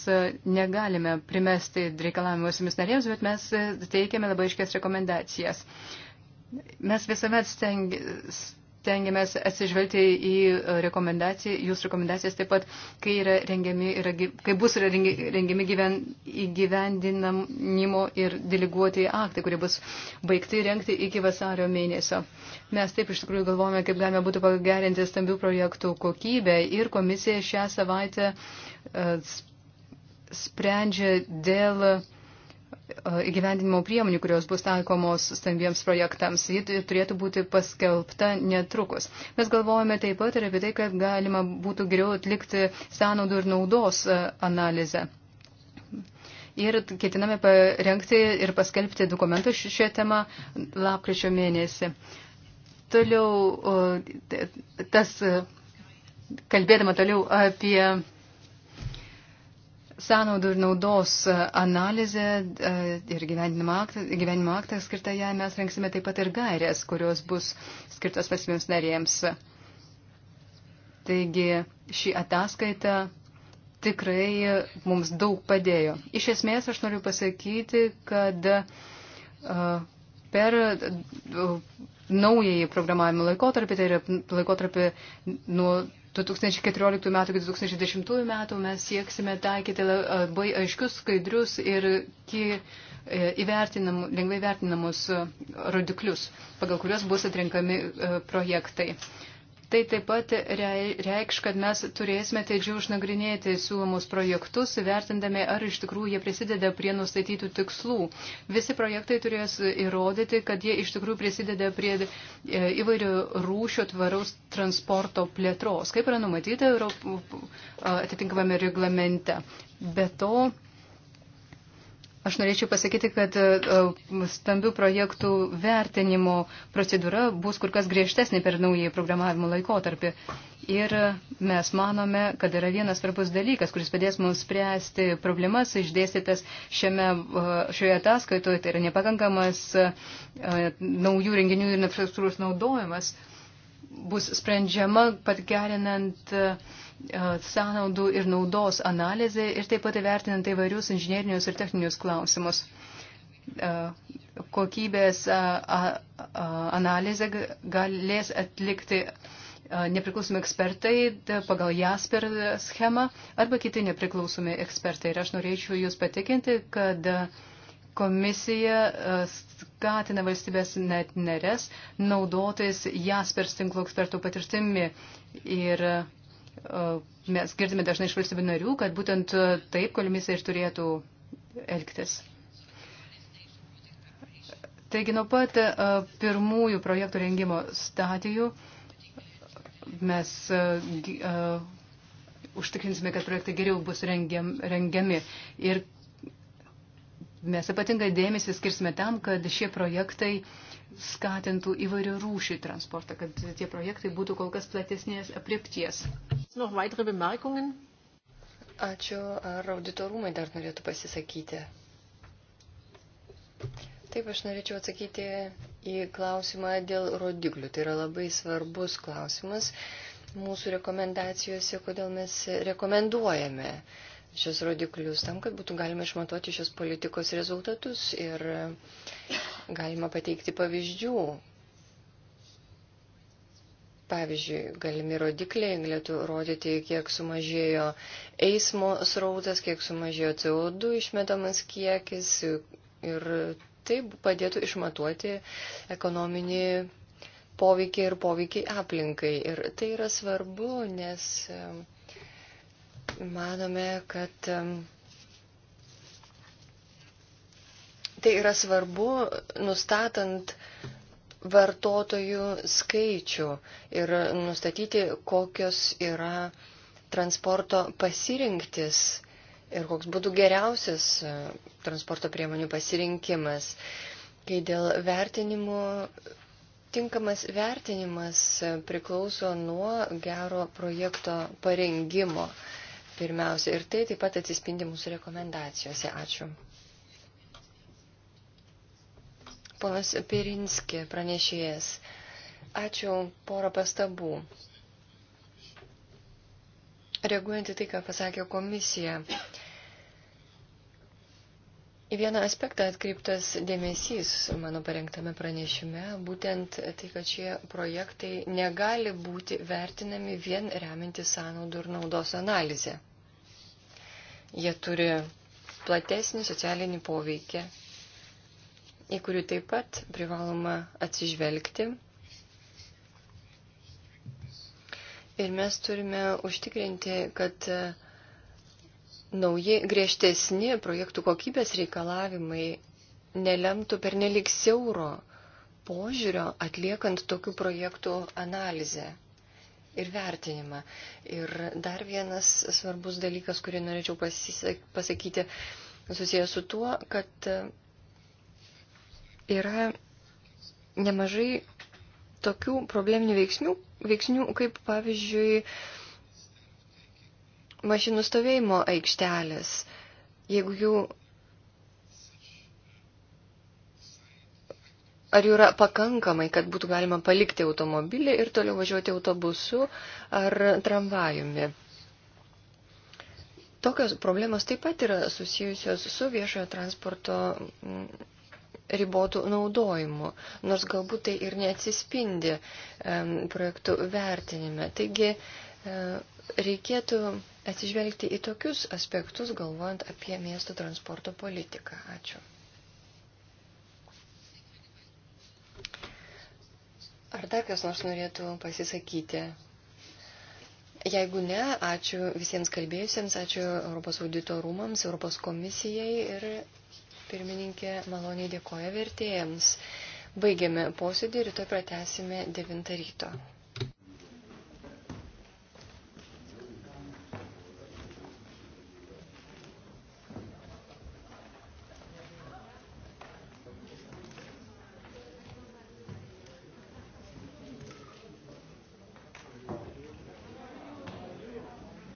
negalime primesti reikalavimus jums narėms, bet mes teikiame labai iškės rekomendacijas. Mes visuomet stengiamės tengiamės atsižvelgti į e, rekomendaciją, jūsų rekomendacijas taip pat, kai, yra rengiami, yra, kai bus yra rengiami gyven, įgyvendinimo ir deleguoti aktai, kurie bus baigti rengti iki vasario mėnesio. Mes taip iš tikrųjų galvojame, kaip galime būtų pagerinti stambių projektų kokybę ir komisija šią savaitę e, sprendžia dėl E, įgyvendinimo priemonių, kurios bus taikomos stambiems projektams. Ji turėtų būti paskelbta netrukus. Mes galvojame taip pat ir apie tai, kad galima būtų geriau atlikti sąnaudų ir naudos e, analizę. Ir ketiname parengti ir paskelbti dokumentus šią temą lapkričio mėnesį. Toliau tas, kalbėdama toliau apie sąnaudų ir naudos e, analizę e, ir gyvenimo aktą, gyvenimo aktą skirtą ją mes renksime taip pat ir gairės, kurios bus skirtos valstybėms narėms. Taigi šį ataskaitą tikrai mums daug padėjo. Iš esmės aš noriu pasakyti, kad e, per naująjį programavimo laikotarpį, tai yra laikotarpį nuo 2014 metų, 2010 metų mes sieksime taikyti labai aiškius, skaidrius ir e, įvertinam, lengvai vertinamus rodiklius, pagal kuriuos bus atrenkami projektai. Tai taip pat reikš, kad mes turėsime teidžių išnagrinėti siūlomus projektus, vertindami, ar iš tikrųjų jie prisideda prie nustatytų tikslų. Visi projektai turės įrodyti, kad jie iš tikrųjų prisideda prie e, įvairių rūšio tvaraus transporto plėtros, kaip yra numatyta Europ... E, atitinkamame reglamente. Be to, Aš norėčiau pasakyti, kad e, e, stambių projektų vertinimo procedūra bus kur kas griežtesnė per naują programavimo laikotarpį. Ir mes manome, kad yra vienas svarbus dalykas, kuris padės mums spręsti problemas išdėstytas šiame, e, šioje ataskaitoje, tai yra nepakankamas naujų renginių ir infrastruktūros naudojimas bus sprendžiama pat gerinant uh, sąnaudų ir naudos analizė ir taip pat įvertinant įvairius inžinierinius ir techninius klausimus. Kokybės analizę galės atlikti nepriklausomi ekspertai pagal Jasper schemą arba kiti nepriklausomi ekspertai. Ir aš norėčiau Jūs patikinti, kad komisija skatina valstybės net neres naudotis Jaspers tinklo ekspertų patirtimi. Ir uh, mes girdime dažnai iš valstybių narių, kad būtent taip kolomisai ir turėtų elgtis. Taigi nuo pat e, pirmųjų projektų rengimo stadijų mes e, e, užtikrinsime, kad projektai geriau bus rengiam, rengiami. Ir mes ypatingą dėmesį skirsime tam, kad šie projektai skatintų įvairių rūšį transportą, kad tie projektai būtų kol kas platesnės apriepties. Noch weitere Bemerkungen? Ačiū. Ar auditorumai dar norėtų pasisakyti? Taip, aš norėčiau atsakyti į klausimą dėl rodiklių. Tai yra labai svarbus klausimas mūsų rekomendacijose, kodėl mes rekomenduojame šios rodiklius tam, kad būtų galima išmatuoti šios politikos rezultatus ir galima pateikti pavyzdžių, Pavyzdžiui, galimi rodikliai galėtų rodyti, kiek sumažėjo eismo srautas, kiek sumažėjo CO2 išmetamas kiekis ir tai padėtų išmatuoti ekonominį poveikį ir poveikį aplinkai. Ir tai yra svarbu, nes manome, kad tai yra svarbu nustatant vartotojų skaičių ir nustatyti, kokios yra transporto pasirinktis ir koks būtų geriausias e, transporto priemonių pasirinkimas. Kai dėl vertinimo, tinkamas vertinimas e, priklauso nuo gero projekto parengimo pirmiausia. Ir tai taip pat atsispindi mūsų rekomendacijose. Ačiū. Ponas Pirinski, pranešėjas. Ačiū porą pastabų. Reaguojant į tai, ką pasakė komisija, į vieną aspektą atkreiptas dėmesys mano parengtame pranešime, būtent tai, kad šie projektai negali būti vertinami vien remianti sąnaudų ir naudos analizę. Jie turi platesnį socialinį poveikį į kurių taip pat privaloma atsižvelgti. Ir mes turime užtikrinti, kad e, nauji griežtesni projektų kokybės reikalavimai nelemtų pernelik siauro požiūrio atliekant tokių projektų analizę ir vertinimą. Ir dar vienas svarbus dalykas, kurį norėčiau pasisek, pasakyti, susijęs su tuo, kad e, yra nemažai tokių probleminių veiksnių, veiksnių kaip pavyzdžiui mašinų stovėjimo aikštelės. Jeigu jų. Ar jų yra pakankamai, kad būtų galima palikti automobilį ir toliau važiuoti autobusu ar tramvajumi? Tokios problemos taip pat yra susijusios su viešojo transporto ribotų naudojimų, nors galbūt tai ir neatsispindi projektų vertinime. Taigi e, reikėtų atsižvelgti į tokius aspektus, galvojant apie miesto transporto politiką. Ačiū. Ar dar kas nors norėtų pasisakyti? Jeigu ne, ačiū visiems kalbėjusiems, ačiū Europos audito rūmams, Europos komisijai ir Pirmininkė maloniai dėkoja vertėjams. Baigiame posėdį ir rytoj pratesime 9 ryto.